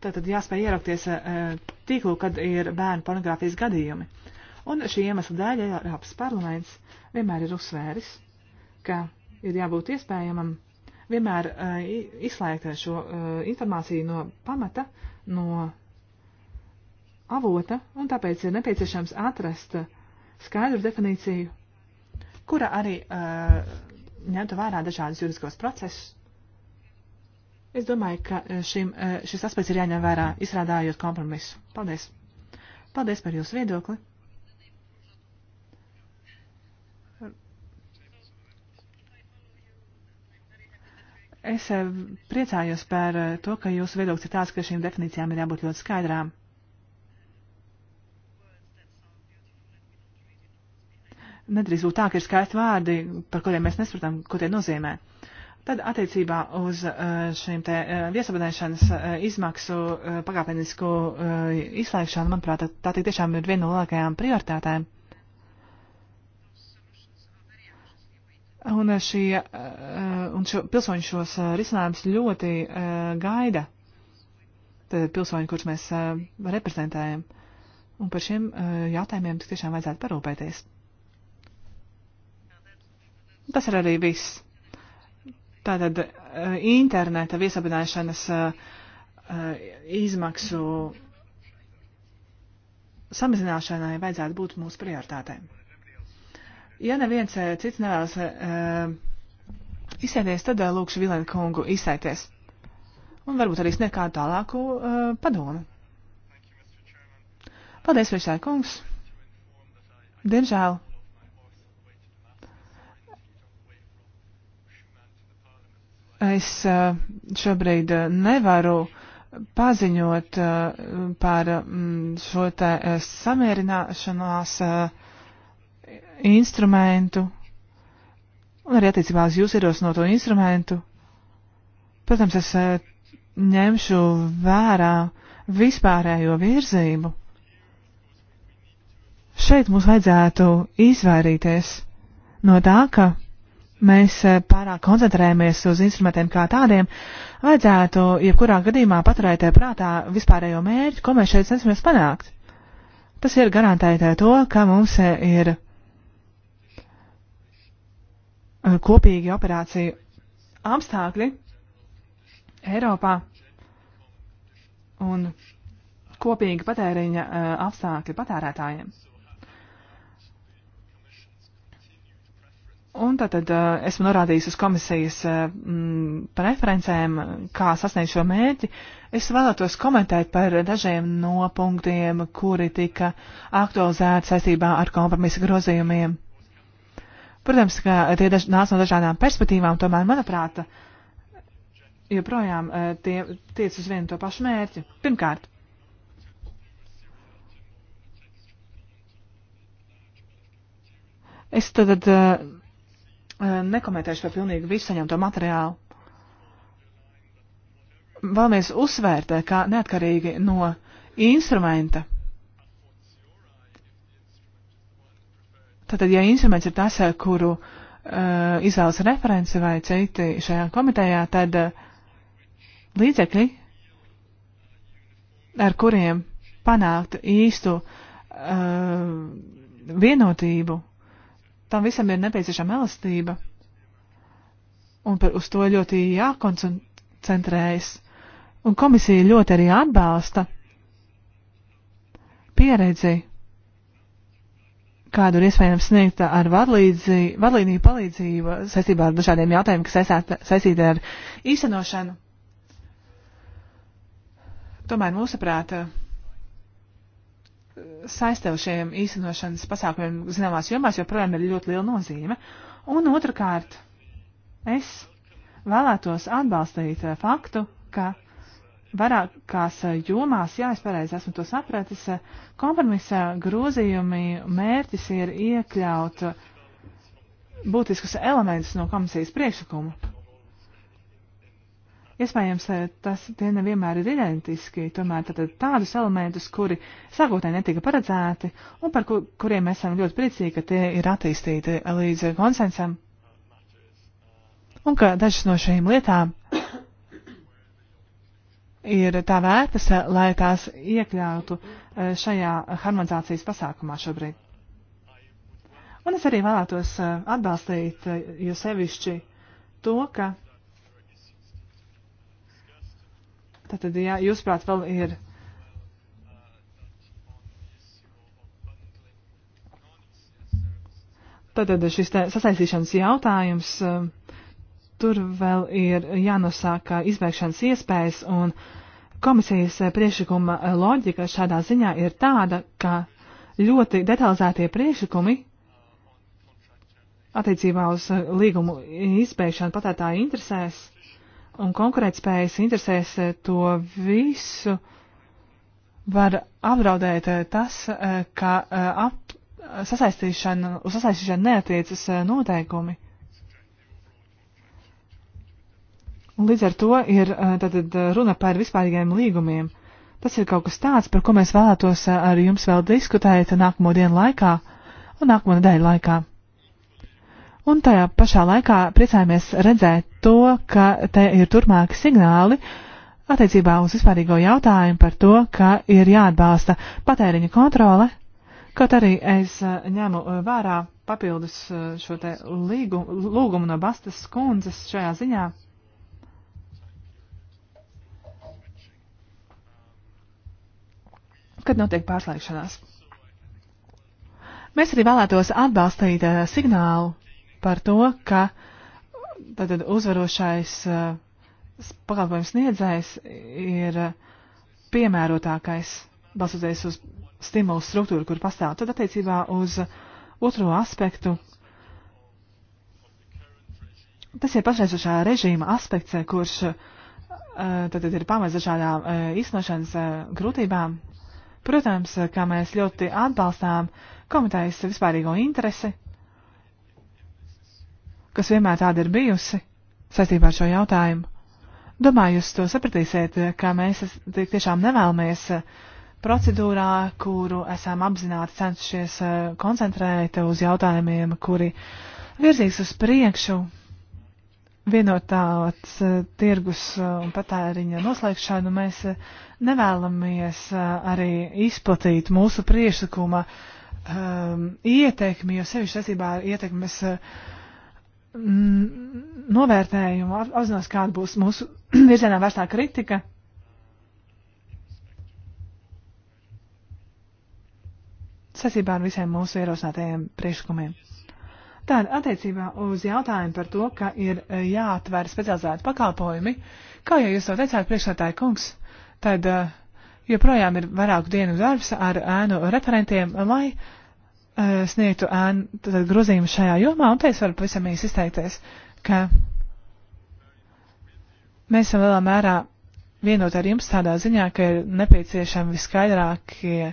tātad jāspēj ieraukties tīklu, kad ir bērnu pornogrāfijas gadījumi. Un šī iemesla dēļ Eiropas parlaments vienmēr ir uzsvēris, ka ir jābūt iespējamam vienmēr eh, izslēgt šo eh, informāciju no pamata, no avota, un tāpēc ir nepieciešams atrast skaidru definīciju, kura arī eh, ņemtu vērā dažādus juridiskos procesus. Es domāju, ka šim, šis aspekts ir jāņem vērā, izstrādājot kompromisu. Paldies! Paldies par jūsu viedokli! Es eh, priecājos par eh, to, ka jūsu viedoklis ir tāds, ka šīm definīcijām ir jābūt ļoti skaidrām. Nedrīkst būt tā, ka ir skaisti vārdi, par kuriem mēs nesaprotam, ko tie nozīmē. Tad attiecībā uz eh, šīm te viesabonēšanas izmaksu pakāpenisku izslēgšanu, manuprāt, tā tiešām ir viena no lielākajām prioritātēm. Un, šie, eh, un šo, pilsoņi šos eh, risinājumus ļoti eh, gaida. Tad pilsoņi, kurus mēs reprezentējam. Un par šiem jautājumiem tiešām vajadzētu parūpēties. Tas ir arī viss. Tātad interneta viesabināšanas izmaksu samazināšanai vajadzētu būt mūsu prioritātēm. Ja neviens eh, cits nevēlas uh, izsēties, tad uh, lūkšu Vilēnu kungu izsēties. Un varbūt arī sniegt kādu tālāku uh, padomu. Paldies, priekšsēdētāj kungs. Diemžēl. Es uh, šobrīd uh, nevaru paziņot uh, par um, šo te samierināšanās. Uh, instrumentu, un arī attiecībā uz jūs ierosinoto instrumentu, protams, es eh, ņemšu vērā vispārējo virzību. Šeit mums vajadzētu izvairīties no tā, ka mēs eh, pārāk koncentrējamies uz instrumentiem kā tādiem, vajadzētu jebkurā gadījumā paturēt prātā vispārējo mērķi, ko mēs šeit cenšamies panākt. Tas ir garantēt to, ka mums eh, ir Eh, kopīgi operāciju apstākļi Eiropā un kopīgi patēriņa eh, apstākļi patērētājiem. Un tātad eh, esmu norādījis uz komisijas preferencēm, kā sasniegt šo mērķi. Es vēlētos komentēt par dažiem no punktiem, kuri tika aktualizēti saistībā ar kompromisa grozījumiem. Protams, ka tie daž, nāca no dažādām perspektīvām, tomēr, manuprāt, joprojām eh, tie tiec uz vienu to pašu mērķi. Pirmkārt, es tad, tad eh, eh, nekomentēšu par pilnīgi visu saņemto materiālu. Vēlamies uzsvērt, ka neatkarīgi no instrumenta, Tātad, ja instruments ir tas, eh, kuru uh, izvēlas referenci vai citi šajā komitejā, tad uh, līdzekļi, ar kuriem panākt īstu uh, vienotību, tam visam ir nepieciešama elastība. Un par, uz to ļoti jākoncentrējas. Un komisija ļoti arī atbalsta pieredzi kādu ir iespējams sniegt ar vadlīniju palīdzību saistībā ar dažādiem jautājumiem, kas saistīti ar īstenošanu. Tomēr mūsuprāt, saistību šiem īstenošanas pasākumiem zināmās jomās joprojām ir ļoti liela nozīme. Un otrkārt, es vēlētos atbalstīt faktu, ka vairākās eh, jomās, jā, es pareizi esmu to sapratis, eh, kompromisa grozījumi mērķis ir iekļaut eh, būtiskus elementus no komisijas priekšlikuma. Iespējams, tas tie nevienmēr ir identiski, tomēr tad tādus elementus, kuri sākotnēji netika paredzēti un par kur, kuriem esam ļoti priecīgi, ka tie ir attīstīti līdz konsensam un ka dažas no šīm lietām ir tā vērtas, lai tās iekļautu e, šajā harmonizācijas pasākumā šobrīd. Un es arī vēlētos e, atbalstīt e, jo sevišķi to, ka tātad, ja jūs prāt vēl ir tātad šis sasaistīšanas jautājums. Uh, tur vēl ir jānosāk izvēršanas iespējas, un komisijas priešlikuma loģika šādā ziņā ir tāda, ka ļoti detalizētie priešlikumi attiecībā uz līgumu izspēšanu patētāju interesēs un konkurētspējas interesēs eh, to visu var apdraudēt eh, tas, eh, ka ap, sasaistīšana, uz sasaistīšanu neatiecas noteikumi. Līdz ar to ir tātad eh, eh, runa par vispārīgiem līgumiem. Tas ir kaut kas tāds, par ko mēs vēlētos eh, ar jums vēl diskutēt nākamo dienu laikā un nākamo nedēļu laikā. Un tajā pašā laikā priecājamies redzēt to, ka te ir turpmāki signāli attiecībā uz vispārīgo jautājumu par to, ka ir jāatbalsta patēriņa kontrole, kaut arī es ņemu vērā papildus šo te līgumu, lūgumu no Bastas kundzes šajā ziņā kad notiek pārslēgšanās. Mēs arī vēlētos atbalstīt uh, signālu par to, ka tad uzvarošais uh, pakalpojums sniedzējs ir uh, piemērotākais, balstoties uz stimulu struktūru, kur pastāv. Tad attiecībā uz otro aspektu. Tas ir pašreizušā režīma aspekts, kurš tad ir pamats dažādām īstenošanas grūtībām, Protams, kā mēs ļoti atbalstām komitejas vispārīgo interesi, kas vienmēr tāda ir bijusi saistībā ar šo jautājumu. Domāju, jūs to sapratīsiet, ka mēs tiešām nevēlamies eh, procedūrā, kuru esam apzināti cenšies eh, koncentrēt uz jautājumiem, kuri virzīs uz priekšu vienotāts eh, tirgus eh, un patēriņa noslēgšanu mēs eh, nevēlamies arī izplatīt mūsu priešlikuma um, ehm, ietekmi, jo sevišķi saistībā ar ietekmes mm, novērtējumu apzinās, kāda būs mūsu <clears throat> virzienā vērstā kritika. Sasībā ar visiem mūsu ierosinātajiem priekšlikumiem. Tad attiecībā uz jautājumu par to, ka ir e, jāatver specializēti pakalpojumi, kā jau jūs to teicāt, priekšētāji kungs, tad e, joprojām ir vairāku dienu darbs ar ēnu referentiem, lai e, sniegtu ēnu grozījumu šajā jomā, un te es varu pavisam īsi izteikties, ka mēs esam lielā mērā vienot ar jums tādā ziņā, ka ir nepieciešami viskaidrākie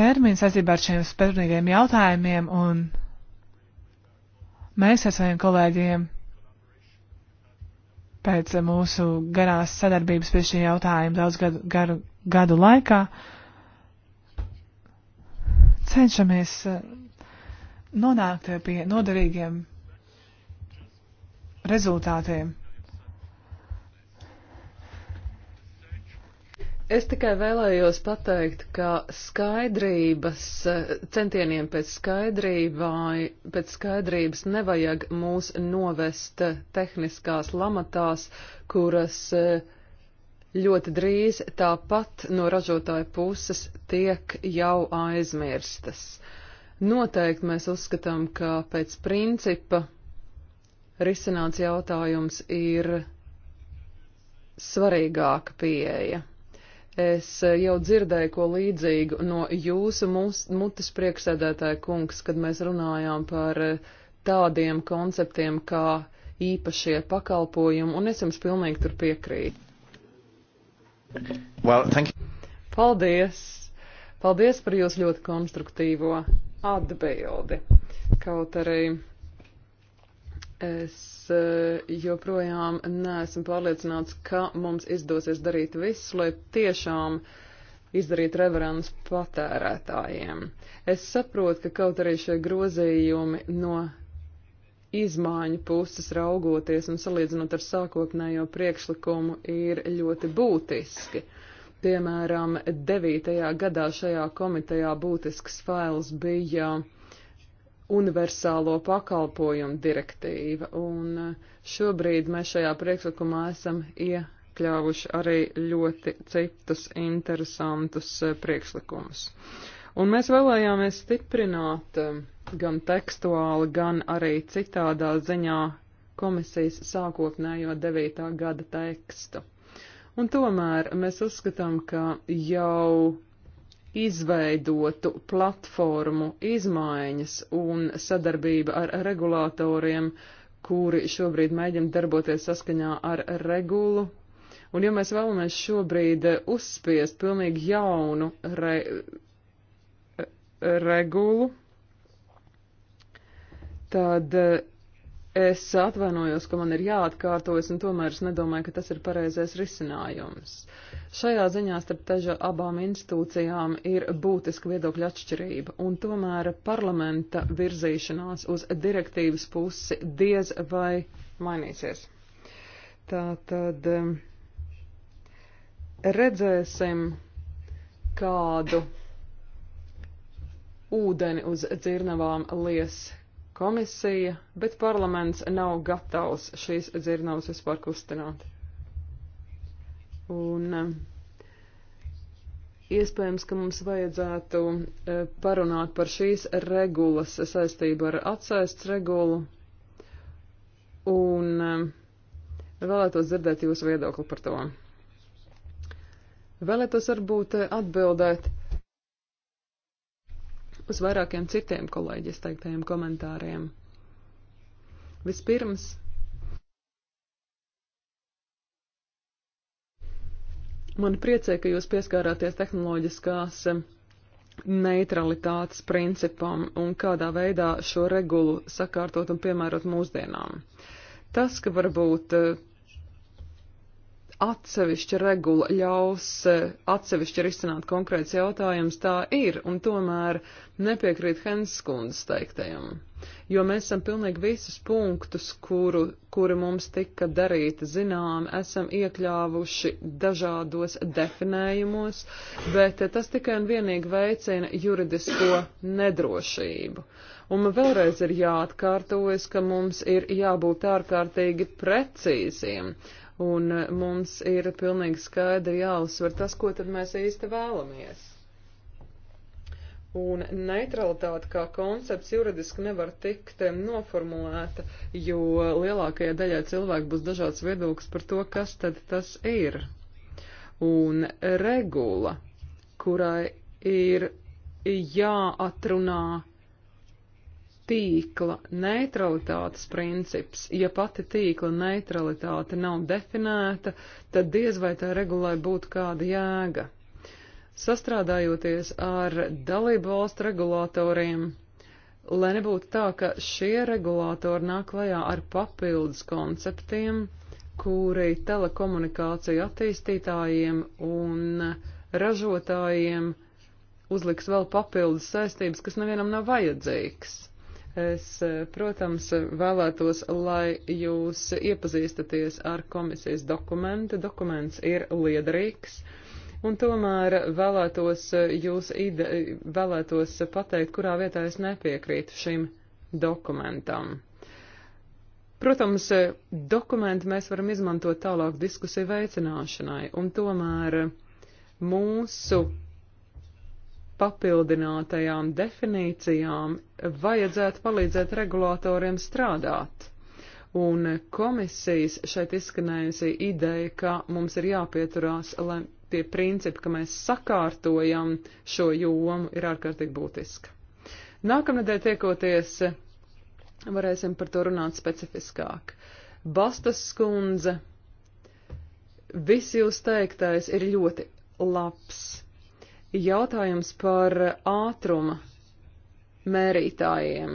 termini saistībā ar šiem spērnīgiem jautājumiem un Mēs ar saviem kolēģiem pēc mūsu garās sadarbības pie šī jautājuma daudz gadu, garu, gadu laikā cenšamies eh, nonākt pie noderīgiem rezultātiem. Es tikai vēlējos pateikt, ka skaidrības, eh, centieniem pēc, pēc skaidrības nevajag mūs novest eh, tehniskās lamatās, kuras eh, ļoti drīz tāpat no ražotāja puses tiek jau aizmirstas. Noteikti mēs uzskatām, ka pēc principa risināts jautājums ir svarīgāka pieeja. Es jau dzirdēju ko līdzīgu no jūsu mūs, mutes priekšsēdētāja kungs, kad mēs runājām par tādiem konceptiem kā īpašie pakalpojumi, un es jums pilnīgi tur piekrītu. Well, Paldies! Paldies par jūsu ļoti konstruktīvo atbildi. Kaut arī Es eh, joprojām neesmu pārliecināts, ka mums izdosies darīt visu, lai tiešām izdarītu reverendus patērētājiem. Es saprotu, ka kaut arī šie grozījumi no izmaiņu puses raugoties un salīdzinot ar sākotnējo priekšlikumu ir ļoti būtiski. Piemēram, devītajā gadā šajā komitejā būtisks fails bija uh, universālo pakalpojumu direktīva, un eh, šobrīd mēs šajā priekšlikumā esam iekļāvuši arī ļoti citus interesantus eh, priekšlikumus. Un mēs vēlējāmies stiprināt eh, gan tekstuāli, gan arī citādā ziņā komisijas sākotnējo 9. gada tekstu. Un tomēr mēs uzskatām, ka jau izveidotu platformu izmaiņas un sadarbība ar regulātoriem, kuri šobrīd mēģina darboties saskaņā ar regulu. Un ja mēs vēlamies šobrīd uzspiest pilnīgi jaunu re, regulu, tad es atvainojos, ka man ir jāatkārtojas, un tomēr es nedomāju, ka tas ir pareizais risinājums. Uh, Šajā ziņā starp teža abām institūcijām ir būtiska viedokļa atšķirība, un tomēr parlamenta virzīšanās uz direktīvas pusi diez vai mainīsies. Tā tad eh, redzēsim kādu ūdeni uz dzirnavām lies komisija, bet parlaments nav gatavs šīs dzirnavas vispār kustināt. Un eh, iespējams, ka mums vajadzētu eh, parunāt par šīs regulas saistību ar atsaists regulu. Un eh, vēlētos dzirdēt jūsu viedokli par to. Vēlētos varbūt atbildēt uz vairākiem citiem kolēģis teiktajiem komentāriem. Vispirms Mani priecē, ka jūs pieskārāties tehnoloģiskās eh, neutralitātes principam un kādā veidā šo regulu sakārtot un piemērot mūsdienām. Tas, ka varbūt eh, atsevišķa regula ļaus e, atsevišķi risināt konkrēts jautājums, tā ir, un tomēr nepiekrīt Henskundas teiktajam. Jo mēs esam pilnīgi visus punktus, kuru, kuri mums tika darīti zinām, esam iekļāvuši dažādos definējumos, bet tas tikai un vienīgi veicina juridisko nedrošību. Un man vēlreiz ir jāatkārtojas, ka mums ir jābūt ārkārtīgi precīziem Un eh, mums ir pilnīgi skaidri jāuzsver tas, ko tad mēs īsti vēlamies. Un neutralitāte kā koncepts juridiski nevar tikt eh, noformulēta, jo lielākajai daļai cilvēku būs dažāds viedoklis par to, kas tad tas ir. Un regula, kurai ir jāatrunā tīkla neutralitātes princips. Ja pati tīkla neutralitāte nav definēta, tad diez vai tā regulai būtu kāda jēga. Sastrādājoties ar dalību valstu regulātoriem, lai nebūtu tā, ka šie regulātori nāk klajā ar papildus konceptiem, kuri telekomunikāciju attīstītājiem un ražotājiem uzliks vēl papildus saistības, kas nevienam nav vajadzīgs. Es, protams, vēlētos, lai jūs iepazīstaties ar komisijas dokumentu. Dokuments ir liederīgs. Un tomēr vēlētos, jūs ide, vēlētos pateikt, kurā vietā es nepiekrītu šim dokumentam. Protams, dokumentu mēs varam izmantot tālāk diskusiju veicināšanai, un tomēr mūsu papildinātajām definīcijām vajadzētu palīdzēt regulātoriem strādāt. Un komisijas šeit izskanējusi ideja, ka mums ir jāpieturās lai, pie principa, ka mēs sakārtojam šo jomu, ir ārkārtīgi būtiska. Nākamnedēļ tiekoties, varēsim par to runāt specifiskāk. Bastas skundze, viss jūs teiktais ir ļoti labs Jautājums par ātruma mērītājiem.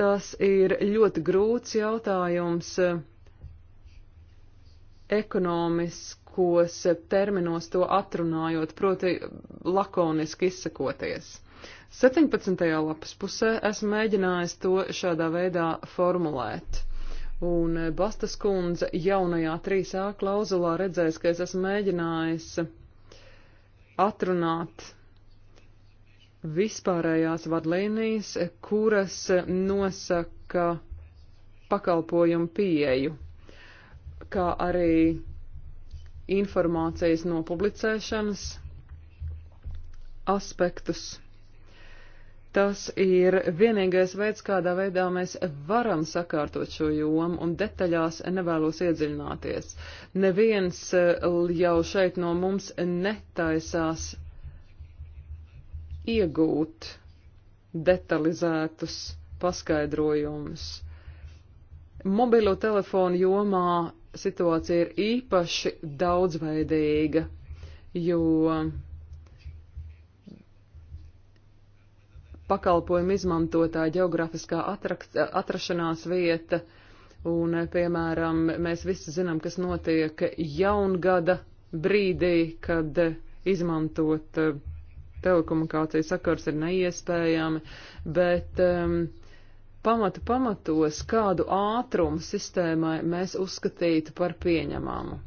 Tas ir ļoti grūts jautājums ekonomiskos terminos to atrunājot, proti lakoniski izsakoties. 17. lapas pusē esmu mēģinājis to šādā veidā formulēt. Un Bastas kundze jaunajā 3A klauzulā redzēs, ka es esmu mēģinājis atrunāt vispārējās vadlīnijas, kuras nosaka pakalpojumu pieeju, kā arī informācijas nopublicēšanas aspektus. Tas ir vienīgais veids, kādā veidā mēs varam sakārtot šo jomu, un detaļās nevēlos iedziļināties. Neviens eh, jau šeit no mums netaisās iegūt detalizētus paskaidrojumus. Mobilo telefonu jomā situācija ir īpaši daudzveidīga, jo pakalpojumu izmantotāja geogrāfiskā atrakts, atrašanās vieta. Un, eh, piemēram, mēs visi zinām, kas notiek jaungada brīdī, kad eh, izmantot eh, telekomunikāciju sakars ir neiespējami, bet um, pamatu pamatos, kādu ātrumu sistēmai mēs uzskatītu par pieņemamu.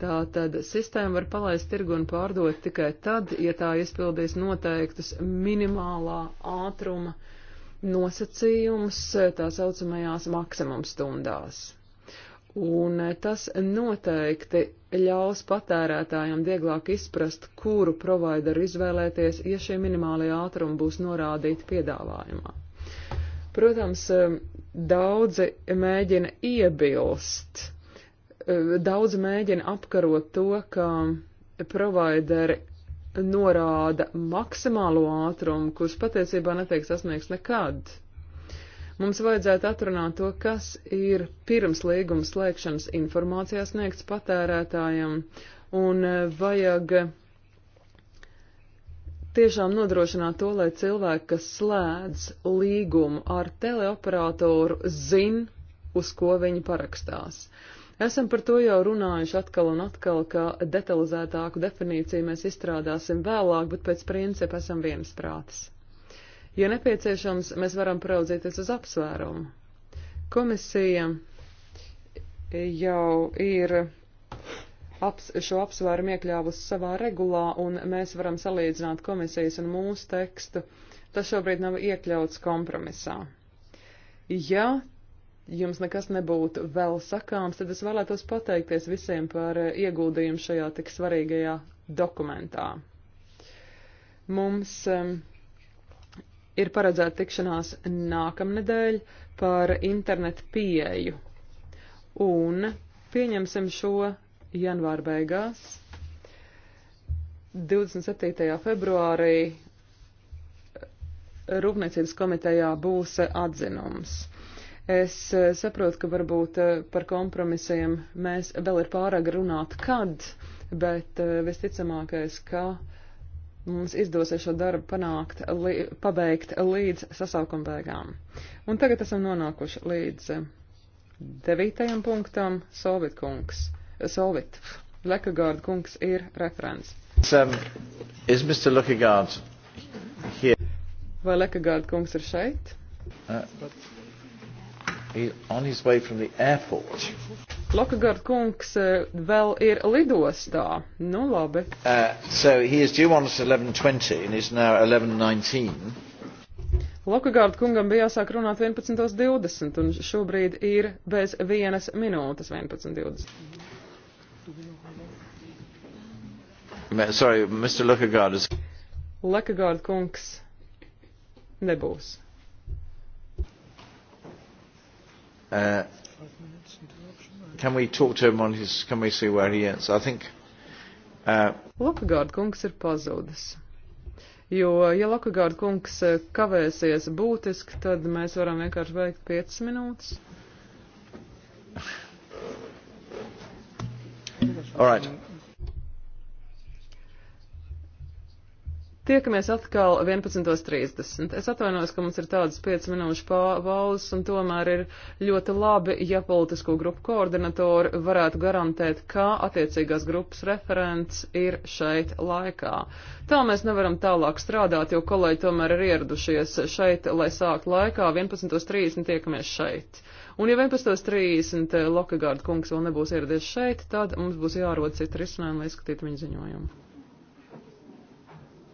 Tā tad sistēma var palaist tirgu un pārdot tikai tad, ja tā izpildīs noteiktus minimālā ātruma nosacījumus tā saucamajās maksimumstundās. Un tas noteikti ļaus patērētājiem vieglāk izprast, kuru provideru izvēlēties, ja šie minimālie ātrumi būs norādīti piedāvājumā. Protams, daudzi mēģina iebilst Daudz mēģina apkarot to, ka provideri norāda maksimālo ātrumu, kurš patiesībā netiek sasniegts nekad. Mums vajadzētu atrunāt to, kas ir pirms līguma slēgšanas informācijā sniegts patērētājam, un vajag tiešām nodrošināt to, lai cilvēki, kas slēdz līgumu ar teleoperatoru, zin, uz ko viņi parakstās. Uh, Esam par to jau runājuši atkal un atkal, ka detalizētāku definīciju mēs izstrādāsim vēlāk, bet pēc principa esam viensprātis. Ja nepieciešams, mēs varam paraudzīties uz apsvērumu. Komisija jau ir aps, šo apsvērumu iekļāvusi savā regulā, un mēs varam salīdzināt komisijas un mūsu tekstu. Tas šobrīd nav iekļauts kompromisā. Ja jums nekas nebūtu vēl sakāms, tad es vēlētos pateikties visiem par eh, ieguldījumu šajā tik svarīgajā dokumentā. Mums um, ir paredzēta tikšanās nākamnedēļ par internetu pieeju. Un pieņemsim šo janvāra beigās. 27. februārī eh, Rūpniecības komitejā būs atzinums. Es eh, saprotu, ka varbūt eh, par kompromisiem mēs vēl ir pārāk runāt kad, bet eh, visticamākais, ka mums izdosies šo darbu panākt, li, pabeigt līdz sasaukuma beigām. Un tagad esam nonākuši līdz devītajam punktam - Solvit kungs. Solvit. Lekagārda kungs ir referents. Um, is Mr. Lekagārds here? Vai Lekagārda kungs ir šeit? Uh, on his way from the airport. Lokagard kungs eh, vēl ir lidostā. Nu labi. Uh, so he is due on at 11.20 and is now 11.19. Lokagārda kungam bija jāsāk runāt 11.20 un šobrīd ir bez vienas minūtes 11.20. Sorry, Mr. Lokagārdas. Lokagārda kungs nebūs. Uh, can we talk to him on his, can we see where he is? I think. Uh, Lokagārda kungs ir pazudis. Jo, ja Lokagārda kungs uh, kavēsies būtiski, tad mēs varam vienkārši veikt 5 minūtes. All right. Tiekamies atkal 11.30. Es atvainojos, ka mums ir tādas 5 minūšu pauzes, un tomēr ir ļoti labi, ja politisko grupu koordinatori varētu garantēt, ka attiecīgās grupas referents ir šeit laikā. Tā mēs nevaram tālāk strādāt, jo kolēģi tomēr ir ieradušies šeit, lai sākt laikā. 11.30 tiekamies šeit. Un ja 11.30 eh, Lokagārda kungs vēl nebūs ieradies šeit, tad mums būs jārod cita risinājuma, lai skatītu viņa ziņojumu.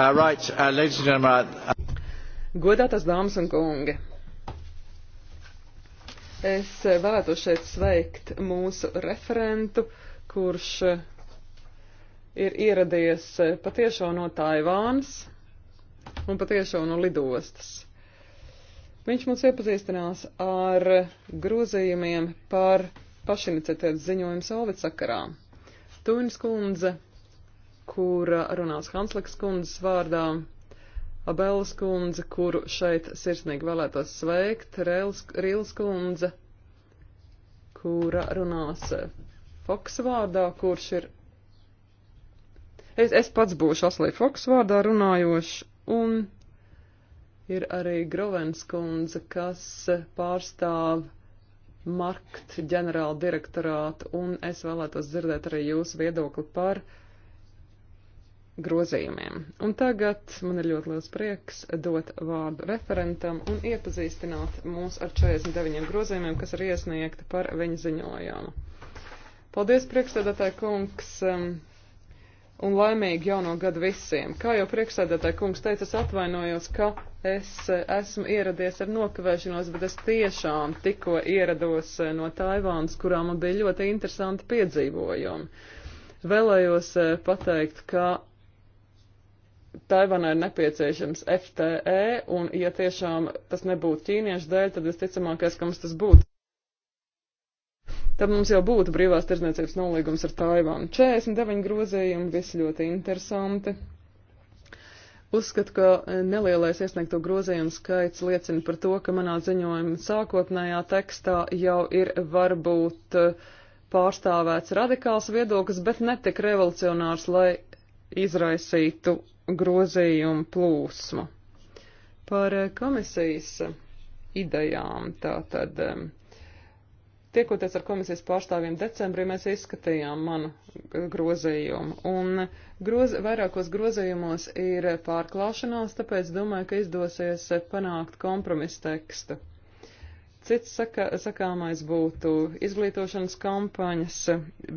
Uh, right, uh, ladies and gentlemen. Uh... Godātas dāmas un kungi. Es vēlētu šeit sveikt mūsu referentu, kurš ir ieradies patiešo no Taivānas un patiešo no lidostas. Viņš mums iepazīstinās ar grozījumiem par pašiniciatētas ziņojumu Solvit sakarā. Tūnis kundze kura runās Hanslaks kundzes vārdā. Abelas kundze, kuru šeit sirsnīgi vēlētos sveikt, Rēls, Rīls kundze, kura runās Foks vārdā, kurš ir. Es, es pats būšu Aslī Foks vārdā runājošs, un ir arī Grovens kundze, kas pārstāv Markt ģenerāla direktorātu, un es vēlētos dzirdēt arī jūsu viedokli par uh, grozījumiem. Un tagad man ir ļoti liels prieks dot vārdu referentam un iepazīstināt mūs ar 49 grozījumiem, kas ir iesniegti par viņa ziņojumu. Paldies, priekšsēdētāji kungs, um, un laimīgi jauno gadu visiem. Kā jau priekšsēdētāji kungs teica, es atvainojos, ka es uh, esmu ieradies ar nokavēšanos, bet es tiešām tikko ierados uh, no Taivānas, kurā man bija ļoti interesanti piedzīvojumi vēlējos uh, pateikt, ka Taivanai ir nepieciešams FTE, un ja tiešām tas nebūtu ķīniešu dēļ, tad visticamākais, ka mums tas būtu. Tad mums jau būtu brīvās tirdzniecības nolīgums ar Taivānu. 49 grozījumi, visi ļoti interesanti. Uzskatu, ka eh, nelielais iesniegto grozījumu skaits liecina par to, ka manā ziņojuma sākotnējā tekstā jau ir varbūt eh, pārstāvēts radikāls viedoklis, bet ne tik revolucionārs, lai izraisītu grozījumu plūsmu. Par eh, komisijas idejām tātad. Eh, tiekoties ar komisijas pārstāvjiem decembrī, mēs izskatījām manu grozījumu, un groz, vairākos grozījumos ir pārklāšanās, tāpēc domāju, ka izdosies panākt kompromisu tekstu. Cits saka, sakāmais būtu izglītošanas kampaņas,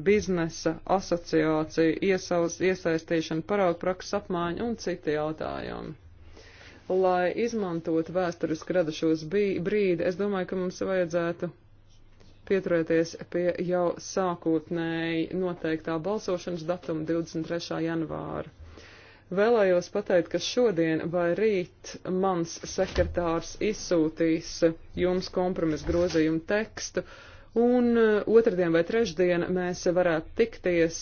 biznesa, asociācija, iesaus, iesaistīšana, paraugprakses apmaiņa un citi jautājumi. Lai izmantotu vēsturiski radušos brīdi, es domāju, ka mums vajadzētu pieturēties pie jau sākotnēji noteiktā balsošanas datuma 23. janvāra. Vēlējos pateikt, ka šodien vai rīt mans sekretārs izsūtīs jums kompromisu grozījumu tekstu, un uh, otrdien vai trešdien mēs varētu tikties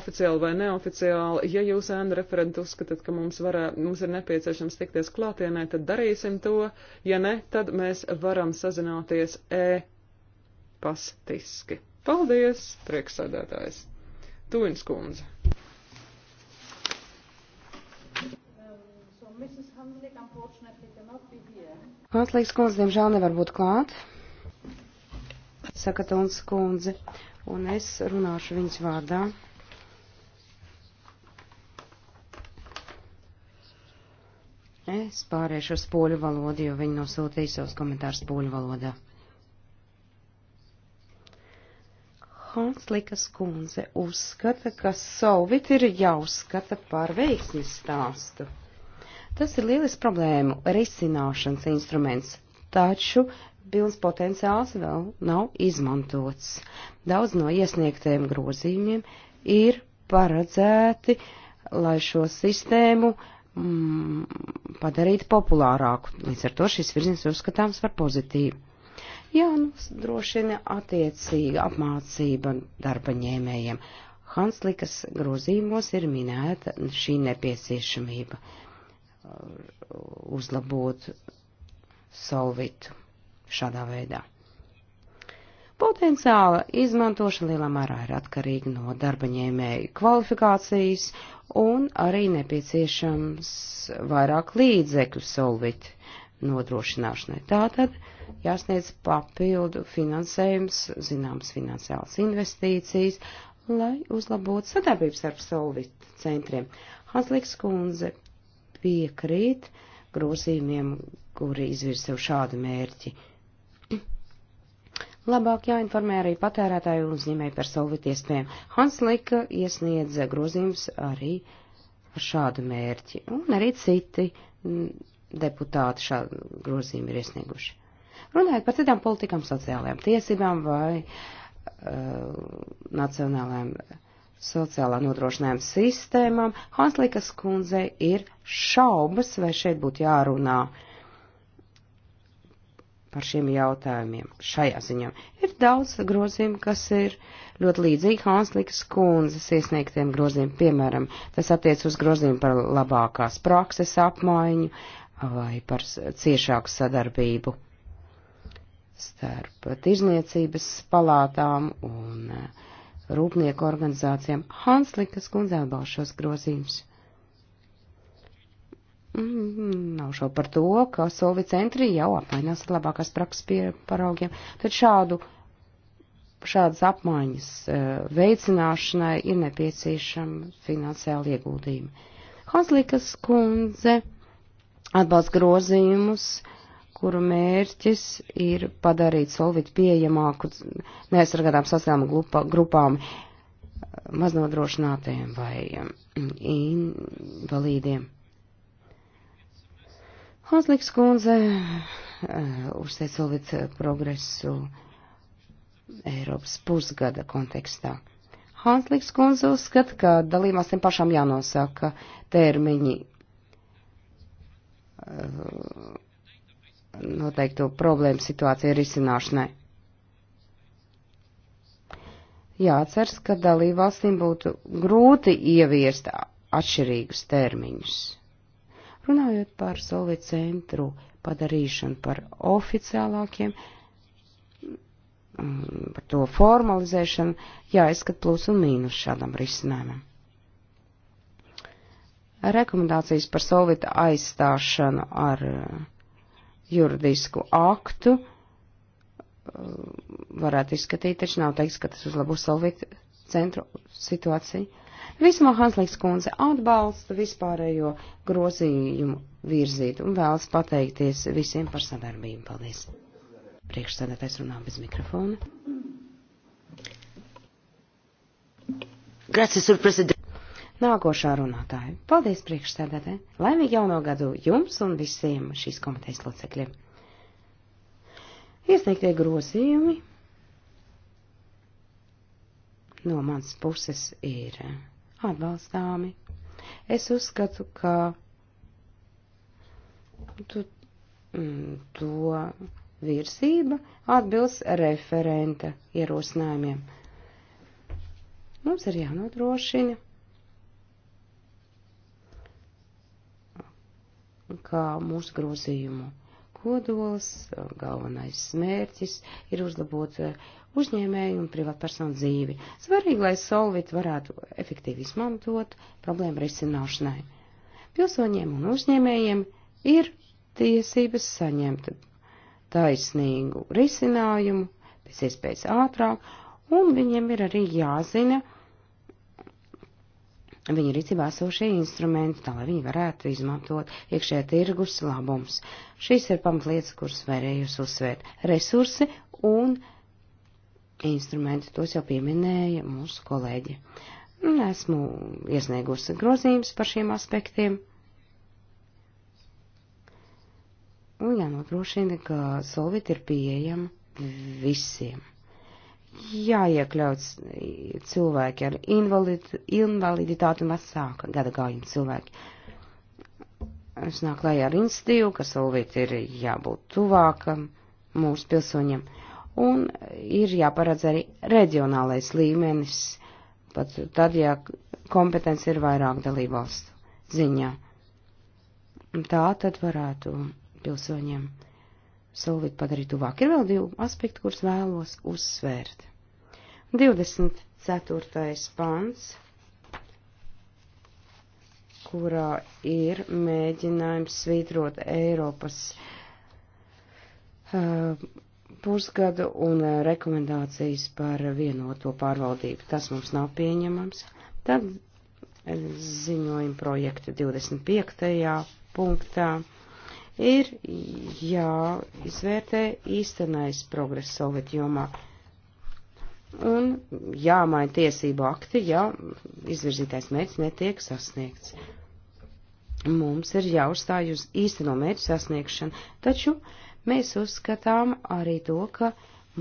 oficiāli vai neoficiāli. Ja jūs, ēna referenti, uzskatāt, ka mums, varē, mums ir nepieciešams tikties klātienē, tad darīsim to. Ja ne, tad mēs varam sazināties e-pastiski. Paldies, prieksēdētājs! Tuins kundze! Mākslīgs kundze, diemžēl, nevar būt klāt, saka Tons kundze, un es runāšu viņas vārdā. Es pārēšu uz poļu valodu, jo viņi nosūtīja savus komentārus poļu valodā. Hanslikas kundze uzskata, ka Sovit ir jāuzskata par veiksmi stāstu. Tas ir lielisks problēmu risināšanas instruments, taču pilns potenciāls vēl nav izmantots. Daudz no iesniegtiem grozījumiem ir paredzēti, lai šo sistēmu mm, padarītu populārāku. Līdz ar to šis virziens uzskatāms par pozitīvu. Jā, nu, drošina attiecīga apmācība darba ņēmējiem. Hanslikas grozījumos ir minēta šī nepieciešamība. Uh, uzlabot solvitu šādā veidā. Potenciāla izmantošana lielā mērā ir atkarīga no darba ņēmēju kvalifikācijas un arī nepieciešams vairāk līdzekļu solvit nodrošināšanai. Tātad jāsniedz papildu finansējums, zināms finansiāls investīcijas, lai uzlabotu sadarbības ar solvit centriem. Hanslīks kundze piekrīt grozījumiem, kuri izvirza sev šādu mērķi. Labāk jāinformē arī patērētāju un uzņēmēju par savu iespējām. Hans Lika iesniedz grozījums arī ar šādu mērķi, un arī citi deputāti šādu grozījumu ir iesnieguši. Runājot par citām politikām, sociālajām tiesībām vai uh, nacionālajām uh, sociālā nodrošinājuma sistēmām, Hanslikas kundzei ir šaubas, vai šeit būtu jārunā par šiem jautājumiem šajā ziņā. Ir daudz grozījumu, kas ir ļoti līdzīgi Hanslikas kundzes iesniegtiem grozījumiem. Piemēram, tas attiec uz grozījumu par labākās prakses apmaiņu vai par ciešāku sadarbību starp tirzniecības palātām un uh, rūpnieku organizācijām. Hanslikas kundze atbalst šos grozījumus. Mm, nav šo par to, ka solvi centri jau apmainās ar labākās prakses paraugiem, tad šādu, šādas apmaiņas uh, veicināšanai ir nepieciešama finansiāla ieguldījuma. Hanslikas kundze atbalsta grozījumus, uh, kuru mērķis ir padarīt solvit pieejamāku neaizsargātām sastāvām grupām maznodrošinātiem vai um, invalīdiem. Hazliks kundze uh, uzteica solvit progresu Eiropas pusgada kontekstā. Hanslīks kundze uzskata, ka dalībvalstīm pašām jānosaka termiņi uh, noteiktu problēmu situāciju risināšanai. Jāatceras, ka dalībvalstīm būtu grūti ieviest atšķirīgus termiņus. Runājot par solvit centru padarīšanu par oficiālākiem, mm, par to formalizēšanu, jāizskat plus un mīnus šādam risinājumam. Rekomendācijas par solvita aizstāšanu ar uh, juridisku aktu uh, varētu izskatīt, taču nav teiks, ka tas uzlabos Solvit centru situāciju. Vismā Hanslīgs kundze atbalsta vispārējo grozījumu virzīt un vēlas pateikties visiem par sadarbību. Paldies! Priekšsēdētājs runā bez mikrofona. Grazie, sur prezident. Nākošā runātāja. Paldies priekšsēdētē. Laimīgi jauno gadu jums un visiem šīs komitejas locekļiem. Iesniegtie grozījumi no mans puses ir atbalstāmi. Es uzskatu, ka tu, mm, to virzība atbilst referenta ierosinājumiem. Mums ir jānodrošina kā mūsu grozījumu kodols, galvenais smērķis ir uzlabot eh, uzņēmēju un privātpersonu dzīvi. Svarīgi, lai solvit varētu efektīvi izmantot problēmu risināšanai. Pilsoņiem un uzņēmējiem ir tiesības saņemt taisnīgu risinājumu pēc iespējas ātrāk, un viņiem ir arī jāzina, viņu rīcībā sošie instrumenti, tā lai viņi varētu izmantot iekšē tirgus labums. Šīs ir pamatlietas, kuras varēju uzsvērt. Resursi un instrumenti, tos jau pieminēja mūsu kolēģi. Esmu iesniegusi grozījums par šiem aspektiem. Un jānodrošina, ka solvit ir pieejama visiem jāiekļauts cilvēki ar invalid, invaliditāti un vecāka gadagājuma cilvēki. Es nāk klājā ar institīvu, ka solvīt ir jābūt tuvākam mūsu pilsoņiem, un ir jāparedz arī reģionālais līmenis, pat tad, ja kompetence ir vairāk dalībvalstu ziņā. Tā tad varētu pilsoņiem solvīt padarīt tuvāk. Ir vēl divi aspekti, kurus vēlos uzsvērt. 24. pants, kurā ir mēģinājums svītrot Eiropas uh, pusgadu un uh, rekomendācijas par vienoto pārvaldību. Tas mums nav pieņemams. Tad uh, ziņojuma projekta 25. punktā ir jāizvērtē īstenais progress Sovietjomā. jomā un jāmaina tiesību akti, ja izvirzītais mērķis netiek sasniegts. Mums ir jāuzstāj uz īsteno mērķu sasniegšanu, taču mēs uzskatām arī to, ka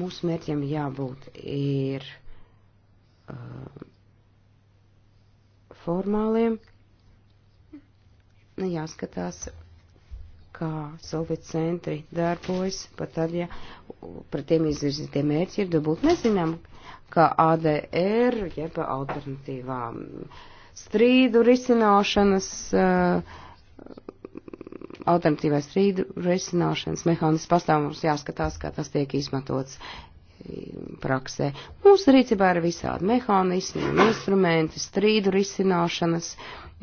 mūsu mērķiem jābūt ir uh, formāliem, jāskatās, kā solvit centri darbojas, pat tad, ja pret tiem izvirzītie mērķi ir dabūt nezinām, uh, ka ADR, jeb alternatīvā strīdu risināšanas, eh, alternatīvā strīdu risināšanas mehānisms pastāv mums jāskatās, kā tas tiek izmantots eh, praksē. Mūsu rīcībā ir visādi mehānismi un instrumenti, strīdu risināšanas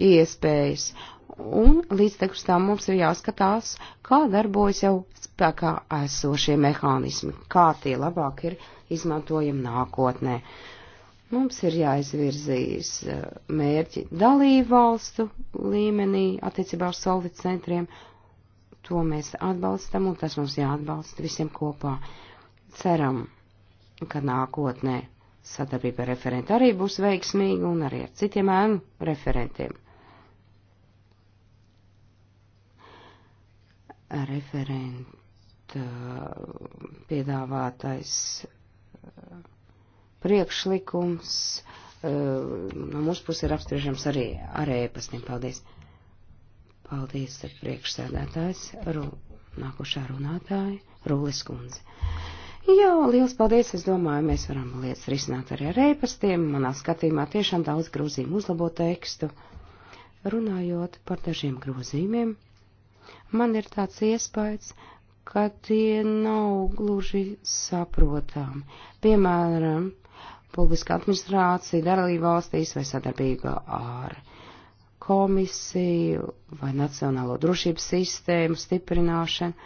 iespējas, Un līdztekus tam mums ir jāskatās, kā darbojas jau spēkā esošie mehānismi, kā tie labāk ir izmantojami nākotnē. Mums ir jāizvirzīs eh, mērķi dalību valstu līmenī attiecībā uz solvit centriem. To mēs atbalstam un tas mums jāatbalsta visiem kopā. Ceram, ka nākotnē sadarbība ar referentu arī būs veiksmīga un arī ar citiem ēnu referentiem. referenta uh, piedāvātais uh, priekšlikums uh, no mūsu puses ir apspriežams arī ar ēpastiem. Paldies! Paldies, priekšsēdētājs, ru, nākošā runātāja, Rūlis Kundze. Jā, liels paldies, es domāju, mēs varam lietas risināt arī ar ēpastiem. Manā skatījumā tiešām daudz grozījumu uzlabo tekstu. Runājot par dažiem grozījumiem, Man ir tāds iespējas, ka tie nav gluži saprotami. Piemēram, publiska administrācija darīja valstīs vai sadarbība ar komisiju vai nacionālo drošības sistēmu stiprināšanu.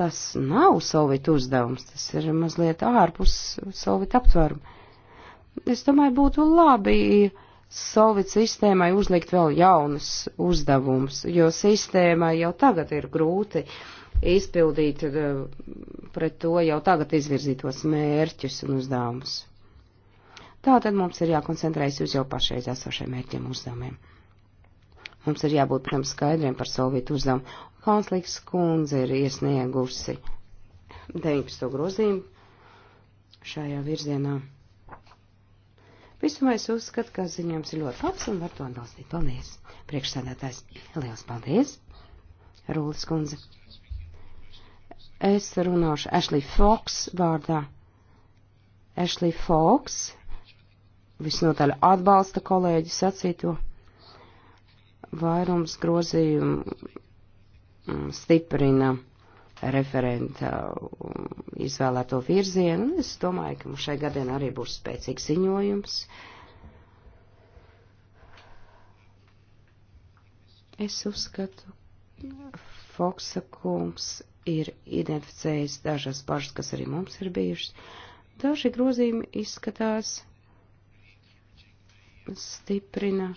Tas nav solvit uzdevums, tas ir mazliet ārpus solvit aptvarumu. Es domāju, būtu labi, ja solvit sistēmai uzlikt vēl jaunus uzdevumus, jo sistēmai jau tagad ir grūti izpildīt eh, pret to jau tagad izvirzītos mērķus un uzdevumus. Tātad mums ir jākoncentrējas uz jau pašreiz esošiem mērķiem uzdevumiem. Mums ir jābūt, protams, skaidriem par solvītu uzdevumu. Hanslīks kundze ir iesniegusi 19. grozījumu šajā virzienā. Visumā es uzskatu, ka ziņojums ir ļoti labs un var to atbalstīt. Paldies! Priekšsēdētājs, liels paldies! Rūlis kundze. Es runāšu Ashley Fox vārdā. Ashley Fox visnotaļ atbalsta kolēģi sacīto. Vairums grozījumu mm, stiprina referenta izvēlēto virzienu. Es domāju, ka mums šai gadien arī būs spēcīgs ziņojums. Es uzskatu, Foksa kungs ir identificējis dažas bažas, kas arī mums ir bijušas. Daži grozījumi izskatās stiprina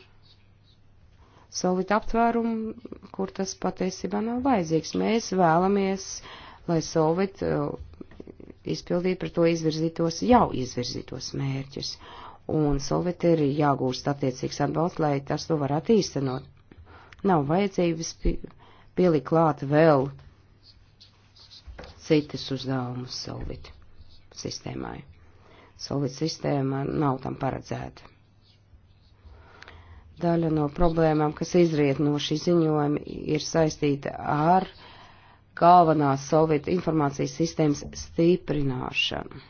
solītu aptvērumu, kur tas patiesībā nav vajadzīgs. Mēs vēlamies, lai Solvit uh, izpildītu par to izvirzītos, jau izvirzītos mērķus. Un Solvit ir jāgūst attiecīgs atbalsts, lai tas to varētu īstenot. Nav vajadzības pielikt klāt vēl citas uzdevumus Solvit sistēmai. Solvit sistēma nav tam paredzēta. Daļa no problēmām, kas izriet no šī ziņojuma, ir saistīta ar galvenās Sovietu informācijas sistēmas stiprināšanu.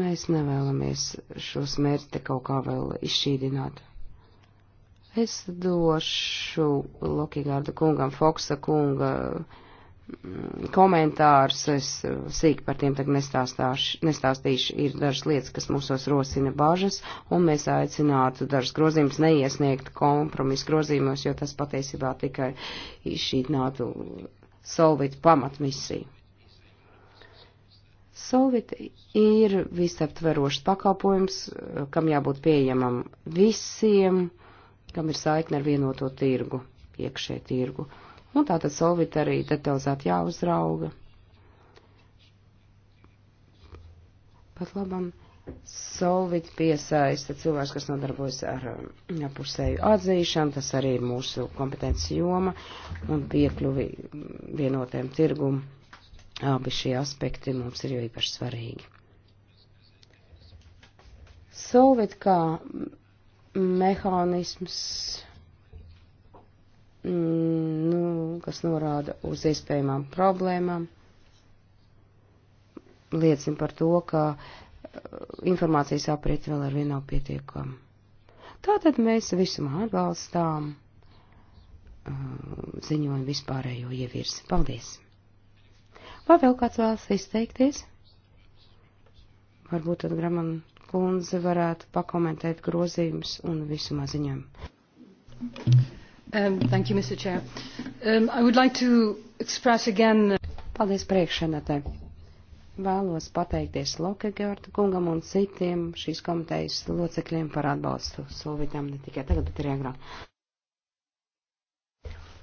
Mēs nevēlamies šo smērti kaut kā vēl izšķīdināt. Es došu Lokigārda kungam, Foksa kunga. Uh, komentārus, es uh, sīk par tiem tagad nestāstīšu, ir dažas lietas, kas mūsos rosina bažas, un mēs aicinātu dažas grozījumus neiesniegt kompromisu grozījumos, jo tas patiesībā tikai izšķītinātu solvit pamatmisiju. Solvit ir visaptverošs pakalpojums, uh, kam jābūt pieejamam visiem, kam ir saikne ar vienoto tirgu, iekšē tirgu. Uh, Un nu, tātad solvit arī detalizēti jāuzrauga. Pat labam solvit piesaista cilvēks, kas nodarbojas ar um, apusēju atzīšanu, tas arī ir mūsu kompetences joma un piekļuvi mm, vienotiem tirgumu. Abi šie aspekti mums ir jo īpaši svarīgi. Solvit kā mehānisms Mm, nu, kas norāda uz iespējamām problēmām, liecina par to, ka uh, informācijas apriet vēl ar vienu nav pietiekama. Tātad mēs visumā atbalstām uh, ziņojumu vispārējo ievirsi. Paldies! Vai vēl kāds vēlas izteikties? Varbūt tad Graman kundze varētu pakomentēt grozījumus un visumā ziņojumu. Um, thank you, Mr. Chair. Um, I would like to express again. Uh, Paldies priekšsēdētāji. Vēlos pateikties Lokegārta kungam un citiem šīs komitejas locekļiem par atbalstu solvitam ne tikai tagad, bet arī agrāk.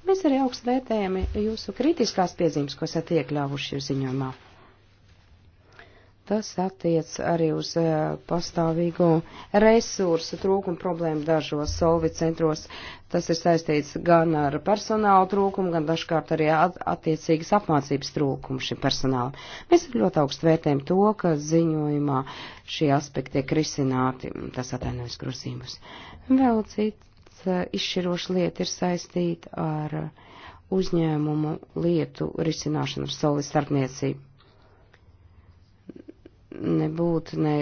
Mēs arī augstu vērtējam jūsu kritiskās piezīmes, ko esat iekļāvuši ziņojumā. Tas attiec arī uz uh, pastāvīgo resursu trūkumu problēmu dažos solvi centros. Tas ir saistīts gan ar personāla trūkumu, gan dažkārt arī at attiecīgas apmācības trūkumu šim personālam. Mēs ļoti augstu vērtējam to, ka ziņojumā šie aspekti tiek risināti. Tas atainojas grozījumus. Vēl cits uh, izšķiroša lieta ir saistīta ar uzņēmumu lietu risināšanu ar solvi starpniecību nebūtu ne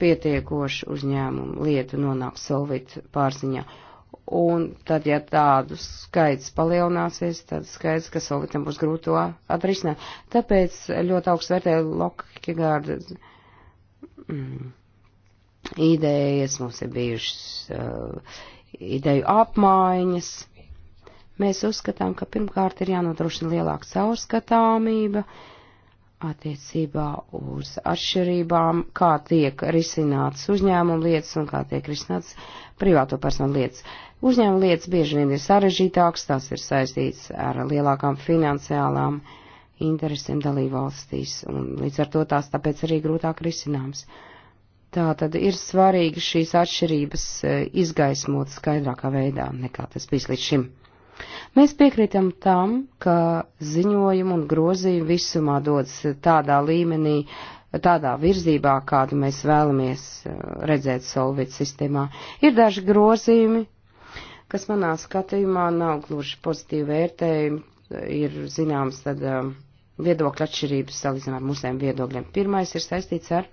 pietiekoši uzņēmumu lietu nonāk solvit pārziņā. Un tad, ja tādu skaits palielināsies, tad skaits, ka solvitam būs grūti to atrisināt. Tāpēc ļoti augsts vērtē Lokigārda mm, idejas, mums ir bijušas uh, ideju apmaiņas. Mēs uzskatām, ka pirmkārt ir jānodrošina lielāka caurskatāmība. Uh, attiecībā uz atšķirībām, kā tiek risināts uzņēmuma lietas un kā tiek risināts privāto personu lietas. Uzņēmuma lietas bieži vien ir sarežģītākas, tās ir saistītas ar lielākām finansiālām interesēm dalībvalstīs, un līdz ar to tās tāpēc arī grūtāk risināms. Tā tad ir svarīgi šīs atšķirības eh, izgaismot skaidrākā veidā, nekā tas bijis līdz šim. Mēs piekrītam tam, ka ziņojumu un grozījumu visumā dodas tādā līmenī, tādā virzībā, kādu mēs vēlamies uh, redzēt solvit sistēmā. Ir daži grozījumi, kas manā skatījumā nav gluži pozitīvi vērtējumi, ir zināms tad um, viedokļa atšķirības salīdzinām ar mūsējiem viedokļiem. Pirmais ir saistīts ar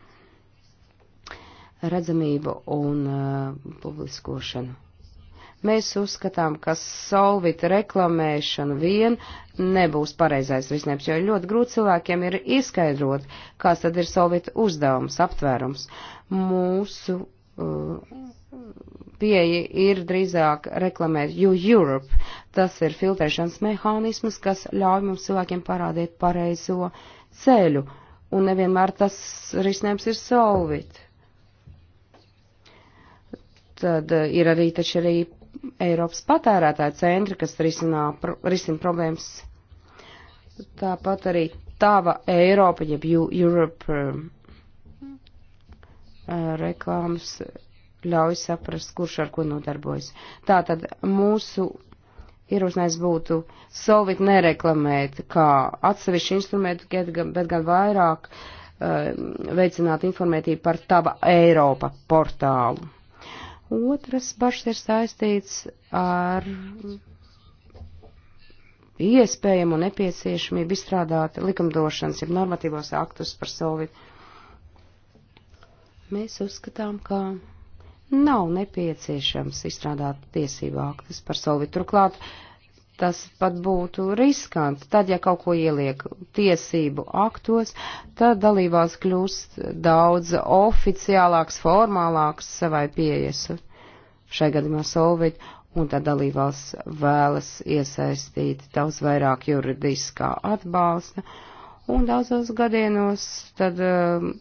redzamību un uh, publiskošanu Mēs uzskatām, ka solvit reklamēšana vien nebūs pareizais risinājums, jo ļoti grūti cilvēkiem ir izskaidrot, kāds tad ir solvit uzdevums, aptvērums. Mūsu uh, pieeja ir drīzāk reklamēt You Europe. Tas ir filtrēšanas mehānisms, kas ļauj mums cilvēkiem parādīt pareizo ceļu. Un nevienmēr tas risinājums ir solvit. Tad uh, ir arī taču arī Eiropas patērētāja centri, kas risinā, risina problēmas. Tāpat arī tava Eiropa, jeb Europe eh, eh, reklāmas ļauj saprast, kurš ar ko nodarbojas. Tātad mūsu ierosinājums būtu solvit nereklamēt kā atsevišķu instrumentu, bet gan vairāk uh, veicināt informētību par tava Eiropa portālu. Otras bažas ir saistīts ar iespējamu nepieciešamību izstrādāt likumdošanas, ja normatīvos aktus par solvidu. Mēs uzskatām, ka nav nepieciešams izstrādāt tiesību aktus par solvidu. Turklāt, uh, tas pat būtu riskanti. Tad, ja kaut ko ieliek tiesību aktos, tad dalībās kļūst daudz oficiālāks, formālāks savai pieejas, šai gadījumā solvit, un tad dalībās vēlas iesaistīt daudz vairāk juridiskā atbalsta, un daudzos gadienos tad um,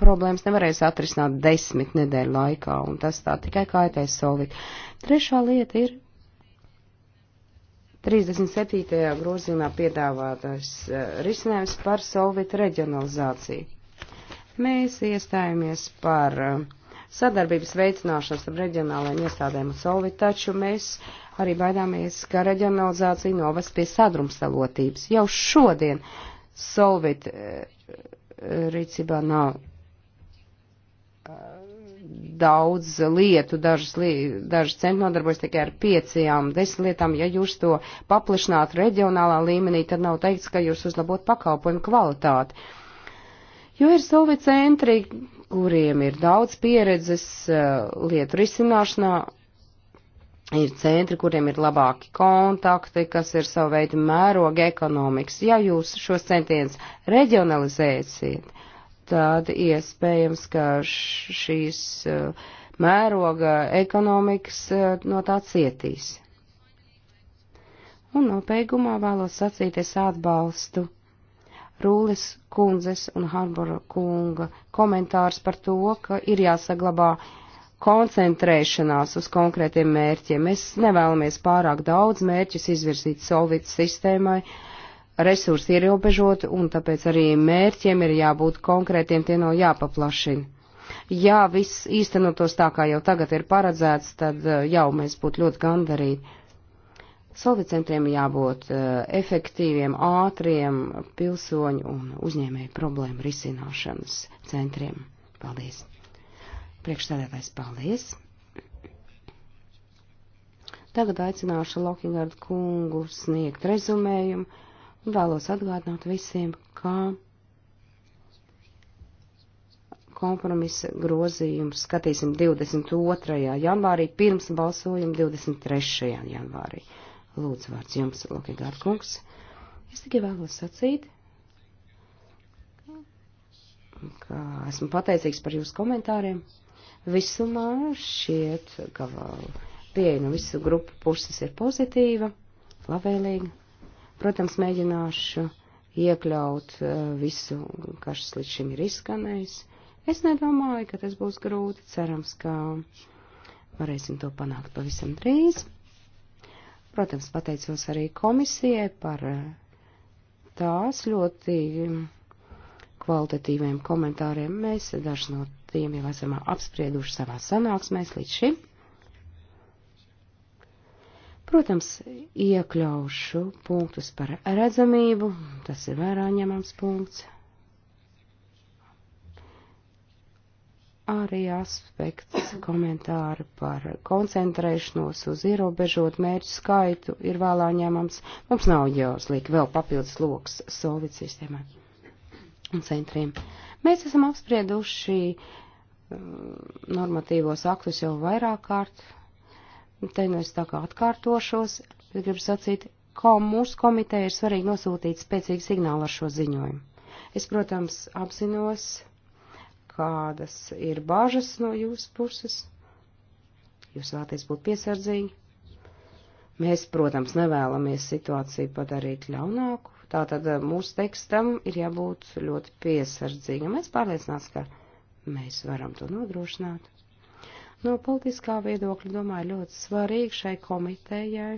problēmas nevarēs atrisināt desmit nedēļu laikā, un tas tā tikai kaitēs solvit. Trešā lieta ir 37. grozījumā piedāvātais eh, risinājums par solvītu reģionalizāciju. Mēs iestājāmies par eh, sadarbības veicināšanu starp reģionālajiem iestādēm un solvītu, taču mēs arī baidāmies, ka reģionalizācija novest pie sadrumstalotības. Jau šodien solvītu eh, rīcībā nav daudz lietu, dažas, li, dažas centri nodarbojas tikai ar piecajām, desmit lietām. Ja jūs to paplašinātu reģionālā līmenī, tad nav teikts, ka jūs uzlabot pakalpojumu kvalitāti. Jo ir solvi centri, kuriem ir daudz pieredzes eh, lietu risināšanā, ir centri, kuriem ir labāki kontakti, kas ir savu veidu mēroga ekonomikas. Ja jūs šos centienus reģionalizēsiet, tad iespējams, ka šīs uh, mēroga ekonomikas uh, no tā cietīs. Un nopeigumā vēlos sacīt, es atbalstu Rūles kundzes un Harbora kunga komentārs par to, ka ir jāsaglabā koncentrēšanās uz konkrētiem mērķiem. Mēs nevēlamies pārāk daudz mērķus izvirzīt solvītas sistēmai, uh, resursi ierobežoti, un tāpēc arī mērķiem ir jābūt konkrētiem, tie nav jāpaplašina. Ja viss īstenotos tā, kā jau tagad ir paredzēts, tad eh, jau mēs būtu ļoti gandarīti. Solvicentriem jābūt eh, efektīviem, ātriem pilsoņu un uzņēmēju problēmu risināšanas centriem. Paldies! Priekšstādātais paldies! Tagad aicināšu Lokingardu kungu sniegt rezumējumu. Un vēlos atgādināt visiem, kā kompromisa grozījumu skatīsim 22. janvārī, pirms balsojuma 23. janvārī. Lūdzu, vārds jums, Lokigārd kungs. Es tikai vēlos sacīt, ka esmu pateicīgs par jūsu komentāriem. Visumā šķiet, ka vēl pieeja no visu grupu puses ir pozitīva, labvēlīga. Protams, mēģināšu iekļaut eh, visu, kas līdz šim ir izskanējis. Es nedomāju, ka tas būs grūti. Cerams, ka varēsim to panākt pavisam drīz. Protams, pateicos arī komisijai par eh, tās ļoti kvalitatīviem komentāriem. Mēs dažs no tiem jau esam apsprieduši savā sanāksmēs līdz šim. Protams, iekļaušu punktus par redzamību, tas ir vērā ņemams punkts. Arī aspekts komentāri par koncentrēšanos uz ierobežot mērķu skaitu ir vēlā ņemams. Mums nav jāuzliek vēl papildus loks solvit sistēmai un centriem. Mēs esam apsprieduši uh, normatīvos aktus jau vairāk kārt te nu es tā kā atkārtošos, bet gribu sacīt, ka mūsu komiteja ir svarīgi nosūtīt spēcīgu signālu ar šo ziņojumu. Es, protams, apzinos, kādas ir bāžas no jūsu puses. Jūs vēlaties būt piesardzīgi. Mēs, protams, nevēlamies situāciju padarīt ļaunāku. Tātad eh, mūsu tekstam ir jābūt ļoti piesardzīgam. Mēs pārliecināts, ka mēs varam to nodrošināt. No politiskā viedokļa, domāju, ļoti svarīgi šai komitejai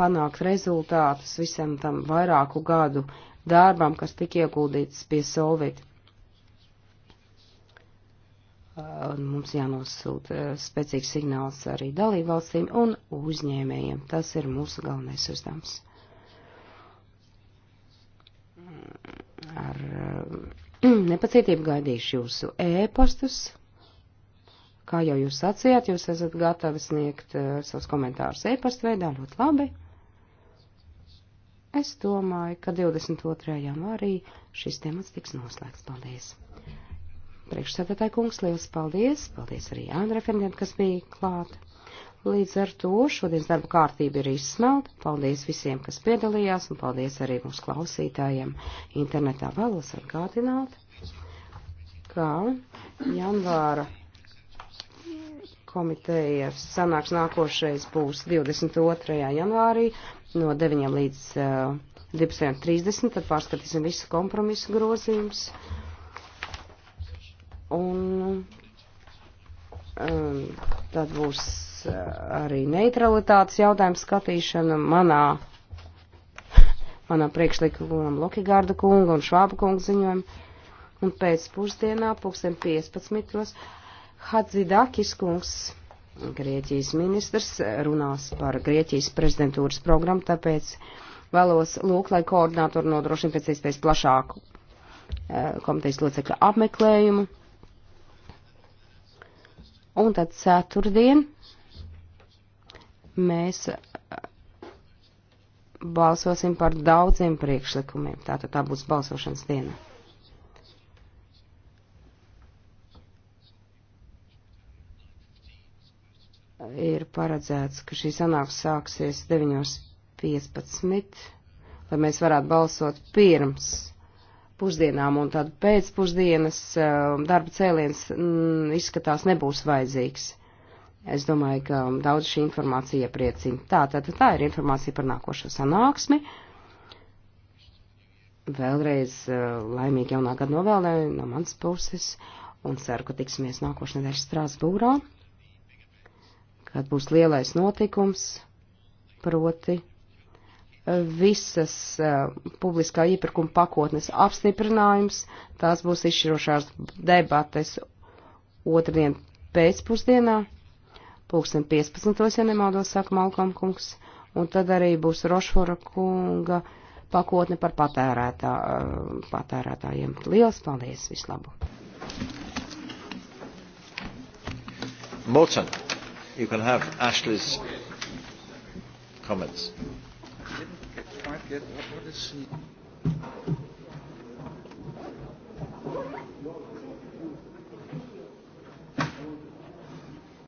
panākt rezultātus visam tam vairāku gadu darbam, kas tika ieguldīts pie Solvit. Un mums jānosūta spēcīgs signāls arī dalībvalstīm un uzņēmējiem. Tas ir mūsu galvenais uzdevums. ar eh, <clears throat> nepacietību gaidīšu jūsu ēpastus. Kā jau jūs sacījāt, jūs esat gatavi sniegt uh, savus komentārus ēpastu veidā ļoti labi. Es domāju, ka 22. janvārī šis temats tiks noslēgts. Paldies! Priekšsēdētāji kungs, liels paldies! Paldies arī Āna referentiem, kas bija klāt! Līdz ar to šodienas darba kārtība ir izsmelta. Paldies visiem, kas piedalījās, un paldies arī mūsu klausītājiem internetā. Vēlos atgādināt, ka janvāra komitejas sanāks nākošais būs 22. janvārī no 9 līdz uh, eh, 12.30, tad pārskatīsim visu kompromisu grozījumus. Un um, tad būs arī neutralitātes jautājumu skatīšana manā, manā priekšlikumam Lokigārda kunga un Švāba kunga ziņojumu. Un pēc pusdienā, pulksten 15. Hadzidakis kungs, Grieķijas ministrs, runās par Grieķijas prezidentūras programmu, tāpēc vēlos lūgt, lai koordinātori nodrošina pēc iespējas plašāku eh, komitejas locekļa apmeklējumu. Un tad ceturtdien mēs balsosim par daudziem priekšlikumiem. Tātad tā būs balsošanas diena. Ir paredzēts, ka šī sanāks sāksies 9.15, lai mēs varētu balsot pirms pusdienām, un tad pēc pusdienas um, darba cēliens m, mm, izskatās nebūs vajadzīgs. Es domāju, ka daudz šī informācija priecina. Tā, tā, tā, tā ir informācija par nākošo sanāksmi. Vēlreiz eh, laimīgi jaunā gada novēlē no manas puses un ceru, ka tiksimies nākošajā nedēļā Strāsbūrā, kad būs lielais notikums, proti visas uh, publiskā iepirkuma pakotnes apstiprinājums. Tās būs izšķirošās debates otrdien pēcpusdienā. Pūkstiem 15. ja nemaldos, saka Malkom kungs, un tad arī būs Rošfora kunga pakotne par patērētā, eh, patērētājiem. Lielas paldies, vislabu! Morton, you can have Ashley's comments. Didn't get quite get what, what is